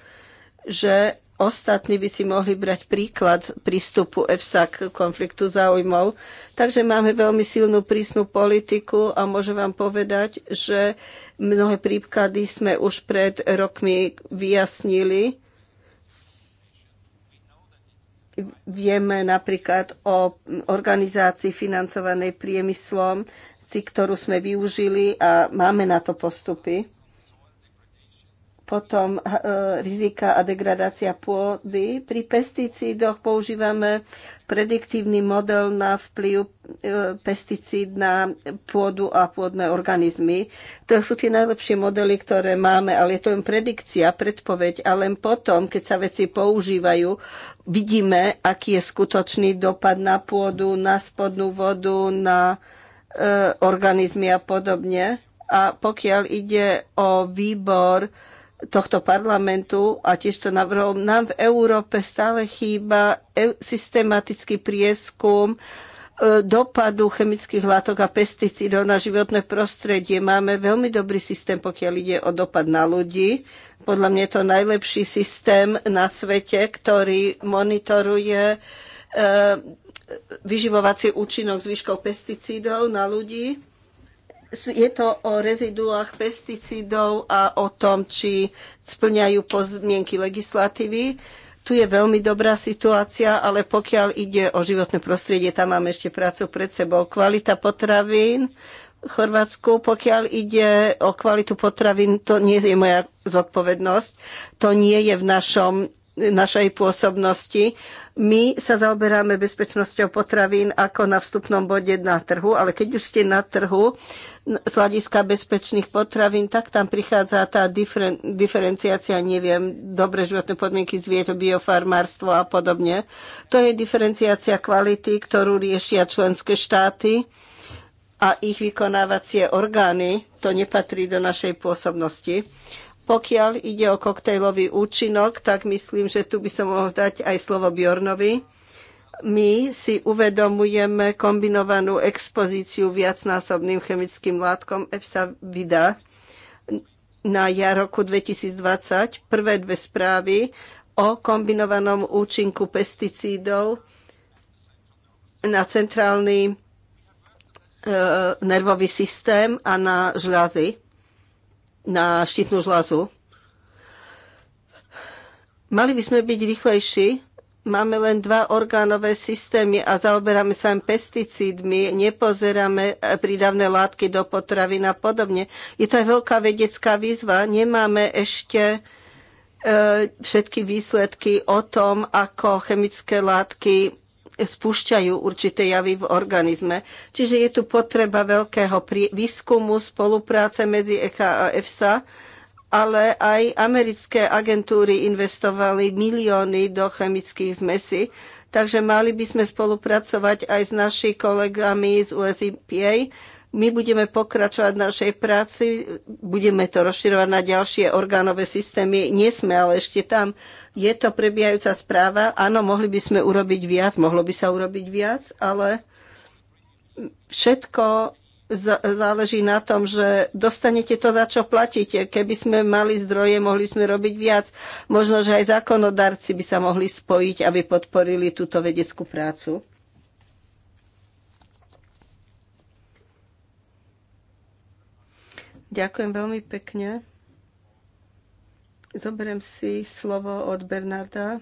že ostatní by si mohli brať príklad prístupu EFSA k konfliktu záujmov. Takže máme veľmi silnú prísnu politiku a môžem vám povedať, že mnohé príklady sme už pred rokmi vyjasnili. Vieme napríklad o organizácii financovanej priemyslom, ktorú sme využili a máme na to postupy potom e, rizika a degradácia pôdy. Pri pesticídoch používame prediktívny model na vplyv e, pesticíd na pôdu a pôdne organizmy. To sú tie najlepšie modely, ktoré máme, ale je to len predikcia, predpoveď a len potom, keď sa veci používajú, vidíme, aký je skutočný dopad na pôdu, na spodnú vodu, na e, organizmy a podobne. A pokiaľ ide o výbor, tohto parlamentu a tiež to navrhol, nám v Európe stále chýba e, systematický prieskum e, dopadu chemických látok a pesticídov na životné prostredie. Máme veľmi dobrý systém, pokiaľ ide o dopad na ľudí. Podľa mňa je to najlepší systém na svete, ktorý monitoruje e, vyživovací účinok zvyškov pesticídov na ľudí je to o reziduách pesticídov a o tom, či splňajú pozmienky legislatívy. Tu je veľmi dobrá situácia, ale pokiaľ ide o životné prostredie, tam máme ešte prácu pred sebou. Kvalita potravín v Chorvátsku, pokiaľ ide o kvalitu potravín, to nie je moja zodpovednosť. To nie je v našom našej pôsobnosti. My sa zaoberáme bezpečnosťou potravín ako na vstupnom bode na trhu, ale keď už ste na trhu z hľadiska bezpečných potravín, tak tam prichádza tá diferen, diferenciácia, neviem, dobre životné podmienky zvieťa, biofarmárstvo a podobne. To je diferenciácia kvality, ktorú riešia členské štáty a ich vykonávacie orgány. To nepatrí do našej pôsobnosti. Pokiaľ ide o koktejlový účinok, tak myslím, že tu by som mohol dať aj slovo Bjornovi. My si uvedomujeme kombinovanú expozíciu viacnásobným chemickým látkom EFSA VIDA na jar roku 2020. Prvé dve správy o kombinovanom účinku pesticídov na centrálny e, nervový systém a na žľazy na štítnu žlazu. Mali by sme byť rýchlejší. Máme len dva orgánové systémy a zaoberáme sa len pesticídmi, nepozeráme e, prídavné látky do potravín a podobne. Je to aj veľká vedecká výzva. Nemáme ešte e, všetky výsledky o tom, ako chemické látky spúšťajú určité javy v organizme. Čiže je tu potreba veľkého výskumu, spolupráce medzi EKA a EFSA, e ale aj americké agentúry investovali milióny do chemických zmesí, takže mali by sme spolupracovať aj s našimi kolegami z USEPA, my budeme pokračovať v našej práci, budeme to rozširovať na ďalšie orgánové systémy. Nie sme ale ešte tam. Je to prebiehajúca správa. Áno, mohli by sme urobiť viac, mohlo by sa urobiť viac, ale všetko záleží na tom, že dostanete to, za čo platíte. Keby sme mali zdroje, mohli sme robiť viac. Možno, že aj zákonodarci by sa mohli spojiť, aby podporili túto vedeckú prácu. Ďakujem veľmi pekne. Zoberiem si slovo od Bernarda.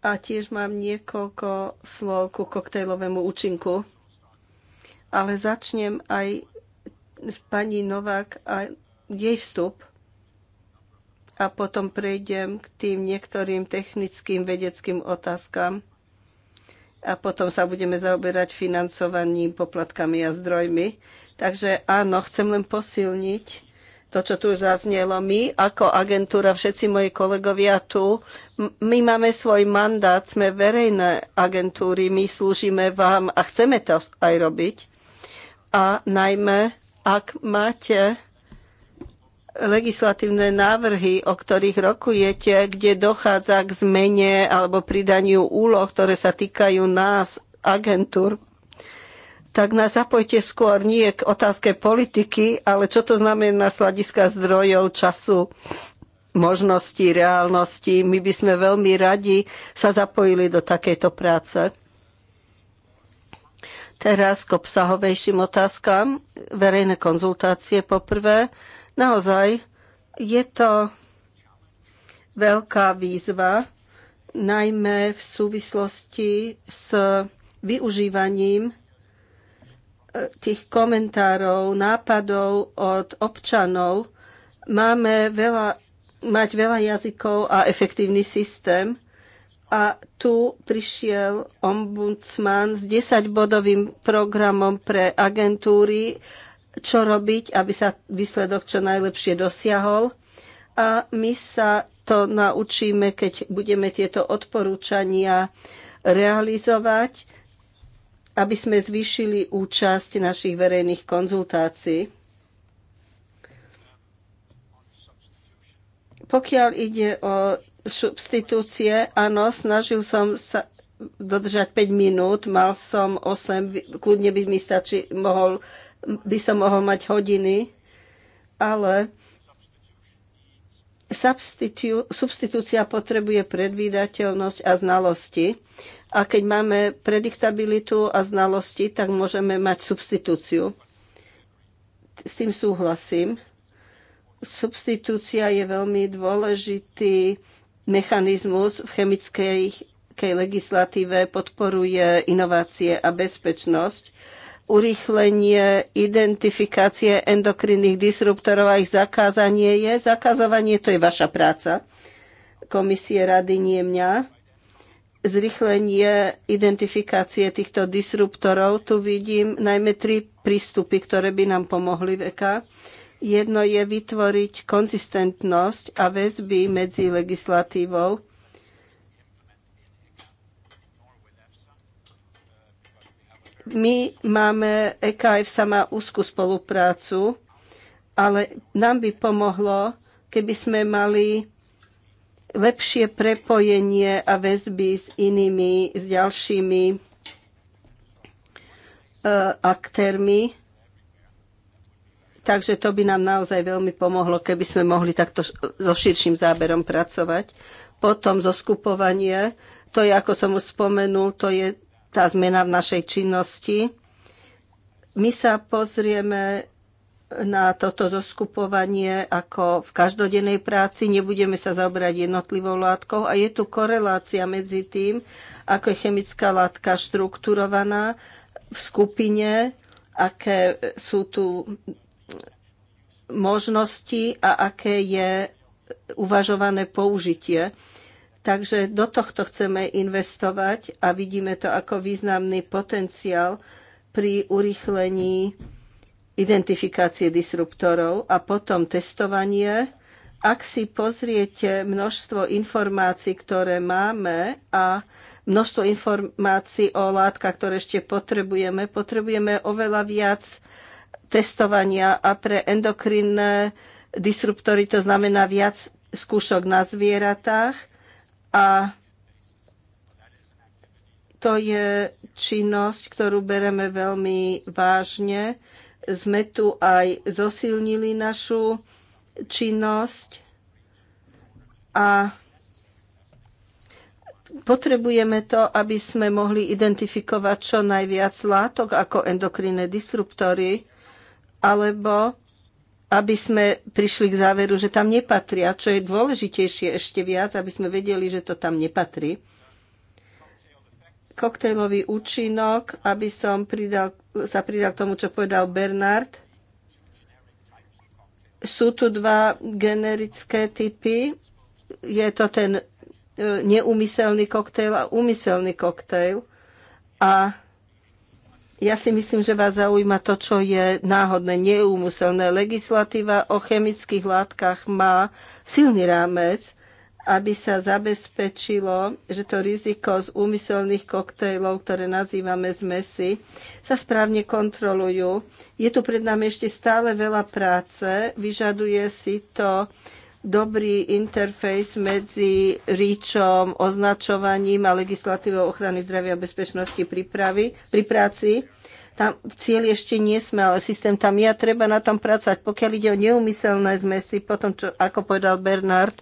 A tiež mám niekoľko slov ku koktejlovému účinku. Ale začnem aj s pani Novák a jej vstup. A potom prejdem k tým niektorým technickým vedeckým otázkam. A potom sa budeme zaoberať financovaním, poplatkami a zdrojmi. Takže áno, chcem len posilniť to, čo tu zaznelo. My ako agentúra, všetci moji kolegovia tu, my máme svoj mandát, sme verejné agentúry, my slúžime vám a chceme to aj robiť. A najmä, ak máte legislatívne návrhy, o ktorých rokujete, kde dochádza k zmene alebo pridaniu úloh, ktoré sa týkajú nás, agentúr, tak nás zapojte skôr nie k otázke politiky, ale čo to znamená z hľadiska zdrojov, času, možností, reálnosti. My by sme veľmi radi sa zapojili do takejto práce. Teraz k obsahovejším otázkam. Verejné konzultácie poprvé. Naozaj je to veľká výzva, najmä v súvislosti s využívaním tých komentárov, nápadov od občanov. Máme veľa, mať veľa jazykov a efektívny systém. A tu prišiel ombudsman s 10-bodovým programom pre agentúry, čo robiť, aby sa výsledok čo najlepšie dosiahol. A my sa to naučíme, keď budeme tieto odporúčania realizovať aby sme zvýšili účasť našich verejných konzultácií. Pokiaľ ide o substitúcie, áno, snažil som sa dodržať 5 minút, mal som 8, kľudne by mi stačí, mohol, by som mohol mať hodiny, ale substitúcia potrebuje predvídateľnosť a znalosti. A keď máme prediktabilitu a znalosti, tak môžeme mať substitúciu. S tým súhlasím. Substitúcia je veľmi dôležitý mechanizmus v chemickej legislatíve, podporuje inovácie a bezpečnosť urýchlenie identifikácie endokrinných disruptorov a ich zakázanie je. Zakazovanie to je vaša práca. Komisie rady nie mňa zrychlenie identifikácie týchto disruptorov. Tu vidím najmä tri prístupy, ktoré by nám pomohli veka. Jedno je vytvoriť konzistentnosť a väzby medzi legislatívou My máme, EKF sama úzku úzkú spoluprácu, ale nám by pomohlo, keby sme mali lepšie prepojenie a väzby s inými, s ďalšími e, aktérmi. Takže to by nám naozaj veľmi pomohlo, keby sme mohli takto so širším záberom pracovať. Potom zo skupovanie, to je, ako som už spomenul, to je tá zmena v našej činnosti. My sa pozrieme na toto zoskupovanie ako v každodennej práci. Nebudeme sa zaoberať jednotlivou látkou a je tu korelácia medzi tým, ako je chemická látka štrukturovaná v skupine, aké sú tu možnosti a aké je uvažované použitie. Takže do tohto chceme investovať a vidíme to ako významný potenciál pri urýchlení identifikácie disruptorov a potom testovanie. Ak si pozriete množstvo informácií, ktoré máme a množstvo informácií o látkach, ktoré ešte potrebujeme, potrebujeme oveľa viac testovania a pre endokrinné disruptory to znamená viac skúšok na zvieratách a to je činnosť, ktorú bereme veľmi vážne sme tu aj zosilnili našu činnosť a potrebujeme to, aby sme mohli identifikovať čo najviac látok ako endokrinné disruptory, alebo aby sme prišli k záveru, že tam nepatria, čo je dôležitejšie ešte viac, aby sme vedeli, že to tam nepatrí koktejlový účinok, aby som pridal, sa pridal k tomu, čo povedal Bernard. Sú tu dva generické typy. Je to ten e, neumyselný koktejl a úmyselný koktejl. A ja si myslím, že vás zaujíma to, čo je náhodné, neúmyselné. Legislatíva o chemických látkach má silný rámec, aby sa zabezpečilo, že to riziko z úmyselných koktejlov, ktoré nazývame zmesy, sa správne kontrolujú. Je tu pred nami ešte stále veľa práce, vyžaduje si to dobrý interfejs medzi ríčom, označovaním a legislatívou ochrany zdravia a bezpečnosti prípravy, pri práci. Tam cieľ ešte nie sme, ale systém tam je a treba na tom pracovať. Pokiaľ ide o neumyselné zmesy, potom, čo, ako povedal Bernard,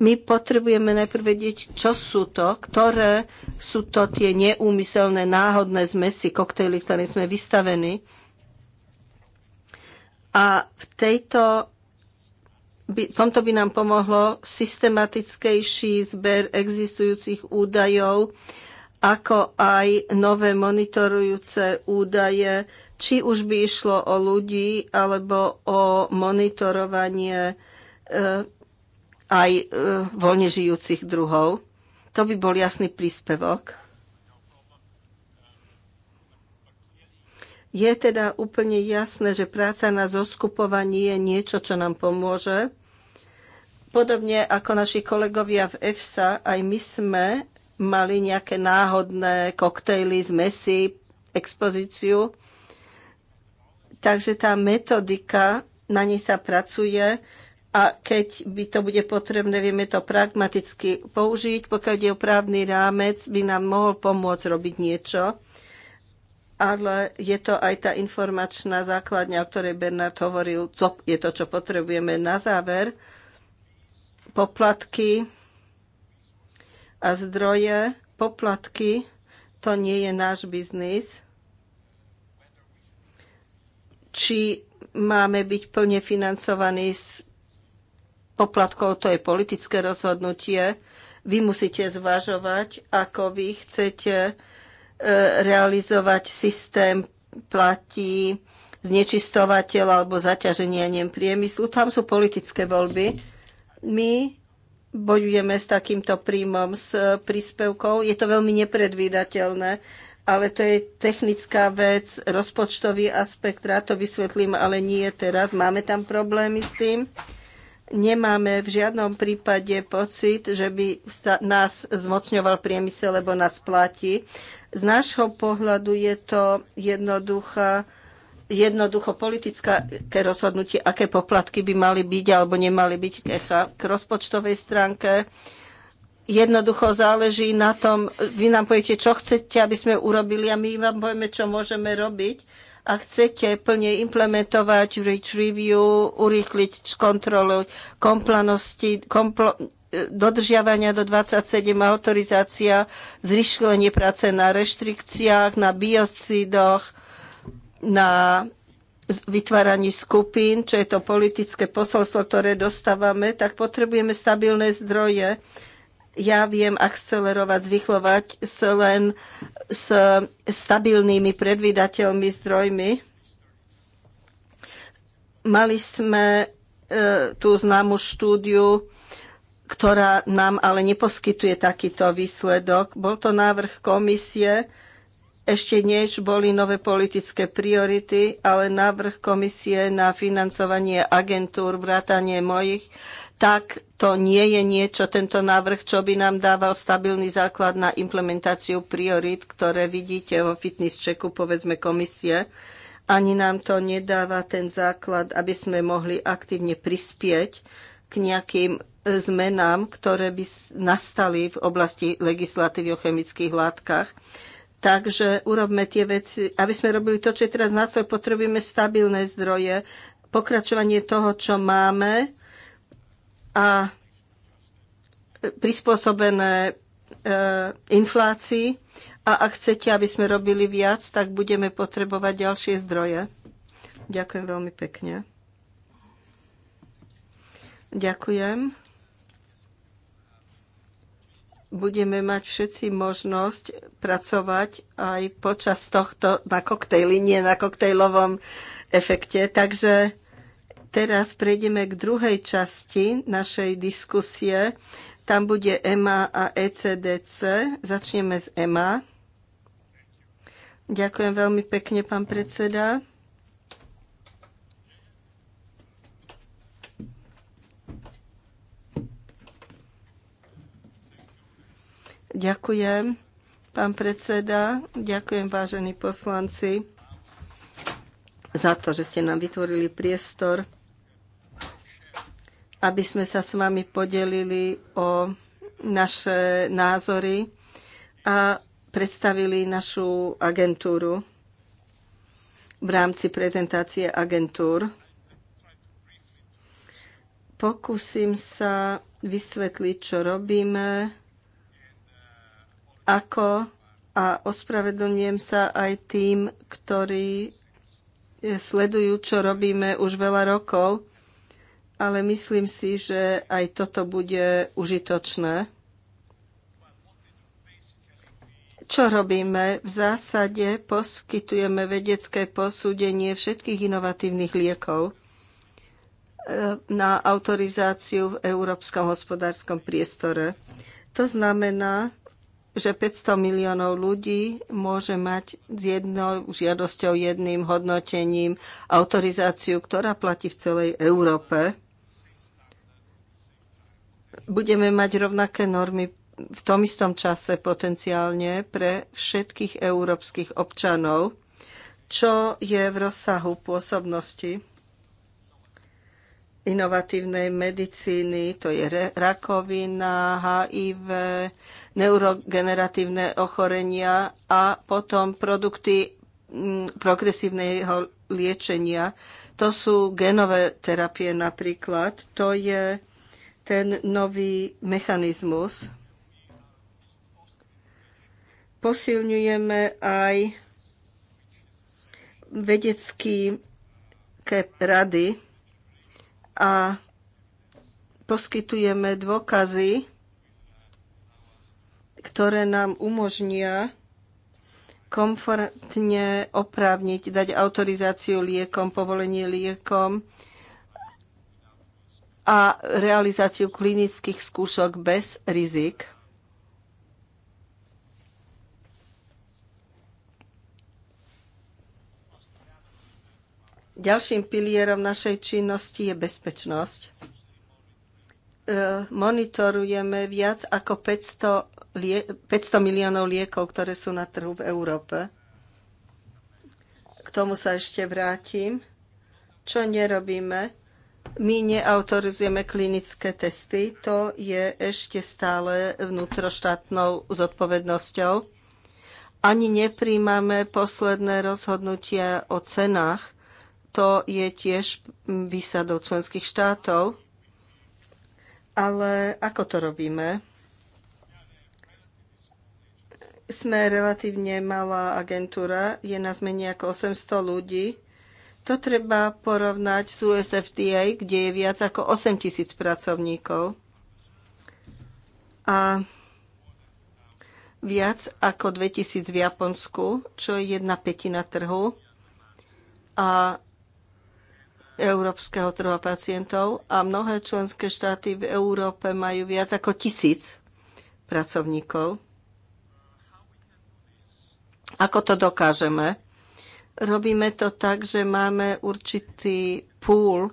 my potrebujeme najprv vedieť, čo sú to, ktoré sú to tie neúmyselné, náhodné zmesi, koktejly, ktoré sme vystavení. A v, tejto, by, v tomto by nám pomohlo systematickejší zber existujúcich údajov, ako aj nové monitorujúce údaje, či už by išlo o ľudí alebo o monitorovanie e, aj e, voľne žijúcich druhov. To by bol jasný príspevok. Je teda úplne jasné, že práca na zoskupovaní je niečo, čo nám pomôže. Podobne ako naši kolegovia v EFSA, aj my sme mali nejaké náhodné koktejly, zmesi, expozíciu. Takže tá metodika, na nej sa pracuje a keď by to bude potrebné, vieme to pragmaticky použiť. Pokiaľ je právny rámec, by nám mohol pomôcť robiť niečo, ale je to aj tá informačná základňa, o ktorej Bernard hovoril, to je to, čo potrebujeme na záver. Poplatky a zdroje, poplatky, to nie je náš biznis. Či máme byť plne financovaní z poplatkov, to je politické rozhodnutie. Vy musíte zvažovať, ako vy chcete e, realizovať systém platí znečistovateľ alebo zaťaženie neviem, priemyslu. Tam sú politické voľby. My bojujeme s takýmto príjmom, s e, príspevkou. Je to veľmi nepredvídateľné, ale to je technická vec, rozpočtový aspekt, rád to vysvetlím, ale nie teraz. Máme tam problémy s tým nemáme v žiadnom prípade pocit, že by sa nás zmocňoval priemysel, lebo nás platí. Z nášho pohľadu je to jednoduchá jednoducho politické rozhodnutie, aké poplatky by mali byť alebo nemali byť k rozpočtovej stránke. Jednoducho záleží na tom, vy nám poviete, čo chcete, aby sme urobili a my vám povieme, čo môžeme robiť a chcete plne implementovať REACH Review, urýchliť kontrolu komplanosti, kompl- dodržiavania do 27 autorizácia, zryšlenie práce na reštrikciách, na biocidoch, na vytváraní skupín, čo je to politické posolstvo, ktoré dostávame, tak potrebujeme stabilné zdroje ja viem akcelerovať, zrychlovať s len s stabilnými predvydateľmi zdrojmi. Mali sme e, tú známu štúdiu, ktorá nám ale neposkytuje takýto výsledok. Bol to návrh komisie, ešte niečo boli nové politické priority, ale návrh komisie na financovanie agentúr, vrátanie mojich, tak to nie je niečo, tento návrh, čo by nám dával stabilný základ na implementáciu priorit, ktoré vidíte vo fitness checku, povedzme komisie. Ani nám to nedáva ten základ, aby sme mohli aktívne prispieť k nejakým e, zmenám, ktoré by nastali v oblasti legislatívy o chemických látkach. Takže urobme tie veci, aby sme robili to, čo je teraz nástroj, potrebujeme stabilné zdroje, pokračovanie toho, čo máme, a prispôsobené e, inflácii a ak chcete, aby sme robili viac, tak budeme potrebovať ďalšie zdroje. Ďakujem veľmi pekne. Ďakujem. Budeme mať všetci možnosť pracovať aj počas tohto na koktejli, nie na koktejlovom efekte. Takže teraz prejdeme k druhej časti našej diskusie. Tam bude EMA a ECDC. Začneme s EMA. Ďakujem veľmi pekne, pán predseda. Ďakujem, pán predseda. Ďakujem, vážení poslanci, za to, že ste nám vytvorili priestor aby sme sa s vami podelili o naše názory a predstavili našu agentúru v rámci prezentácie agentúr. Pokúsim sa vysvetliť, čo robíme, ako a ospravedlňujem sa aj tým, ktorí sledujú, čo robíme už veľa rokov, ale myslím si, že aj toto bude užitočné. Čo robíme? V zásade poskytujeme vedecké posúdenie všetkých inovatívnych liekov e, na autorizáciu v európskom hospodárskom priestore. To znamená, že 500 miliónov ľudí môže mať s jednou žiadosťou, jedným hodnotením autorizáciu, ktorá platí v celej Európe budeme mať rovnaké normy v tom istom čase potenciálne pre všetkých európskych občanov, čo je v rozsahu pôsobnosti inovatívnej medicíny, to je rakovina, HIV, neurogeneratívne ochorenia a potom produkty mm, progresívneho liečenia. To sú genové terapie napríklad. To je ten nový mechanizmus. Posilňujeme aj vedecké rady a poskytujeme dôkazy, ktoré nám umožnia komfortne oprávniť, dať autorizáciu liekom, povolenie liekom a realizáciu klinických skúšok bez rizik. Ďalším pilierom našej činnosti je bezpečnosť. E, monitorujeme viac ako 500, lie- 500 miliónov liekov, ktoré sú na trhu v Európe. K tomu sa ešte vrátim. Čo nerobíme? My neautorizujeme klinické testy, to je ešte stále vnútroštátnou zodpovednosťou. Ani nepríjmame posledné rozhodnutia o cenách, to je tiež výsadou členských štátov. Ale ako to robíme? Sme relatívne malá agentúra, je nás menej ako 800 ľudí to treba porovnať s USFTA, kde je viac ako 8 tisíc pracovníkov a viac ako tisíc v Japonsku, čo je jedna petina trhu a európskeho trhu a pacientov a mnohé členské štáty v Európe majú viac ako tisíc pracovníkov. Ako to dokážeme? Robíme to tak, že máme určitý púl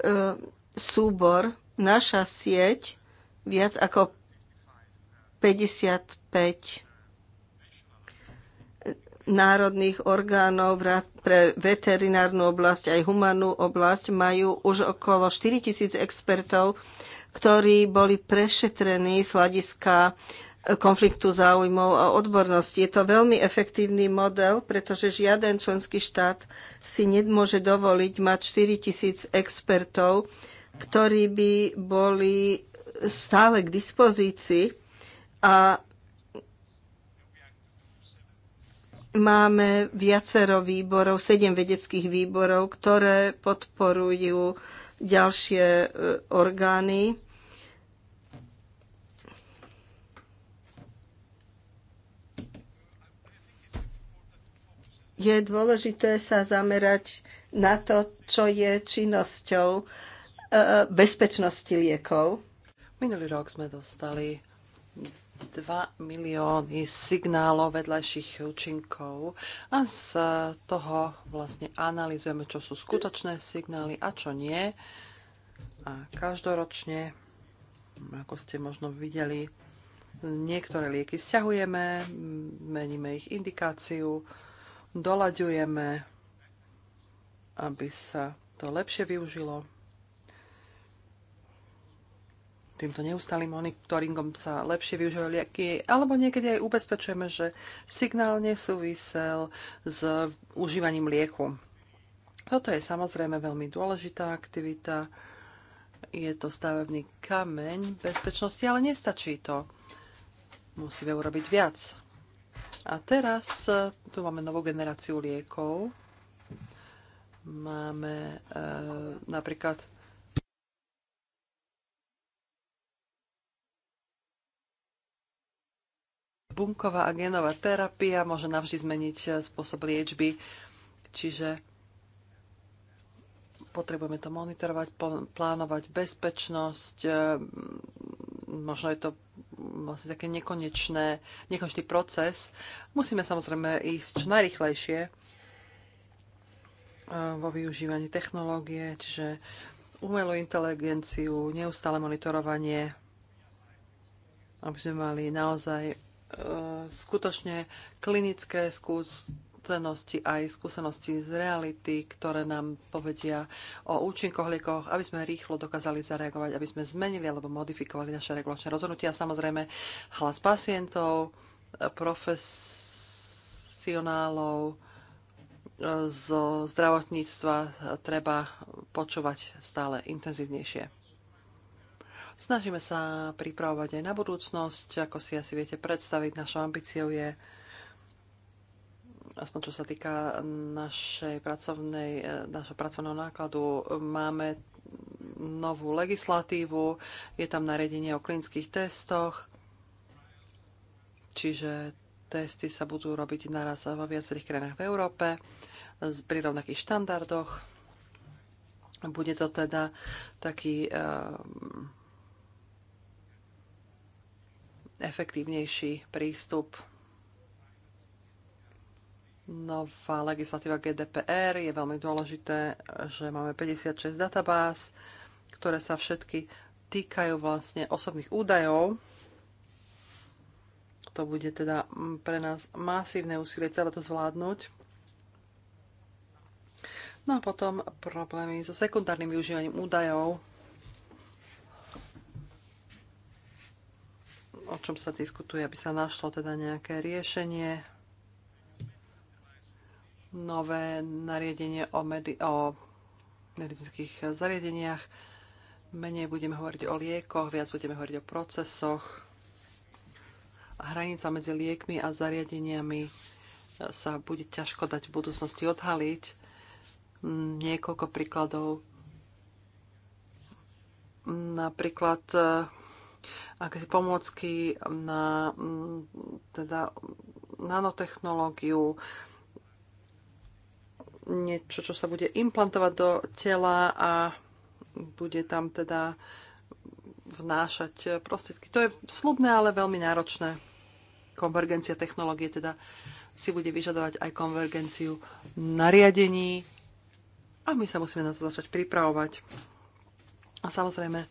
e, súbor, naša sieť viac ako 55 národných orgánov pre veterinárnu oblasť aj humanú oblasť majú už okolo 4000 expertov, ktorí boli prešetrení z hľadiska konfliktu záujmov a odbornosti. Je to veľmi efektívny model, pretože žiaden členský štát si nemôže dovoliť mať 4 tisíc expertov, ktorí by boli stále k dispozícii a máme viacero výborov, sedem vedeckých výborov, ktoré podporujú ďalšie e, orgány je dôležité sa zamerať na to, čo je činnosťou e, bezpečnosti liekov. Minulý rok sme dostali 2 milióny signálov vedľajších účinkov a z toho vlastne analizujeme, čo sú skutočné signály a čo nie. A každoročne, ako ste možno videli, niektoré lieky stiahujeme, meníme ich indikáciu, dolaďujeme, aby sa to lepšie využilo. Týmto neustálým monitoringom sa lepšie využívajú lieky, alebo niekedy aj ubezpečujeme, že signál nesúvisel s užívaním lieku. Toto je samozrejme veľmi dôležitá aktivita. Je to stavebný kameň bezpečnosti, ale nestačí to. Musíme urobiť viac. A teraz e, tu máme novú generáciu liekov. Máme e, napríklad bunková a genová terapia môže navždy zmeniť e, spôsob liečby, čiže potrebujeme to monitorovať, plánovať bezpečnosť, e, možno je to vlastne také nekonečné, nekonečný proces. Musíme samozrejme ísť čo najrychlejšie eh, vo využívaní technológie, čiže umelú inteligenciu, neustále monitorovanie, aby sme mali naozaj eh, skutočne klinické skúsenosti skúsenosti aj skúsenosti z reality, ktoré nám povedia o účinkoch liekov, aby sme rýchlo dokázali zareagovať, aby sme zmenili alebo modifikovali naše regulačné rozhodnutia. Samozrejme, hlas pacientov, profesionálov e, zo zdravotníctva treba počúvať stále intenzívnejšie. Snažíme sa pripravovať aj na budúcnosť. Ako si asi viete predstaviť, našou ambíciou je aspoň čo sa týka našej pracovnej, e, našho pracovného nákladu, máme novú legislatívu, je tam nariadenie o klinických testoch, čiže testy sa budú robiť naraz vo viacerých krajinách v Európe pri rovnakých štandardoch. Bude to teda taký e, efektívnejší prístup nová legislatíva GDPR. Je veľmi dôležité, že máme 56 databáz, ktoré sa všetky týkajú vlastne osobných údajov. To bude teda pre nás masívne úsilie celé to zvládnuť. No a potom problémy so sekundárnym využívaním údajov, o čom sa diskutuje, aby sa našlo teda nejaké riešenie nové nariadenie o, medi- o medicínskych zariadeniach. Menej budeme hovoriť o liekoch, viac budeme hovoriť o procesoch. Hranica medzi liekmi a zariadeniami e, sa bude ťažko dať v budúcnosti odhaliť. Mm, niekoľko príkladov. Napríklad e, si pomôcky na mm, teda nanotechnológiu, niečo, čo sa bude implantovať do tela a bude tam teda vnášať prostriedky. To je slubné, ale veľmi náročné. Konvergencia technológie teda si bude vyžadovať aj konvergenciu nariadení a my sa musíme na to začať pripravovať. A samozrejme,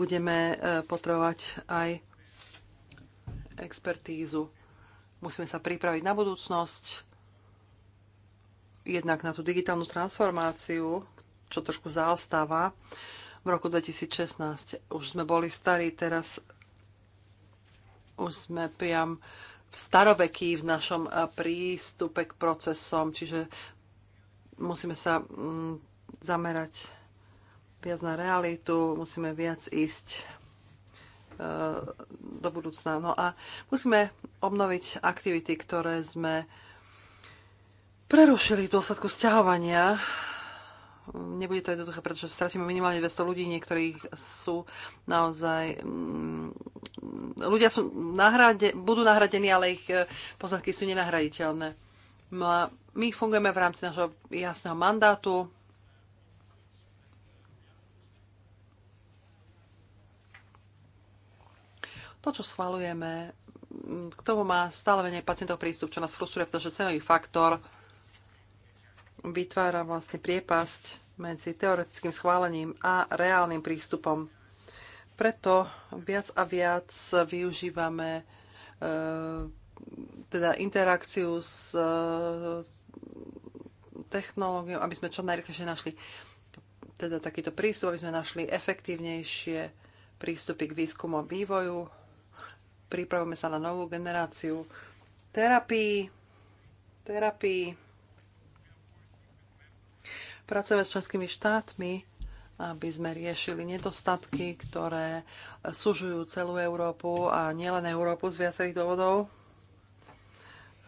budeme e, potrebovať aj expertízu. Musíme sa pripraviť na budúcnosť, jednak na tú digitálnu transformáciu, čo trošku zaostáva. V roku 2016 už sme boli starí, teraz už sme priam v starovekí v našom eh, prístupe k procesom, čiže musíme sa mm, zamerať viac na realitu, musíme viac ísť eh, do budúcna. No a musíme obnoviť aktivity, ktoré sme prerušili v dôsledku sťahovania. Nebude to jednoduché, pretože stratíme minimálne 200 ľudí, niektorí sú naozaj... Mm, ľudia sú nahrade, budú nahradení, ale ich e, pozadky sú nenahraditeľné. No a my fungujeme v rámci nášho jasného mandátu, to, čo schvalujeme, mm, k tomu má stále menej pacientov prístup, čo nás frustruje, pretože cenový faktor vytvára vlastne priepasť medzi teoretickým schválením a reálnym prístupom. Preto viac a viac využívame e, teda interakciu s e, technológiou, aby sme čo najrychlejšie našli teda takýto prístup, aby sme našli efektívnejšie prístupy k výskumu a vývoju. Pripravujeme sa na novú generáciu terapii, terapii Pracujeme s členskými štátmi, aby sme riešili nedostatky, ktoré súžujú celú Európu a nielen Európu z viacerých dôvodov.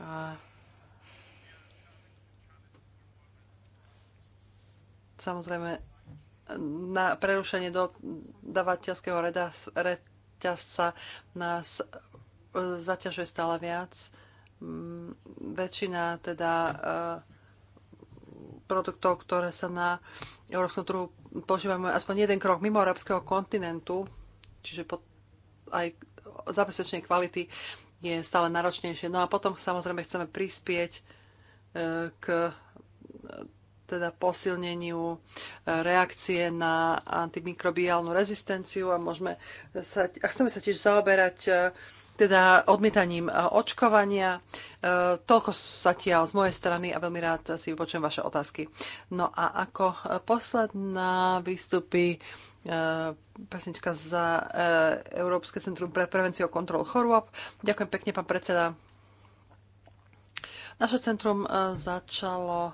A samozrejme na prerušenie dodavateľského reťazca nás e, zaťažuje stále viac. Väčšina teda e, produktov, ktoré sa na európskom trhu používajú aspoň jeden krok mimo európskeho kontinentu, čiže pod, aj zabezpečenie kvality je stále náročnejšie. No a potom samozrejme chceme prispieť e, k e, teda posilneniu e, reakcie na antimikrobiálnu rezistenciu a môžeme sa, a chceme sa tiež zaoberať teda odmietaním e, očkovania. E, toľko zatiaľ z mojej strany a veľmi rád si vypočujem vaše otázky. No a ako e, posledná výstupy pesnička za Európske centrum pre prevenciu a kontrol chorôb. Ďakujem pekne, pán predseda. Naše centrum začalo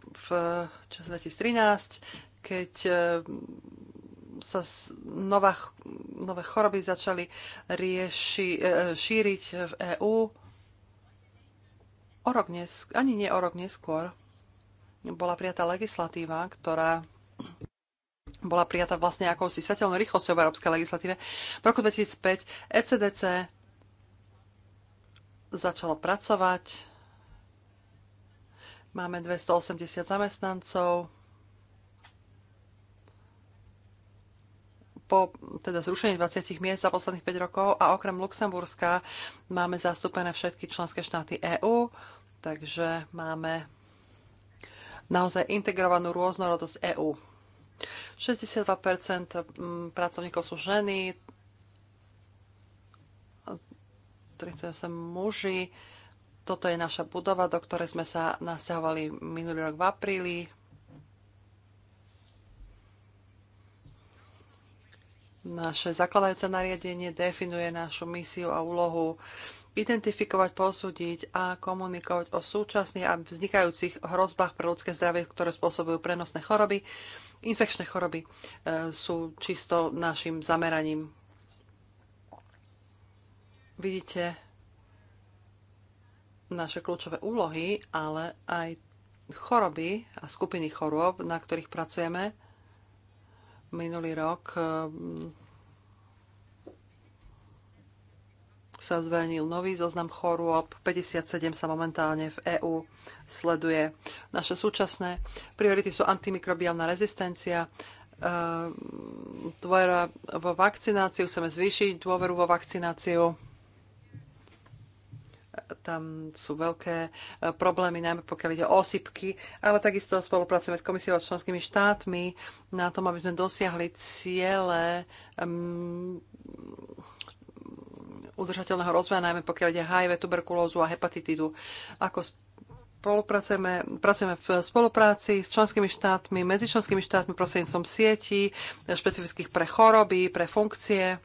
v 2013, keď sa nová, nové choroby začali rieši, e, e, šíriť v EÚ. O rok ani nie o rok neskôr bola prijatá legislatíva, ktorá bola prijatá vlastne akousi svetelnou rýchlosťou v európskej legislatíve. V roku 2005 ECDC začalo pracovať. Máme 280 zamestnancov, po teda zrušení 20 miest za posledných 5 rokov a okrem Luxemburska máme zastúpené všetky členské štáty EÚ, takže máme naozaj integrovanú rôznorodosť EÚ. 62% mm, pracovníkov sú ženy, 38 muži. Toto je naša budova, do ktorej sme sa nasťahovali minulý rok v apríli. Naše zakladajúce nariadenie definuje našu misiu a úlohu identifikovať, posúdiť a komunikovať o súčasných a vznikajúcich hrozbách pre ľudské zdravie, ktoré spôsobujú prenosné choroby. Infekčné choroby e, sú čisto našim zameraním. Vidíte naše kľúčové úlohy, ale aj choroby a skupiny chorôb, na ktorých pracujeme Minulý rok eh, sa zverejnil nový zoznam chorôb, 57 sa momentálne v EÚ sleduje. Naše súčasné priority sú antimikrobiálna rezistencia, eh, dôvera vo vakcináciu, chceme zvýšiť dôveru vo vakcináciu, tam sú veľké e, problémy, najmä pokiaľ ide o osypky, ale takisto spolupracujeme s komisiou a členskými štátmi na tom, aby sme dosiahli ciele um, udržateľného rozvoja, najmä pokiaľ ide HIV, tuberkulózu a hepatitidu. Ako spolupracujeme, pracujeme v spolupráci s členskými štátmi, medzi členskými štátmi prostredníctvom sietí, e, špecifických pre choroby, pre funkcie.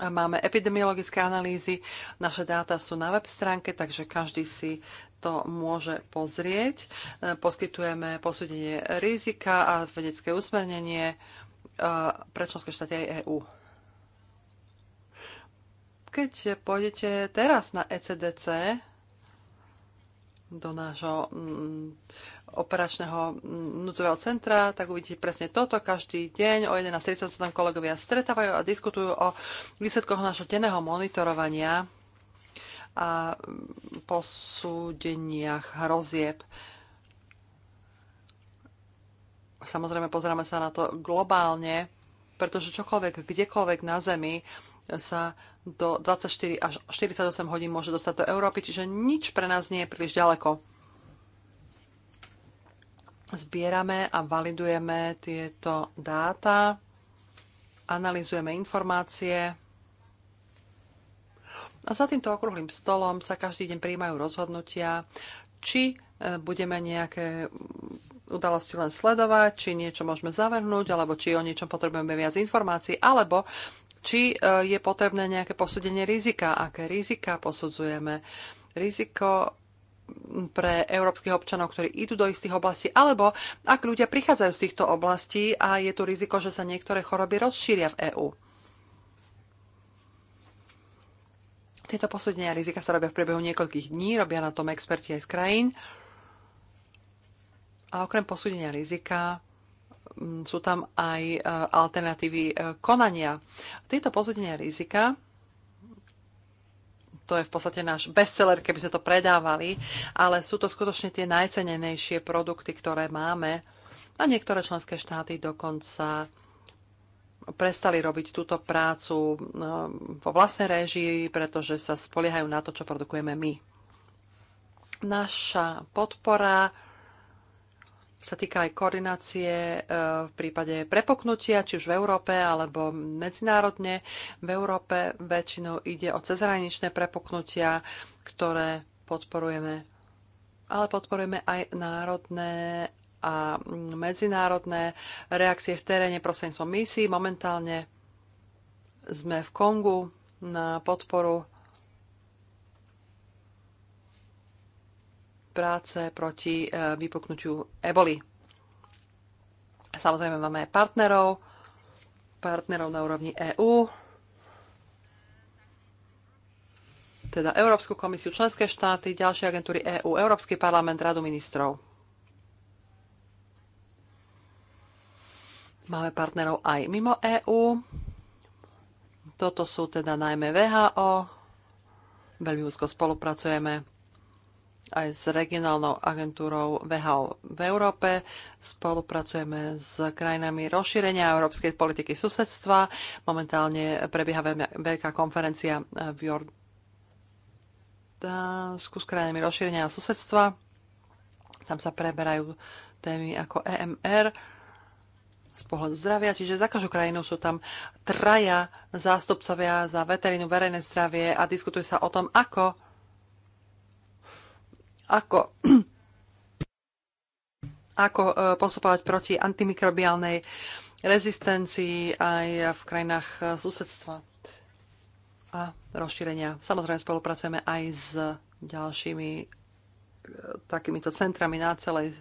Máme epidemiologické analýzy, naše dáta sú na web stránke, takže každý si to môže pozrieť. E, poskytujeme posúdenie rizika a vedecké usmernenie e, pre členské štáty aj EÚ. Keď pôjdete teraz na ECDC, do nášho operačného núdzového centra, tak uvidíte presne toto. Každý deň o 11.30 sa tam kolegovia stretávajú a diskutujú o výsledkoch našho denného monitorovania a posúdeniach hrozieb. Samozrejme, pozeráme sa na to globálne, pretože čokoľvek, kdekoľvek na Zemi sa do 24 až 48 hodín môže dostať do Európy, čiže nič pre nás nie je príliš ďaleko zbierame a validujeme tieto dáta, analizujeme informácie a za týmto okrúhlym stolom sa každý deň príjmajú rozhodnutia, či e, budeme nejaké udalosti len sledovať, či niečo môžeme zavrhnúť, alebo či o niečom potrebujeme viac informácií, alebo či e, je potrebné nejaké posúdenie rizika, aké rizika posudzujeme. Riziko pre európskych občanov, ktorí idú do istých oblastí, alebo ak ľudia prichádzajú z týchto oblastí a je tu riziko, že sa niektoré choroby rozšíria v EÚ. Tieto posúdenia rizika sa robia v priebehu niekoľkých dní, robia na tom experti aj z krajín. A okrem posúdenia rizika mm, sú tam aj e, alternatívy e, konania. Tieto posúdenia rizika to je v podstate náš bestseller, keby sme to predávali, ale sú to skutočne tie najcenenejšie produkty, ktoré máme a niektoré členské štáty dokonca prestali robiť túto prácu eh, vo vlastnej réžii, pretože sa spoliehajú na to, čo produkujeme my. Naša podpora sa týka aj koordinácie e, v prípade prepoknutia, či už v Európe alebo medzinárodne. V Európe väčšinou ide o cezhraničné prepoknutia, ktoré podporujeme. Ale podporujeme aj národné a medzinárodné reakcie v teréne prostredníctvom misií. Momentálne sme v Kongu na podporu práce proti e, vypuknutiu eboli. Samozrejme máme aj partnerov, partnerov na úrovni EÚ, teda Európsku komisiu, členské štáty, ďalšie agentúry EÚ, EU, Európsky parlament, Radu ministrov. Máme partnerov aj mimo EÚ. Toto sú teda najmä VHO. Veľmi úzko spolupracujeme aj s regionálnou agentúrou VHO v Európe. Spolupracujeme s krajinami rozšírenia európskej politiky susedstva. Momentálne prebieha veľká konferencia v Jordánsku s krajinami rozšírenia a susedstva. Tam sa preberajú témy ako EMR, z pohľadu zdravia, čiže za každú krajinu sú tam traja zástupcovia za veterínu, verejné zdravie a diskutuje sa o tom, ako ako ako e, postupovať proti antimikrobiálnej rezistencii aj v krajinách e, susedstva a rozšírenia. Samozrejme spolupracujeme aj s ďalšími e, takýmito centrami na celej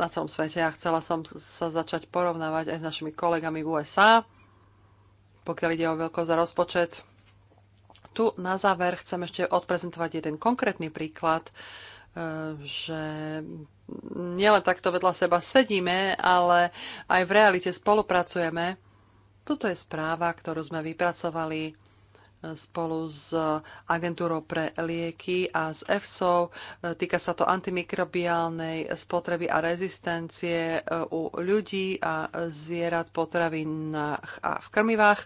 na celom svete a ja chcela som sa začať porovnávať aj s našimi kolegami v USA, pokiaľ ide o veľkosť a rozpočet tu na záver chcem ešte odprezentovať jeden konkrétny príklad, e, že nielen takto vedľa seba sedíme, ale aj v realite spolupracujeme. Toto je správa, ktorú sme vypracovali e, spolu s agentúrou pre lieky a s EFSO. E, týka sa to antimikrobiálnej spotreby a rezistencie u ľudí a zvierat potravinách a v krmivách.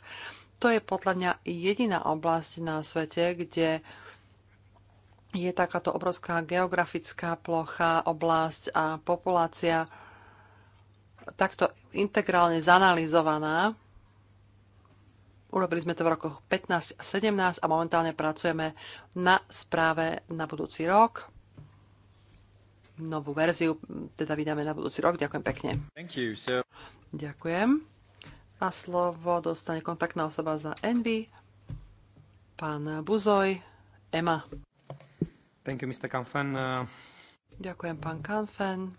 To je podľa mňa jediná oblasť na svete, kde je takáto obrovská geografická plocha, oblasť a populácia takto integrálne zanalizovaná. Urobili sme to v rokoch 15 a 17 a momentálne pracujeme na správe na budúci rok. Novú verziu teda vydáme na budúci rok. Ďakujem pekne. Ďakujem. A slovo dostane kontaktná osoba za Envy, pán Buzoj, Ema. Thank you, Mr. Kanfen. Uh, Ďakujem, pán Kanfen.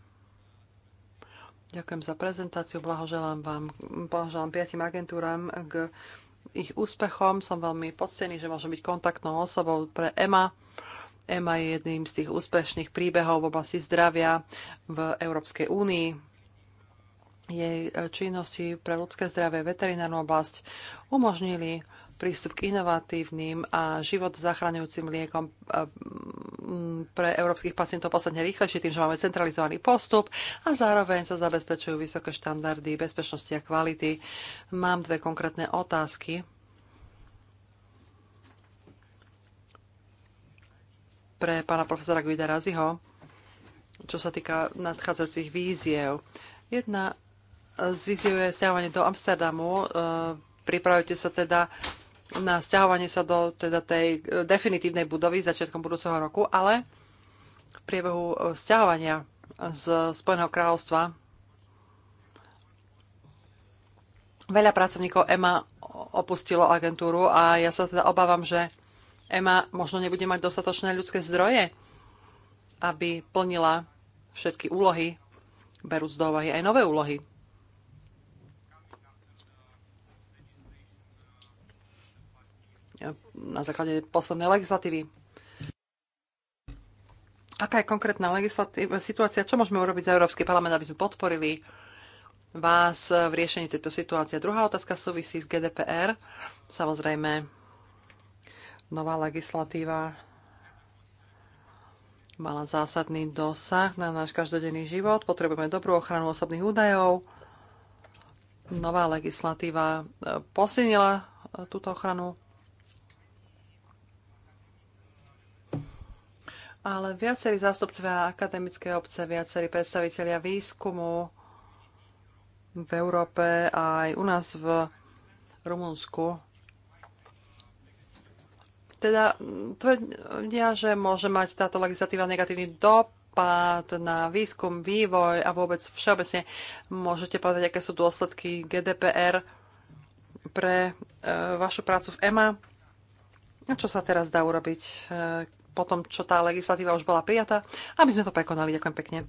Ďakujem za prezentáciu, blahoželám vám, blahoželám piatim agentúram k ich úspechom. Som veľmi poctený, že môžem byť kontaktnou osobou pre EMA. EMA je jedným z tých úspešných príbehov v oblasti zdravia v Európskej únii jej e, činnosti pre ľudské zdravie, veterinárnu oblasť umožnili prístup k inovatívnym a život zachraňujúcim liekom e, pre európskych pacientov posledne rýchlejšie tým, že máme centralizovaný postup a zároveň sa zabezpečujú vysoké štandardy bezpečnosti a kvality. Mám dve konkrétne otázky. pre pána profesora Guida Raziho, čo sa týka nadchádzajúcich víziev. Jedna zvizuje stiahovanie do Amsterdamu. E, Pripravujte sa teda na stiahovanie sa do teda tej e, definitívnej budovy začiatkom budúceho roku, ale v priebehu stiahovania e, z Spojeného kráľovstva veľa pracovníkov EMA opustilo agentúru a ja sa teda obávam, že EMA možno nebude mať dostatočné ľudské zdroje, aby plnila všetky úlohy, berúc do úvahy aj nové úlohy. na základe poslednej legislatívy. Aká je konkrétna situácia? Čo môžeme urobiť za Európsky parlament, aby sme podporili vás v riešení tejto situácie? Druhá otázka súvisí s GDPR. Samozrejme, nová legislatíva mala zásadný dosah na náš každodenný život. Potrebujeme dobrú ochranu osobných údajov. Nová legislatíva posilnila túto ochranu. ale viacerí zástupcovia akademické obce, viacerí predstavitelia výskumu v Európe a aj u nás v Rumunsku teda tvrdia, že môže mať táto legislatíva negatívny dopad na výskum, vývoj a vôbec všeobecne. Môžete povedať, aké sú dôsledky GDPR pre e, vašu prácu v EMA? A čo sa teraz dá urobiť? E, potom, čo tá legislatíva už bola prijatá, aby sme to prekonali. Ďakujem pekne.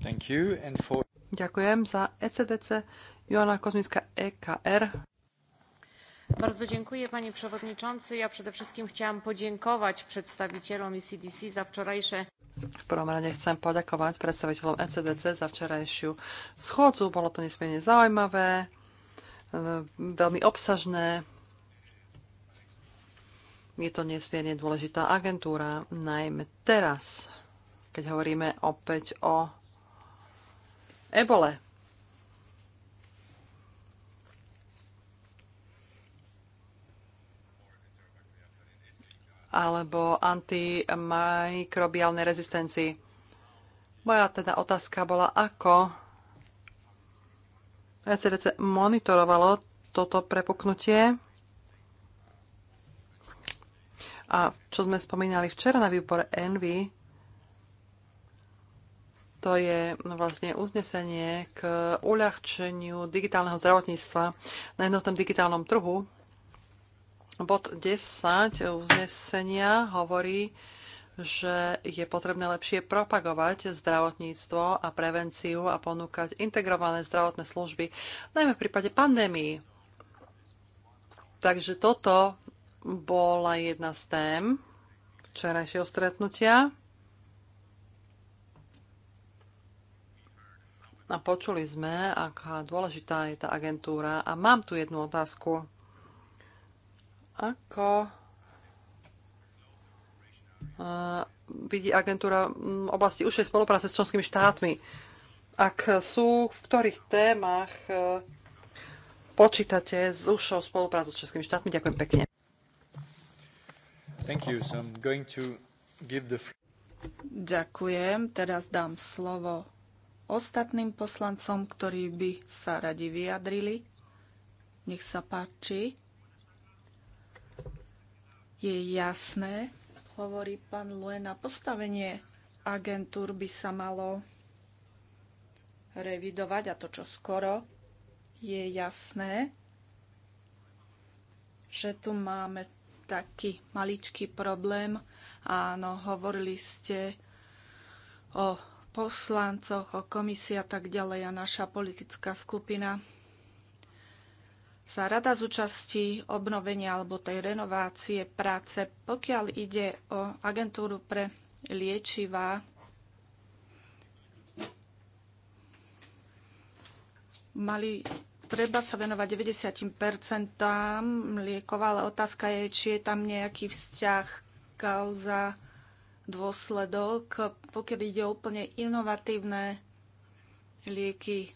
Thank you and for... Ďakujem za ECDC. Joana Kozmická, EKR. Bardzo dziękuję panie przewodniczący. Ja przede wszystkim chciałam podziękować przedstawicielom ECDC za wczorajsze W prvom rade chcem poďakovať predstaviteľom ECDC za včerajšiu schôdzu. Bolo to nesmierne zaujímavé, e, veľmi obsažné. Je to nesmierne dôležitá agentúra, najmä teraz, keď hovoríme opäť o ebole. alebo antimikrobiálnej rezistencii. Moja teda otázka bola, ako ECDC monitorovalo toto prepuknutie a čo sme spomínali včera na výpore Envy, to je no, vlastne uznesenie k uľahčeniu digitálneho zdravotníctva na jednotnom digitálnom trhu. Bod 10 uznesenia hovorí, že je potrebné lepšie propagovať zdravotníctvo a prevenciu a ponúkať integrované zdravotné služby, najmä v prípade pandémii. Takže toto bola jedna z tém včerajšieho stretnutia. A počuli sme, aká dôležitá je tá agentúra. A mám tu jednu otázku. Ako vidí agentúra v oblasti užšej spolupráce s členskými štátmi? Ak sú, v ktorých témach e, počítate s užšou spoluprácou s členskými štátmi? Ďakujem pekne. Ďakujem. Teraz dám slovo ostatným poslancom, ktorí by sa radi vyjadrili. Nech sa páči. Je jasné, hovorí pán Luena, postavenie agentúr by sa malo revidovať a to čo skoro. Je jasné, že tu máme taký maličký problém. Áno, hovorili ste o poslancoch, o komisii a tak ďalej a naša politická skupina sa rada zúčastí obnovenia alebo tej renovácie práce. Pokiaľ ide o agentúru pre liečivá, mali treba sa venovať 90% mliekov, ale otázka je, či je tam nejaký vzťah, kauza, dôsledok, pokiaľ ide o úplne inovatívne lieky.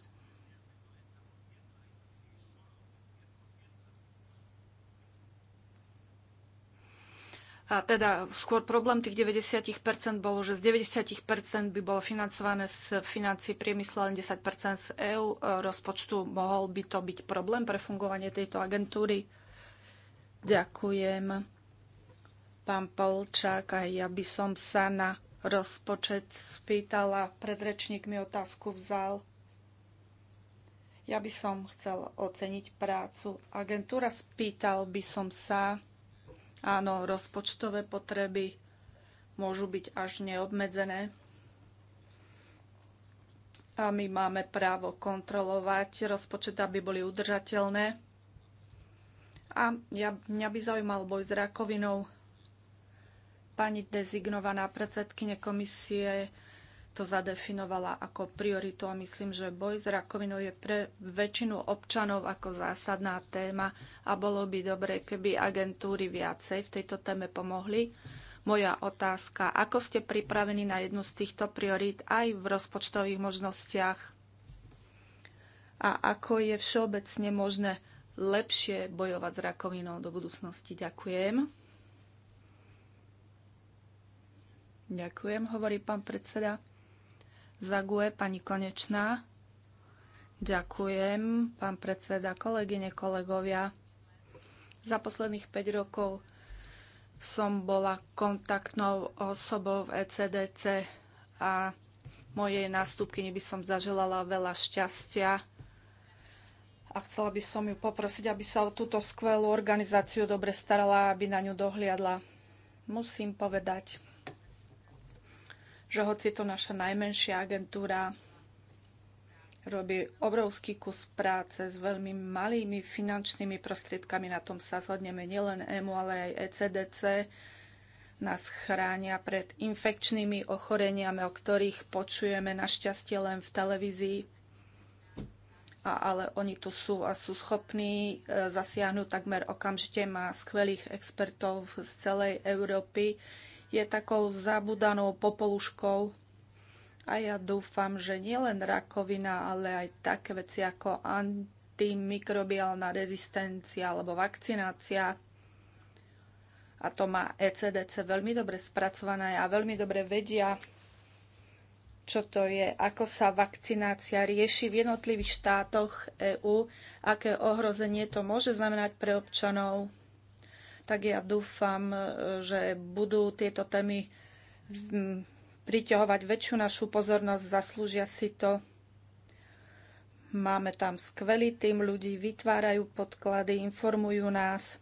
a teda skôr problém tých 90% bolo, že z 90% by bolo financované z financí priemysla, len 10% z EU e, rozpočtu. Mohol by to byť problém pre fungovanie tejto agentúry? Ďakujem, pán Polčák. A ja by som sa na rozpočet spýtala, predrečník mi otázku vzal. Ja by som chcel oceniť prácu. Agentúra spýtal by som sa, Áno, rozpočtové potreby môžu byť až neobmedzené. A my máme právo kontrolovať rozpočet, aby boli udržateľné. A ja, mňa by zaujímal boj s rakovinou. Pani dezignovaná predsedkyne komisie to zadefinovala ako prioritu a myslím, že boj s rakovinou je pre väčšinu občanov ako zásadná téma a bolo by dobre, keby agentúry viacej v tejto téme pomohli. Moja otázka, ako ste pripravení na jednu z týchto priorít aj v rozpočtových možnostiach a ako je všeobecne možné lepšie bojovať s rakovinou do budúcnosti. Ďakujem. Ďakujem, hovorí pán predseda. Zague, pani Konečná. Ďakujem, pán predseda, kolegyne, kolegovia. Za posledných 5 rokov som bola kontaktnou osobou v ECDC a mojej nástupkyni by som zaželala veľa šťastia a chcela by som ju poprosiť, aby sa o túto skvelú organizáciu dobre starala, aby na ňu dohliadla. Musím povedať, že hoci je to naša najmenšia agentúra, robí obrovský kus práce s veľmi malými finančnými prostriedkami. Na tom sa zhodneme nielen EMU, ale aj ECDC. Nás chránia pred infekčnými ochoreniami, o ktorých počujeme našťastie len v televízii. A, ale oni tu sú a sú schopní e, zasiahnuť takmer okamžite. Má skvelých expertov z celej Európy je takou zabudanou popoluškou. A ja dúfam, že nielen rakovina, ale aj také veci ako antimikrobiálna rezistencia alebo vakcinácia. A to má ECDC veľmi dobre spracované a veľmi dobre vedia, čo to je, ako sa vakcinácia rieši v jednotlivých štátoch EÚ, aké ohrozenie to môže znamenať pre občanov tak ja dúfam, e, že budú tieto témy priťahovať väčšiu našu pozornosť, zaslúžia si to. Máme tam skvelý tým ľudí, vytvárajú podklady, informujú nás,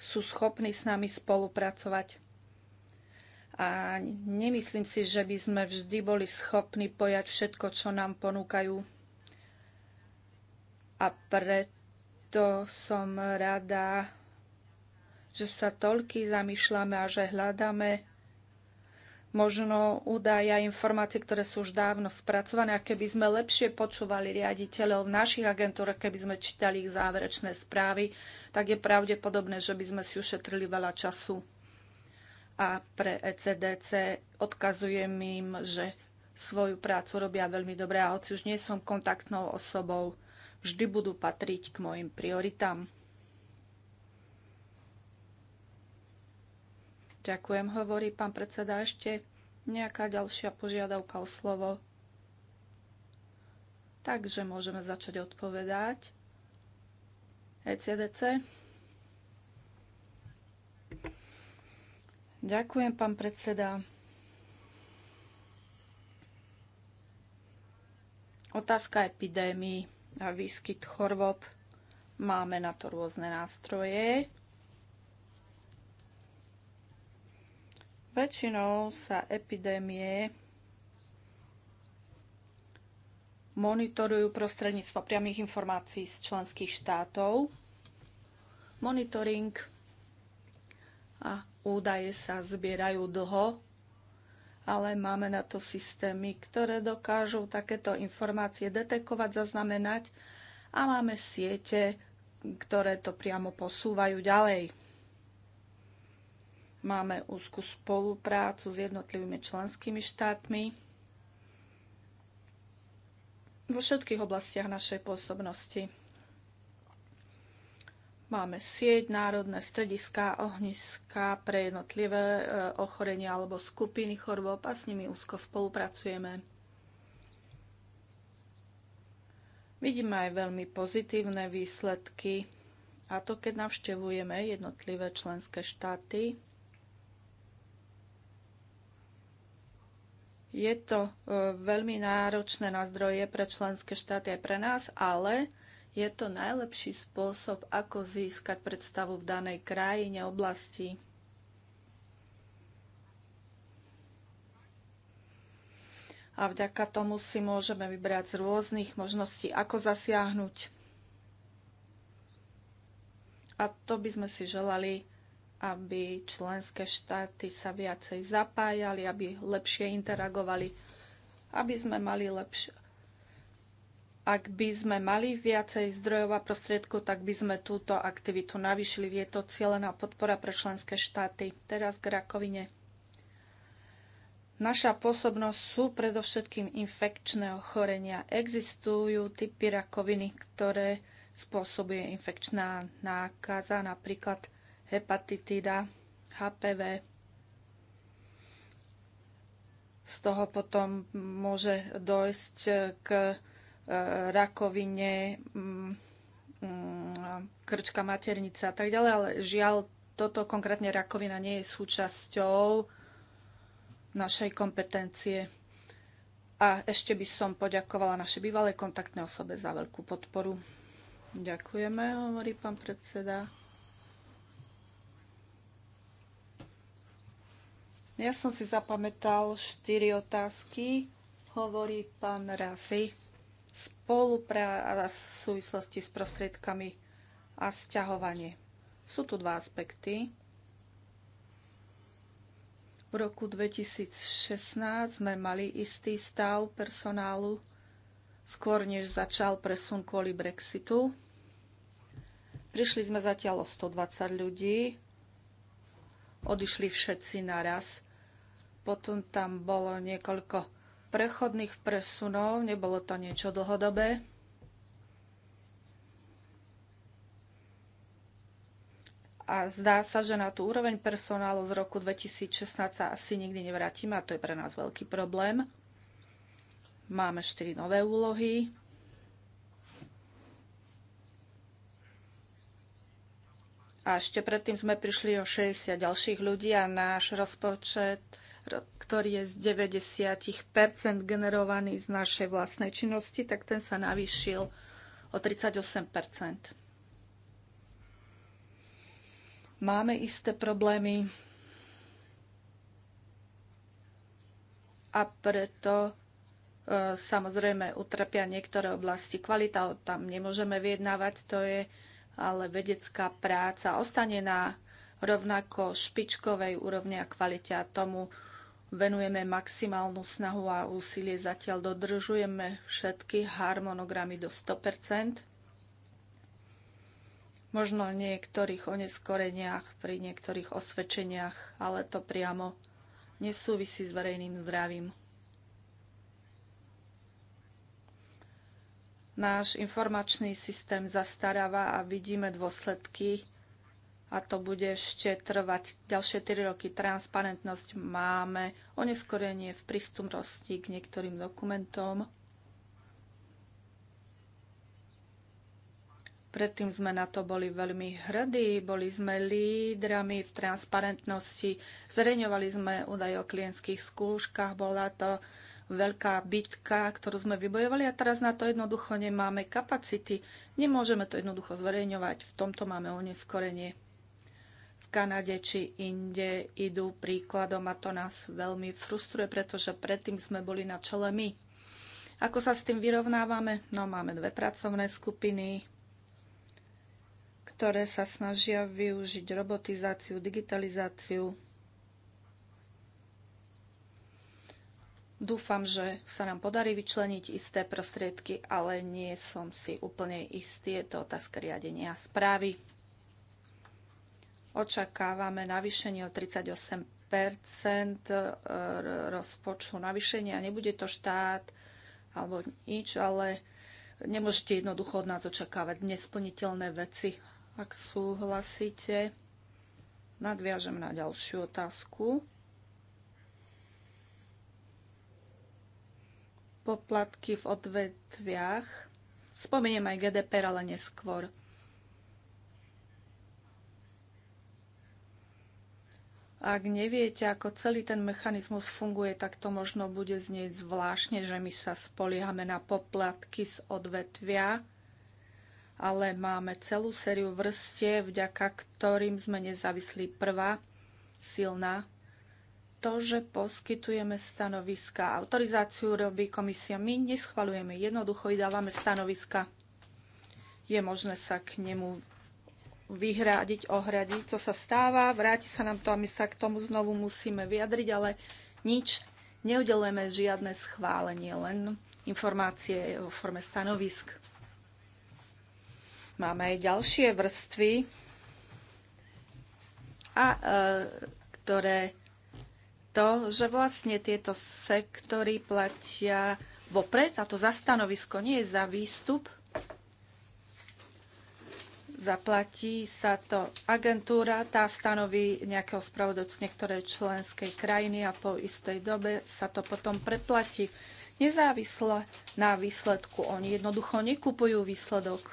sú schopní s nami spolupracovať. A nemyslím si, že by sme vždy boli schopní pojať všetko, čo nám ponúkajú. A preto som rada, že sa toľky zamýšľame a že hľadáme možno údaja, informácie, ktoré sú už dávno spracované. A keby sme lepšie počúvali riaditeľov v našich agentúrach, keby sme čítali ich záverečné správy, tak je pravdepodobné, že by sme si ušetrili veľa času. A pre ECDC odkazujem im, že svoju prácu robia veľmi dobre a hoci už nie som kontaktnou osobou, vždy budú patriť k mojim prioritám. Ďakujem, hovorí pán predseda. Ešte nejaká ďalšia požiadavka o slovo? Takže môžeme začať odpovedať. ECDC. Ďakujem, pán predseda. Otázka epidémii a výskyt chorôb. Máme na to rôzne nástroje. Väčšinou sa epidémie monitorujú prostredníctvom priamých informácií z členských štátov. Monitoring a údaje sa zbierajú dlho, ale máme na to systémy, ktoré dokážu takéto informácie detekovať, zaznamenať a máme siete, ktoré to priamo posúvajú ďalej. Máme úzku spoluprácu s jednotlivými členskými štátmi vo všetkých oblastiach našej pôsobnosti. Máme sieť, národné strediska, ohniska pre jednotlivé e, ochorenia alebo skupiny chorôb a s nimi úzko spolupracujeme. Vidíme aj veľmi pozitívne výsledky, a to keď navštevujeme jednotlivé členské štáty Je to e, veľmi náročné na zdroje pre členské štáty aj pre nás, ale je to najlepší spôsob, ako získať predstavu v danej krajine, oblasti. A vďaka tomu si môžeme vybrať z rôznych možností, ako zasiahnuť. A to by sme si želali aby členské štáty sa viacej zapájali, aby lepšie interagovali, aby sme mali lepšie. Ak by sme mali viacej zdrojov a prostriedkov, tak by sme túto aktivitu navýšili. Je to cieľená podpora pre členské štáty. Teraz k rakovine. Naša pôsobnosť sú predovšetkým infekčné ochorenia. Existujú typy rakoviny, ktoré spôsobuje infekčná nákaza, napríklad hepatitida HPV. Z toho potom môže dojsť k e, rakovine, mm, mm, krčka maternica a tak ďalej, ale žiaľ, toto konkrétne rakovina nie je súčasťou našej kompetencie. A ešte by som poďakovala našej bývalej kontaktnej osobe za veľkú podporu. Ďakujeme, hovorí pán predseda. Ja som si zapamätal štyri otázky, hovorí pán Rasi. Spolupráca v súvislosti s prostriedkami a sťahovanie. Sú tu dva aspekty. V roku 2016 sme mali istý stav personálu, skôr než začal presun kvôli Brexitu. Prišli sme zatiaľ o 120 ľudí, odišli všetci naraz. Potom tam bolo niekoľko prechodných presunov, nebolo to niečo dlhodobé. A zdá sa, že na tú úroveň personálu z roku 2016 sa asi nikdy nevrátime a to je pre nás veľký problém. Máme 4 nové úlohy. A ešte predtým sme prišli o 60 ďalších ľudí a náš rozpočet ktorý je z 90 generovaný z našej vlastnej činnosti, tak ten sa navýšil o 38 Máme isté problémy a preto e, samozrejme utrpia niektoré oblasti. Kvalita tam nemôžeme vyjednávať, to je ale vedecká práca ostane na rovnako špičkovej úrovni a kvalite a tomu venujeme maximálnu snahu a úsilie. Zatiaľ dodržujeme všetky harmonogramy do 100%. Možno v niektorých oneskoreniach, pri niektorých osvedčeniach, ale to priamo nesúvisí s verejným zdravím. Náš informačný systém zastaráva a vidíme dôsledky a to bude ešte trvať ďalšie 3 roky. Transparentnosť máme, oneskorenie v prístupnosti k niektorým dokumentom. Predtým sme na to boli veľmi hrdí, boli sme lídrami v transparentnosti, zverejňovali sme údaje o klientských skúškach, bola to veľká bitka, ktorú sme vybojovali a teraz na to jednoducho nemáme kapacity. Nemôžeme to jednoducho zverejňovať, v tomto máme oneskorenie. Kanade či inde idú príkladom a to nás veľmi frustruje, pretože predtým sme boli na čele my. Ako sa s tým vyrovnávame? No máme dve pracovné skupiny, ktoré sa snažia využiť robotizáciu, digitalizáciu. Dúfam, že sa nám podarí vyčleniť isté prostriedky, ale nie som si úplne istý. Je to otázka riadenia správy. Očakávame navýšenie o 38 e, rozpočtu navýšenia. Nebude to štát alebo nič, ale nemôžete jednoducho od nás očakávať nesplniteľné veci. Ak súhlasíte, nadviažem na ďalšiu otázku. Poplatky v odvetviach. Spomeniem aj GDPR, ale neskôr. Ak neviete, ako celý ten mechanizmus funguje, tak to možno bude znieť zvláštne, že my sa spoliehame na poplatky z odvetvia, ale máme celú sériu vrstie, vďaka ktorým sme nezávislí. Prvá, silná, to, že poskytujeme stanoviska. Autorizáciu robí komisia. My neschvalujeme, jednoducho vydávame stanoviska. Je možné sa k nemu vyhradiť, ohradiť. To sa stáva, vráti sa nám to a my sa k tomu znovu musíme vyjadriť, ale nič, neudelujeme žiadne schválenie, len informácie vo forme stanovisk. Máme aj ďalšie vrstvy, a, e, ktoré to, že vlastne tieto sektory platia vopred, a to za stanovisko, nie je za výstup, Zaplatí sa to agentúra, tá stanoví nejakého spravodajcu niektorej členskej krajiny a po istej dobe sa to potom preplatí. Nezávisle na výsledku. Oni jednoducho nekupujú výsledok.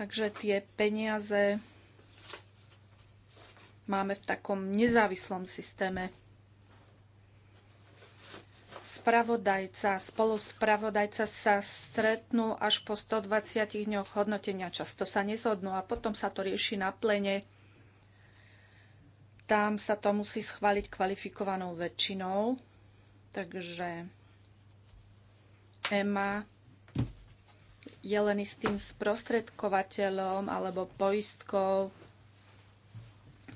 Takže tie peniaze máme v takom nezávislom systéme spravodajca, spoluspravodajca sa stretnú až po 120 dňoch hodnotenia. Často sa nezhodnú a potom sa to rieši na plene. Tam sa to musí schváliť kvalifikovanou väčšinou. Takže EMA je len istým sprostredkovateľom alebo poistkou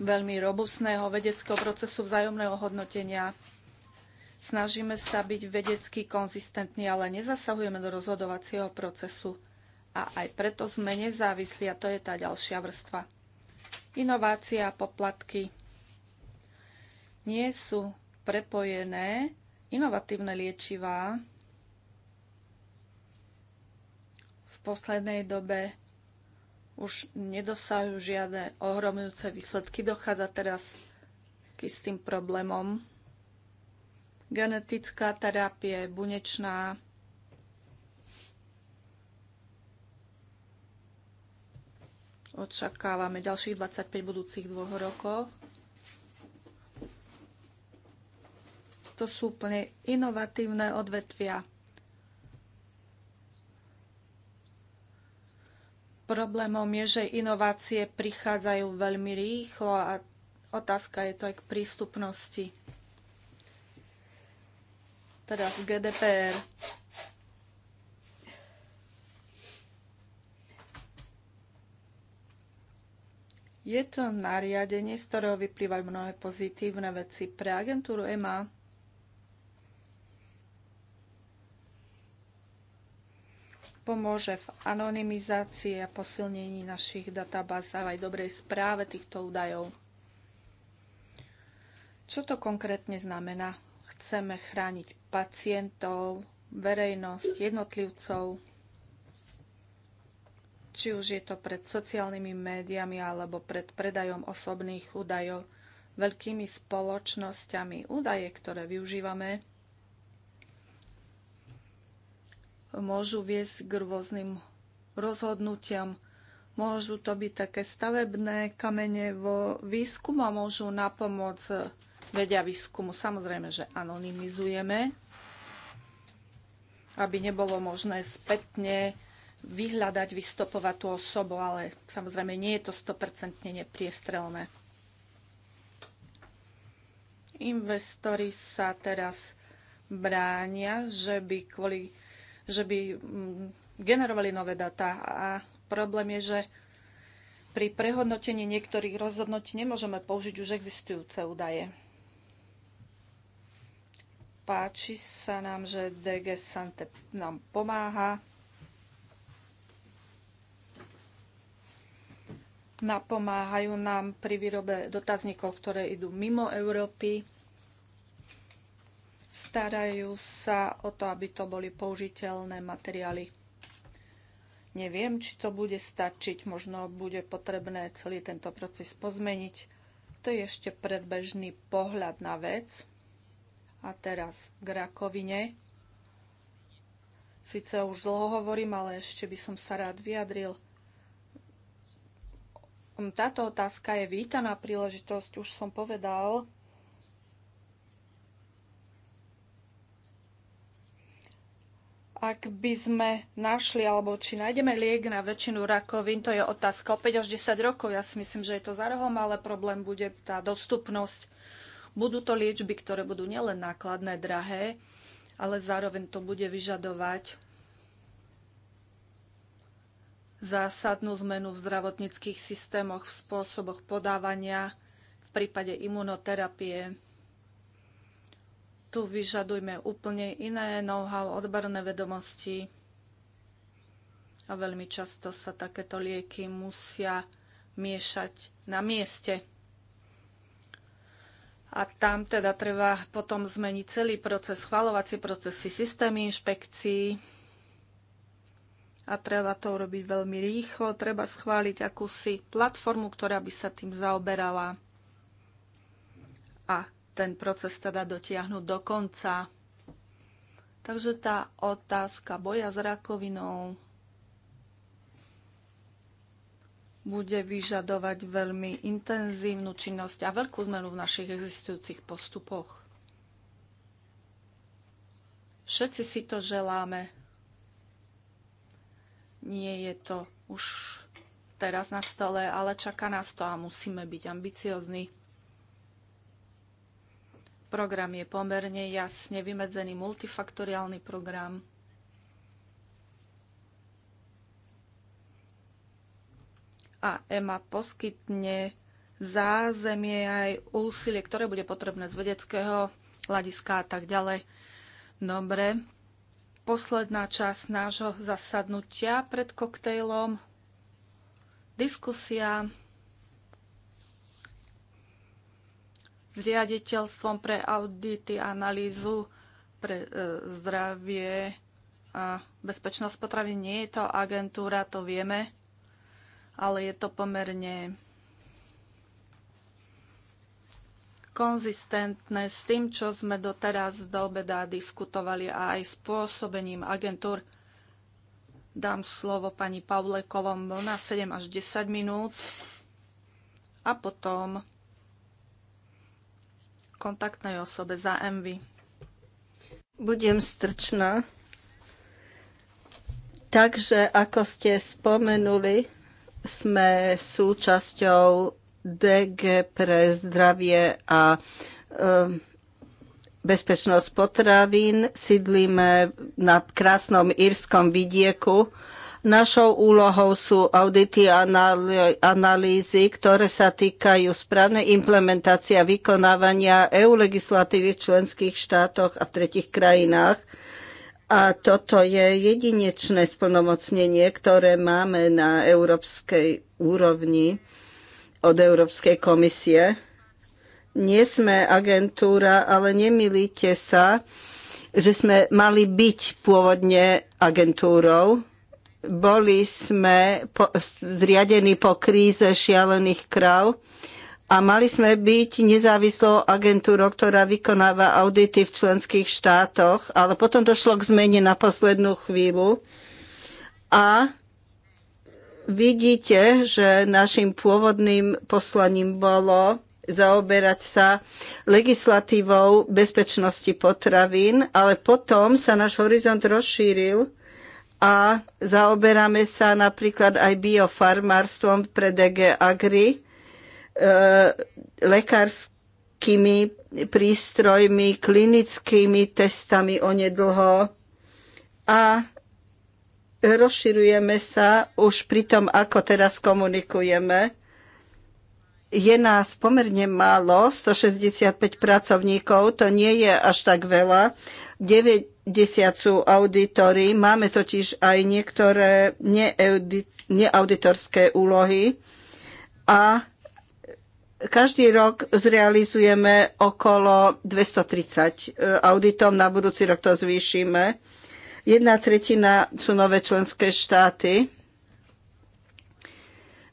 veľmi robustného vedeckého procesu vzájomného hodnotenia Snažíme sa byť vedecky konzistentní, ale nezasahujeme do rozhodovacieho procesu. A aj preto sme nezávislí a to je tá ďalšia vrstva. Inovácia a poplatky nie sú prepojené. Inovatívne liečivá v poslednej dobe už nedosahujú žiadne ohromujúce výsledky. Dochádza teraz k istým problémom Genetická terapie je bunečná. Očakávame ďalších 25 budúcich dvoch rokov. To sú úplne inovatívne odvetvia. Problémom je, že inovácie prichádzajú veľmi rýchlo a otázka je to aj k prístupnosti. Teraz GDPR. Je to nariadenie, z ktorého vyplývajú mnohé pozitívne veci pre agentúru EMA. Pomôže v anonymizácii a posilnení našich databáz a aj dobrej správe týchto údajov. Čo to konkrétne znamená? Chceme chrániť pacientov, verejnosť, jednotlivcov, či už je to pred sociálnymi médiami alebo pred predajom osobných údajov veľkými spoločnosťami. Údaje, ktoré využívame, môžu viesť k rôznym rozhodnutiam. Môžu to byť také stavebné kamene vo výskumu a môžu napomôcť vedia výskumu. Samozrejme, že anonymizujeme, aby nebolo možné spätne vyhľadať, vystopovať tú osobu, ale samozrejme nie je to 100% nepriestrelné. Investori sa teraz bránia, že by, kvôli, že by mm, generovali nové data a problém je, že pri prehodnotení niektorých rozhodnutí nemôžeme použiť už existujúce údaje. Páči sa nám, že DG Sante nám pomáha. Napomáhajú nám pri výrobe dotazníkov, ktoré idú mimo Európy. Starajú sa o to, aby to boli použiteľné materiály. Neviem, či to bude stačiť, možno bude potrebné celý tento proces pozmeniť. To je ešte predbežný pohľad na vec. A teraz k rakovine. Sice už dlho hovorím, ale ešte by som sa rád vyjadril. Um, táto otázka je vítaná príležitosť, už som povedal. Ak by sme našli, alebo či nájdeme liek na väčšinu rakovín, to je otázka o 5 až 10 rokov. Ja si myslím, že je to za rohom, ale problém bude tá dostupnosť. Budú to liečby, ktoré budú nielen nákladné, drahé, ale zároveň to bude vyžadovať zásadnú zmenu v zdravotníckých systémoch, v spôsoboch podávania, v prípade imunoterapie. Tu vyžadujme úplne iné know-how, odborné vedomosti a veľmi často sa takéto lieky musia miešať na mieste a tam teda treba potom zmeniť celý proces, schvalovacie procesy, systémy inšpekcií a treba to urobiť veľmi rýchlo. Treba schváliť akúsi platformu, ktorá by sa tým zaoberala a ten proces teda dotiahnuť do konca. Takže tá otázka boja s rakovinou bude vyžadovať veľmi intenzívnu činnosť a veľkú zmenu v našich existujúcich postupoch. Všetci si to želáme. Nie je to už teraz na stole, ale čaká nás to a musíme byť ambiciozni. Program je pomerne jasne vymedzený multifaktoriálny program a EMA poskytne zázemie aj úsilie, ktoré bude potrebné z vedeckého hľadiska a tak ďalej. Dobre, posledná časť nášho zasadnutia pred koktejlom. Diskusia s riaditeľstvom pre audity, analýzu pre e, zdravie a bezpečnosť potravy. Nie je to agentúra, to vieme ale je to pomerne konzistentné s tým, čo sme doteraz do obeda diskutovali a aj spôsobením agentúr. Dám slovo pani Pavle Kolom na 7 až 10 minút a potom kontaktnej osobe za MV. Budem strčná. Takže, ako ste spomenuli, sme súčasťou DG pre zdravie a um, bezpečnosť potravín. Sídlíme na krásnom írskom vidieku. Našou úlohou sú audity a analýzy, ktoré sa týkajú správnej implementácie a vykonávania EU legislatívy v členských štátoch a v tretich krajinách a toto je jedinečné splnomocnenie, ktoré máme na európskej úrovni od Európskej komisie. Nie sme agentúra, ale nemilíte sa, že sme mali byť pôvodne agentúrou. Boli sme po, zriadení po kríze šialených kráv a mali sme byť nezávislou agentúrou, ktorá vykonáva audity v členských štátoch, ale potom došlo k zmene na poslednú chvíľu a vidíte, že našim pôvodným poslaním bolo zaoberať sa legislatívou bezpečnosti potravín, ale potom sa náš horizont rozšíril a zaoberáme sa napríklad aj biofarmárstvom pre DG Agri E, lekárskými prístrojmi, klinickými testami onedlho a rozširujeme sa už pri tom, ako teraz komunikujeme. Je nás pomerne málo, 165 pracovníkov, to nie je až tak veľa. 90 sú auditory, máme totiž aj niektoré neauditorské úlohy a každý rok zrealizujeme okolo 230 e, auditov, na budúci rok to zvýšime. Jedna tretina sú nové členské štáty.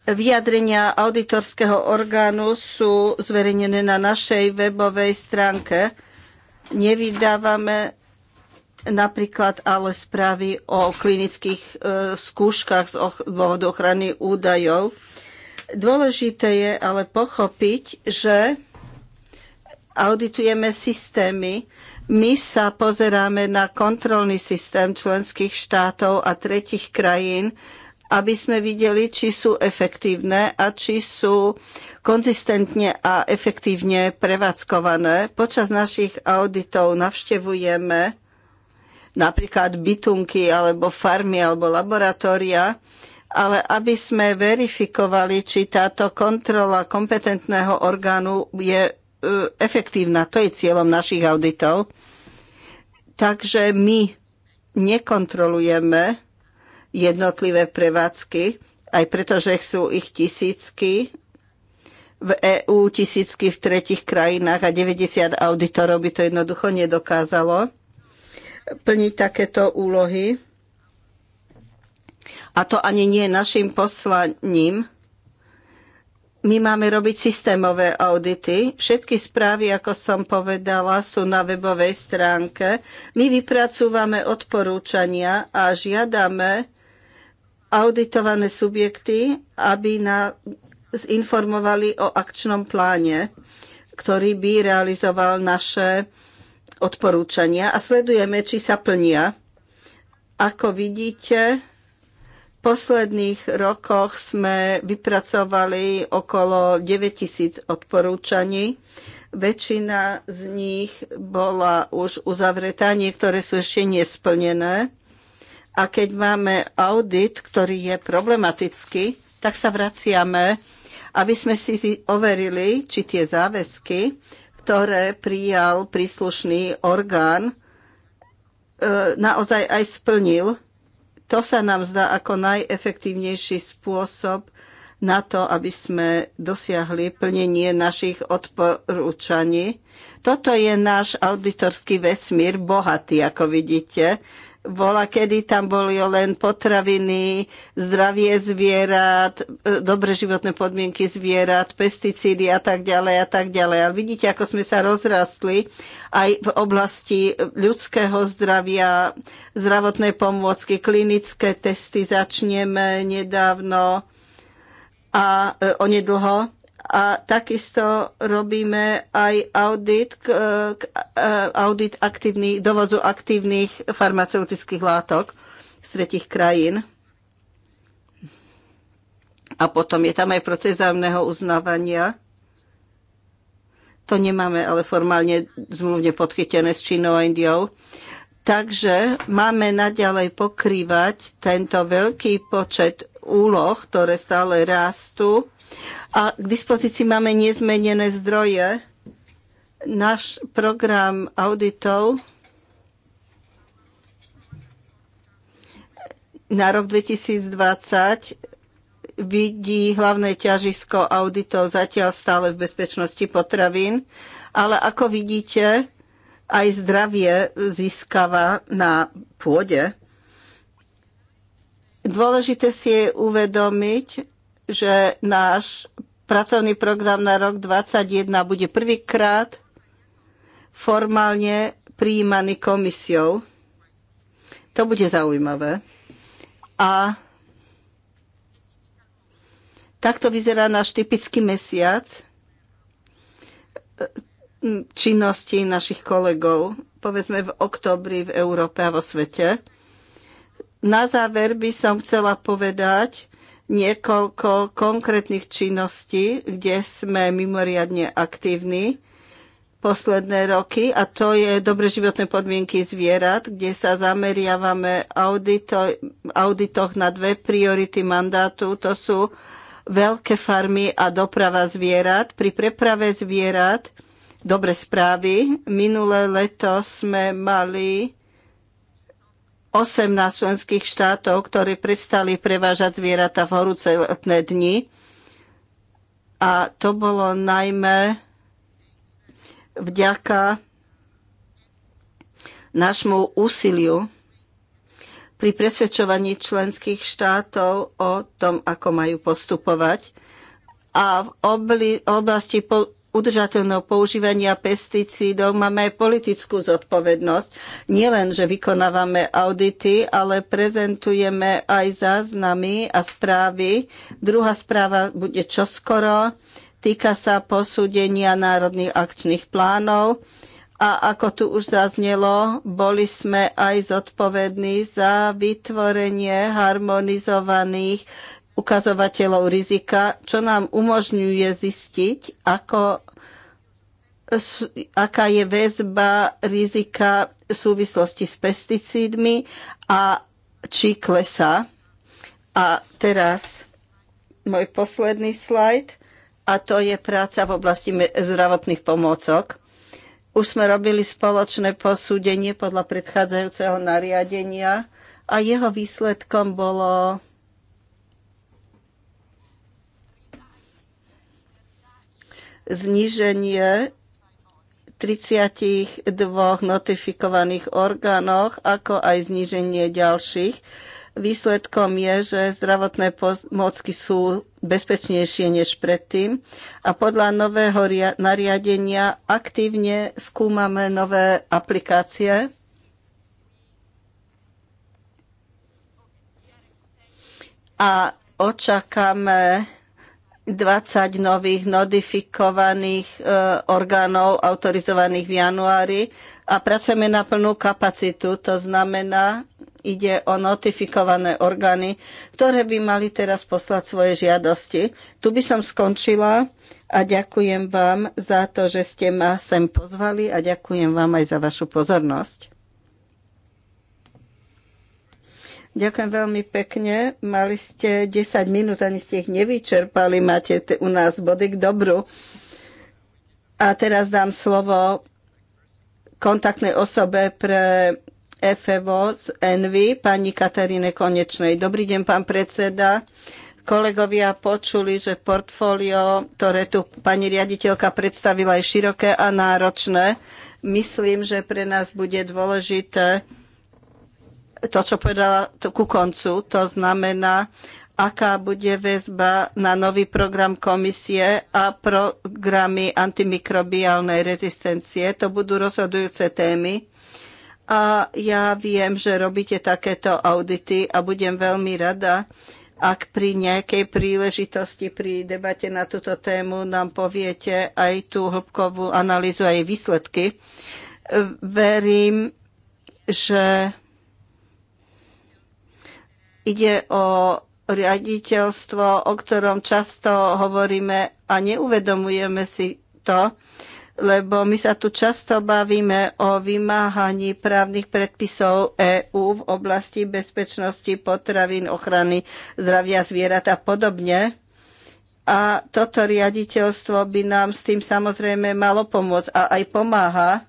Vyjadrenia auditorského orgánu sú zverejnené na našej webovej stránke. Nevydávame napríklad ale správy o klinických e, skúškach z dôvodu ochrany údajov. Dôležité je ale pochopiť, že auditujeme systémy. My sa pozeráme na kontrolný systém členských štátov a tretich krajín, aby sme videli, či sú efektívne a či sú konzistentne a efektívne prevádzkované. Počas našich auditov navštevujeme napríklad bytunky alebo farmy alebo laboratória, ale aby sme verifikovali, či táto kontrola kompetentného orgánu je e, efektívna. To je cieľom našich auditov. Takže my nekontrolujeme jednotlivé prevádzky, aj preto, že sú ich tisícky v EÚ, tisícky v tretich krajinách a 90 auditorov by to jednoducho nedokázalo plniť takéto úlohy. A to ani nie našim poslaním. My máme robiť systémové audity. Všetky správy, ako som povedala, sú na webovej stránke. My vypracúvame odporúčania a žiadame auditované subjekty, aby nás informovali o akčnom pláne, ktorý by realizoval naše odporúčania a sledujeme, či sa plnia. Ako vidíte, posledných rokoch sme vypracovali okolo 9000 odporúčaní. Väčšina z nich bola už uzavretá, niektoré sú ešte nesplnené. A keď máme audit, ktorý je problematický, tak sa vraciame, aby sme si overili, či tie záväzky, ktoré prijal príslušný orgán, e, naozaj aj splnil to sa nám zdá ako najefektívnejší spôsob na to, aby sme dosiahli plnenie našich odporúčaní. Toto je náš auditorský vesmír, bohatý, ako vidíte. Bola, kedy tam boli len potraviny, zdravie zvierat, e, dobre životné podmienky zvierat, pesticídy a tak ďalej a tak ďalej. A vidíte, ako sme sa rozrastli aj v oblasti ľudského zdravia, zdravotné pomôcky, klinické testy začneme nedávno a e, onedlho a takisto robíme aj audit, e, audit aktívny, dovozu aktívnych farmaceutických látok z tretich krajín. A potom je tam aj proces zájomného uznávania. To nemáme ale formálne zmluvne podchytené s Čínou a Indiou. Takže máme naďalej pokrývať tento veľký počet úloh, ktoré stále rastú a k dispozícii máme nezmenené zdroje. Náš program auditov na rok 2020 vidí hlavné ťažisko auditov zatiaľ stále v bezpečnosti potravín, ale ako vidíte, aj zdravie získava na pôde. Dôležité si je uvedomiť, že náš pracovný program na rok 2021 bude prvýkrát formálne prijímaný komisiou. To bude zaujímavé. A takto vyzerá náš typický mesiac e, činnosti našich kolegov, povedzme v oktobri v Európe a vo svete. Na záver by som chcela povedať, niekoľko konkrétnych činností, kde sme mimoriadne aktívni posledné roky a to je dobre životné podmienky zvierat, kde sa zameriavame audito, auditoch na dve priority mandátu. To sú veľké farmy a doprava zvierat. Pri preprave zvierat dobre správy. Minulé leto sme mali 18 členských štátov, ktorí prestali prevážať zvieratá v horúce letné dni. A to bolo najmä vďaka nášmu úsiliu pri presvedčovaní členských štátov o tom, ako majú postupovať. A v oblasti udržateľného používania pesticídov máme aj politickú zodpovednosť. Nielen, že vykonávame audity, ale prezentujeme aj záznamy a správy. Druhá správa bude čoskoro. Týka sa posúdenia národných akčných plánov. A ako tu už zaznelo, boli sme aj zodpovední za vytvorenie harmonizovaných ukazovateľov rizika, čo nám umožňuje zistiť, ako, aká je väzba rizika v súvislosti s pesticídmi a či klesa. A teraz môj posledný slajd a to je práca v oblasti zdravotných pomôcok. Už sme robili spoločné posúdenie podľa predchádzajúceho nariadenia a jeho výsledkom bolo zníženie 32 notifikovaných orgánoch, ako aj zníženie ďalších. Výsledkom je, že zdravotné pomocky sú bezpečnejšie než predtým a podľa nového nariadenia aktívne skúmame nové aplikácie. A očakáme 20 nových notifikovaných e, orgánov autorizovaných v januári a pracujeme na plnú kapacitu. To znamená, ide o notifikované orgány, ktoré by mali teraz poslať svoje žiadosti. Tu by som skončila a ďakujem vám za to, že ste ma sem pozvali a ďakujem vám aj za vašu pozornosť. Ďakujem veľmi pekne. Mali ste 10 minút, ani ste ich nevyčerpali. Máte u nás body k dobru. A teraz dám slovo kontaktnej osobe pre FEVO z Envy, pani Kataríne Konečnej. Dobrý deň, pán predseda kolegovia počuli, že portfólio, ktoré tu pani riaditeľka predstavila, je široké a náročné. Myslím, že pre nás bude dôležité to, čo povedala to ku koncu, to znamená, aká bude väzba na nový program komisie a programy antimikrobiálnej rezistencie. To budú rozhodujúce témy. A ja viem, že robíte takéto audity a budem veľmi rada, ak pri nejakej príležitosti pri debate na túto tému nám poviete aj tú hĺbkovú analýzu a jej výsledky. Verím, že Ide o riaditeľstvo, o ktorom často hovoríme a neuvedomujeme si to, lebo my sa tu často bavíme o vymáhaní právnych predpisov EÚ v oblasti bezpečnosti potravín, ochrany zdravia zvierat a podobne. A toto riaditeľstvo by nám s tým samozrejme malo pomôcť a aj pomáha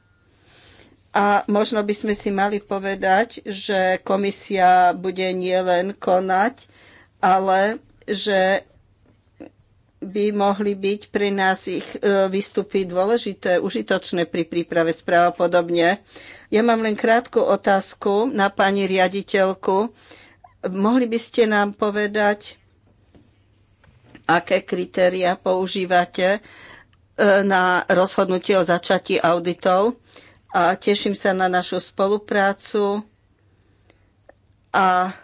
a možno by sme si mali povedať, že komisia bude nielen konať, ale že by mohli byť pre nás ich e, výstupy dôležité, užitočné pri príprave správ podobne. Ja mám len krátku otázku na pani riaditeľku. Mohli by ste nám povedať, aké kritéria používate e, na rozhodnutie o začatí auditov? a teším sa na našu spoluprácu a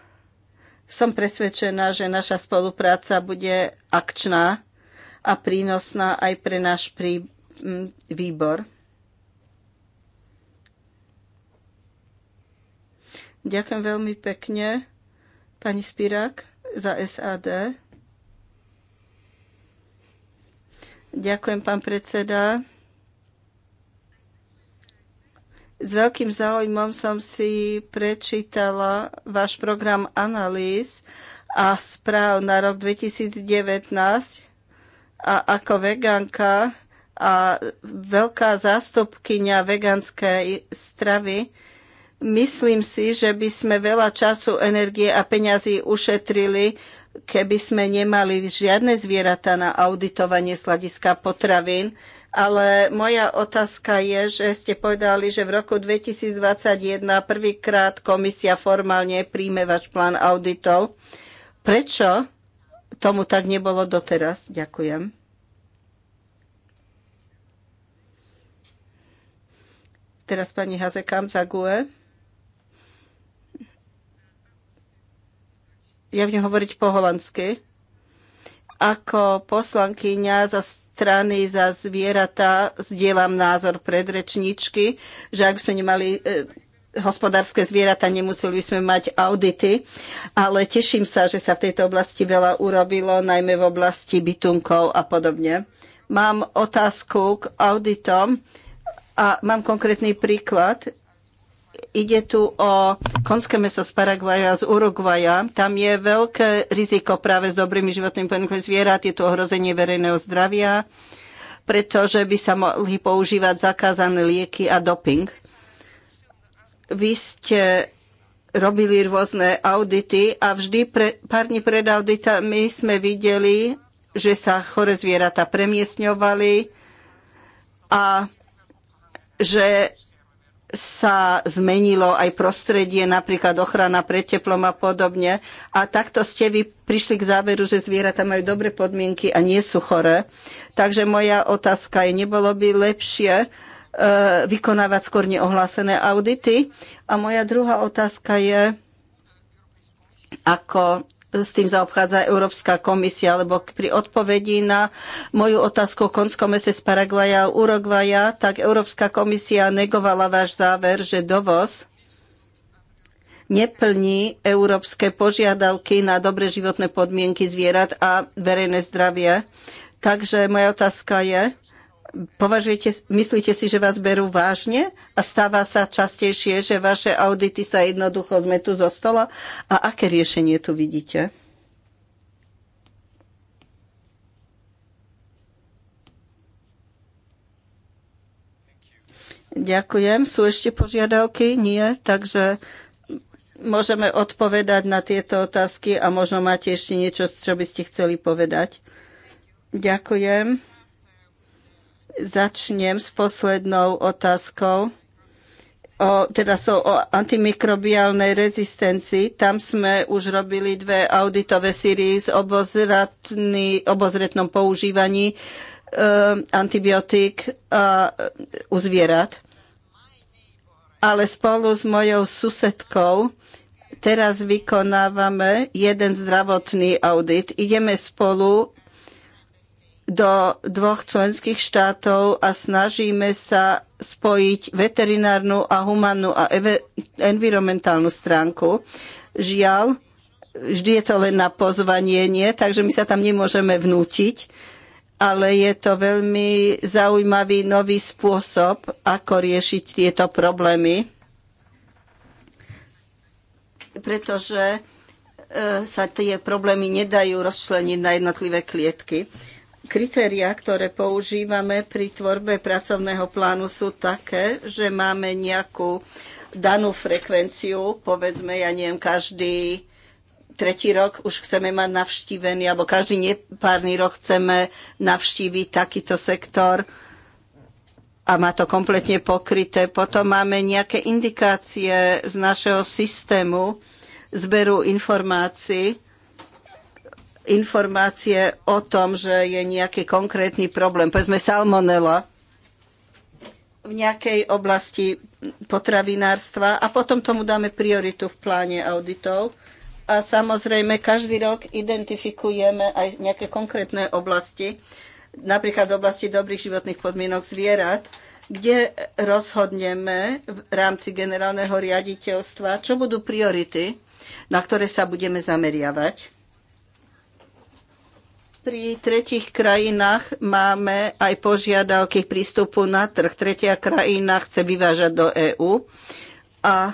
som presvedčená, že naša spolupráca bude akčná a prínosná aj pre náš prí, m, výbor. Ďakujem veľmi pekne, pani Spirák, za SAD. Ďakujem, pán predseda. S veľkým záujmom som si prečítala váš program analýz a správ na rok 2019 a ako veganka a veľká zástupkynia veganskej stravy, myslím si, že by sme veľa času, energie a peňazí ušetrili, keby sme nemali žiadne zvieratá na auditovanie sladiska hľadiska potravín ale moja otázka je, že ste povedali, že v roku 2021 prvýkrát komisia formálne príjme váš plán auditov. Prečo tomu tak nebolo doteraz? Ďakujem. Teraz pani Hazekam za GUE. Ja budem hovoriť po holandsky. Ako poslankyňa za strany za zvieratá zdieľam názor predrečničky, že ak by sme nemali e, hospodárske zvieratá, nemuseli sme mať audity, ale teším sa, že sa v tejto oblasti veľa urobilo, najmä v oblasti bytunkov a podobne. Mám otázku k auditom a mám konkrétny príklad. Ide tu o konské meso z Paraguaja, z Uruguaja. Tam je veľké riziko práve s dobrými životnými podmienkami zvierat. Je tu ohrozenie verejného zdravia, pretože by sa mohli používať zakázané lieky a doping. Vy ste robili rôzne audity a vždy pre, pár dní pred auditami sme videli, že sa chore zvieratá premiesňovali a že sa zmenilo aj prostredie, napríklad ochrana pred teplom a podobne. A takto ste vy prišli k záveru, že zvieratá majú dobré podmienky a nie sú choré. Takže moja otázka je, nebolo by lepšie e, vykonávať skôr neohlásené audity? A moja druhá otázka je, ako s tým zaobchádza Európska komisia, lebo pri odpovedi na moju otázku o konskom mese z Paraguaja a Uruguaja, tak Európska komisia negovala váš záver, že dovoz neplní európske požiadavky na dobre životné podmienky zvierat a verejné zdravie. Takže moja otázka je, Považujete, myslíte si, že vás berú vážne a stáva sa častejšie, že vaše audity sa jednoducho zmetú zo stola? A aké riešenie tu vidíte? Ďakujem. Sú ešte požiadavky? Nie. Takže môžeme odpovedať na tieto otázky a možno máte ešte niečo, čo by ste chceli povedať. Ďakujem. Začnem s poslednou otázkou o, teda sú o antimikrobiálnej rezistencii. Tam sme už robili dve auditové sírii s obozretnom používaní e, antibiotík a, u zvierat. Ale spolu s mojou susedkou teraz vykonávame jeden zdravotný audit. Ideme spolu do dvoch členských štátov a snažíme sa spojiť veterinárnu a humánnu a environmentálnu stránku. Žiaľ, vždy je to len na pozvanie, nie, takže my sa tam nemôžeme vnútiť, ale je to veľmi zaujímavý nový spôsob, ako riešiť tieto problémy, pretože e, sa tie problémy nedajú rozčleniť na jednotlivé klietky. Kritériá, ktoré používame pri tvorbe pracovného plánu sú také, že máme nejakú danú frekvenciu, povedzme, ja neviem, každý tretí rok už chceme mať navštívený, alebo každý nepárny rok chceme navštíviť takýto sektor a má to kompletne pokryté. Potom máme nejaké indikácie z našeho systému zberu informácií, informácie o tom, že je nejaký konkrétny problém, povedzme salmonela v nejakej oblasti potravinárstva a potom tomu dáme prioritu v pláne auditov. A samozrejme, každý rok identifikujeme aj nejaké konkrétne oblasti, napríklad v oblasti dobrých životných podmienok zvierat, kde rozhodneme v rámci generálneho riaditeľstva, čo budú priority, na ktoré sa budeme zameriavať pri tretich krajinách máme aj požiadavky k prístupu na trh. Tretia krajina chce vyvážať do EÚ a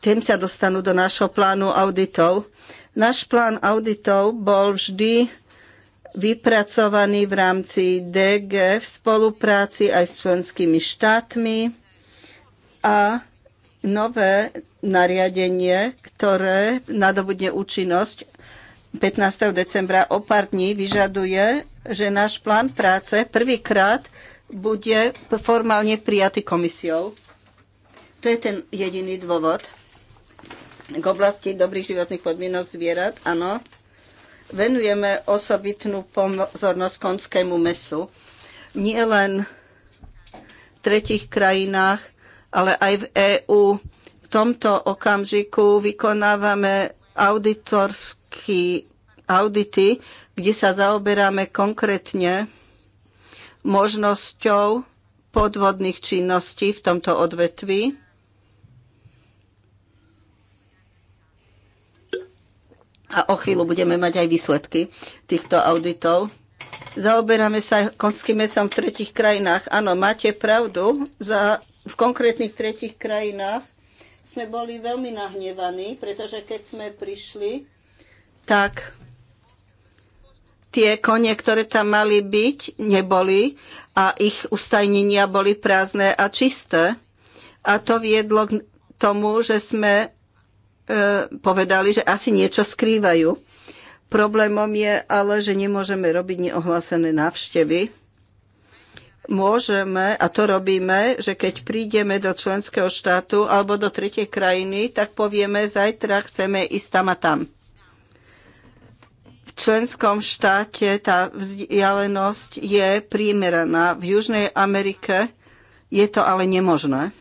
tým sa dostanú do nášho plánu auditov. Náš plán auditov bol vždy vypracovaný v rámci DG v spolupráci aj s členskými štátmi a nové nariadenie, ktoré nadobudne účinnosť 15. decembra o pár dní vyžaduje, že náš plán práce prvýkrát bude formálne prijatý komisiou. To je ten jediný dôvod. K oblasti dobrých životných podmienok zvierat, áno, venujeme osobitnú pozornosť konskému mesu. Nie len v tretich krajinách, ale aj v EÚ. V tomto okamžiku vykonávame auditorskú taký audity, kde sa zaoberáme konkrétne možnosťou podvodných činností v tomto odvetví. A o chvíľu budeme mať aj výsledky týchto auditov. Zaoberáme sa konským mesom v tretich krajinách. Áno, máte pravdu. Za, v konkrétnych tretich krajinách sme boli veľmi nahnevaní, pretože keď sme prišli tak tie kone, ktoré tam mali byť, neboli a ich ustajnenia boli prázdne a čisté. A to viedlo k tomu, že sme e, povedali, že asi niečo skrývajú. Problémom je ale, že nemôžeme robiť neohlásené návštevy. Môžeme, a to robíme, že keď prídeme do členského štátu alebo do tretej krajiny, tak povieme, zajtra chceme ísť tam a tam členskom štáte tá vzdialenosť je primeraná. V Južnej Amerike je to ale nemožné.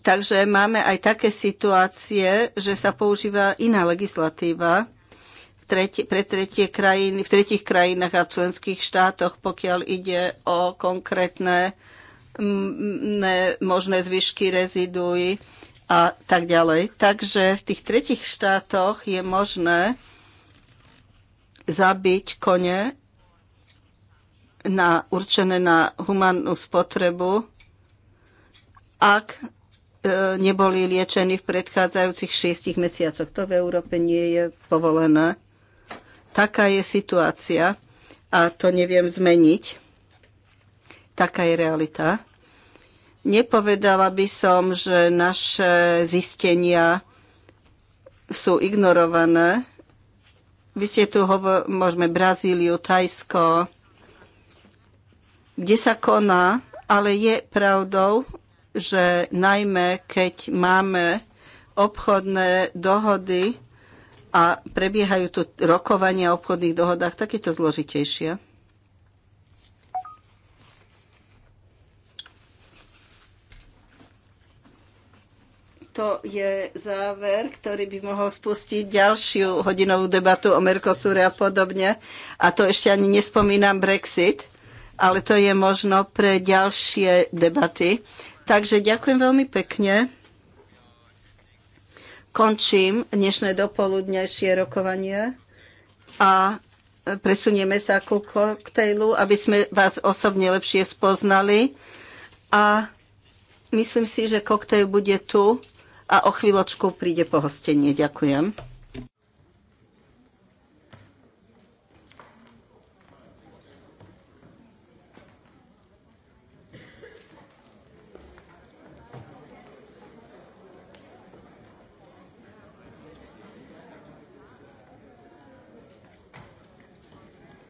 Takže máme aj také situácie, že sa používa iná legislatíva v, treti, pre tretie krajiny, v tretich krajinách a členských štátoch, pokiaľ ide o konkrétne možné zvyšky reziduj, a tak ďalej. Takže v tých tretich štátoch je možné zabiť kone na, určené na humánnu spotrebu, ak e, neboli liečení v predchádzajúcich šiestich mesiacoch. To v Európe nie je povolené. Taká je situácia a to neviem zmeniť. Taká je realita. Nepovedala by som, že naše zistenia sú ignorované. Vy ste tu hovorili, môžeme Brazíliu, Tajsko, kde sa koná, ale je pravdou, že najmä keď máme obchodné dohody a prebiehajú tu rokovania o obchodných dohodách, tak je to zložitejšie. to je záver, ktorý by mohol spustiť ďalšiu hodinovú debatu o Mercosure a podobne. A to ešte ani nespomínam Brexit, ale to je možno pre ďalšie debaty. Takže ďakujem veľmi pekne. Končím dnešné dopoludnejšie rokovanie a presunieme sa ku koktejlu, aby sme vás osobne lepšie spoznali. A myslím si, že koktejl bude tu a o chvíľočku príde pohostenie. Ďakujem.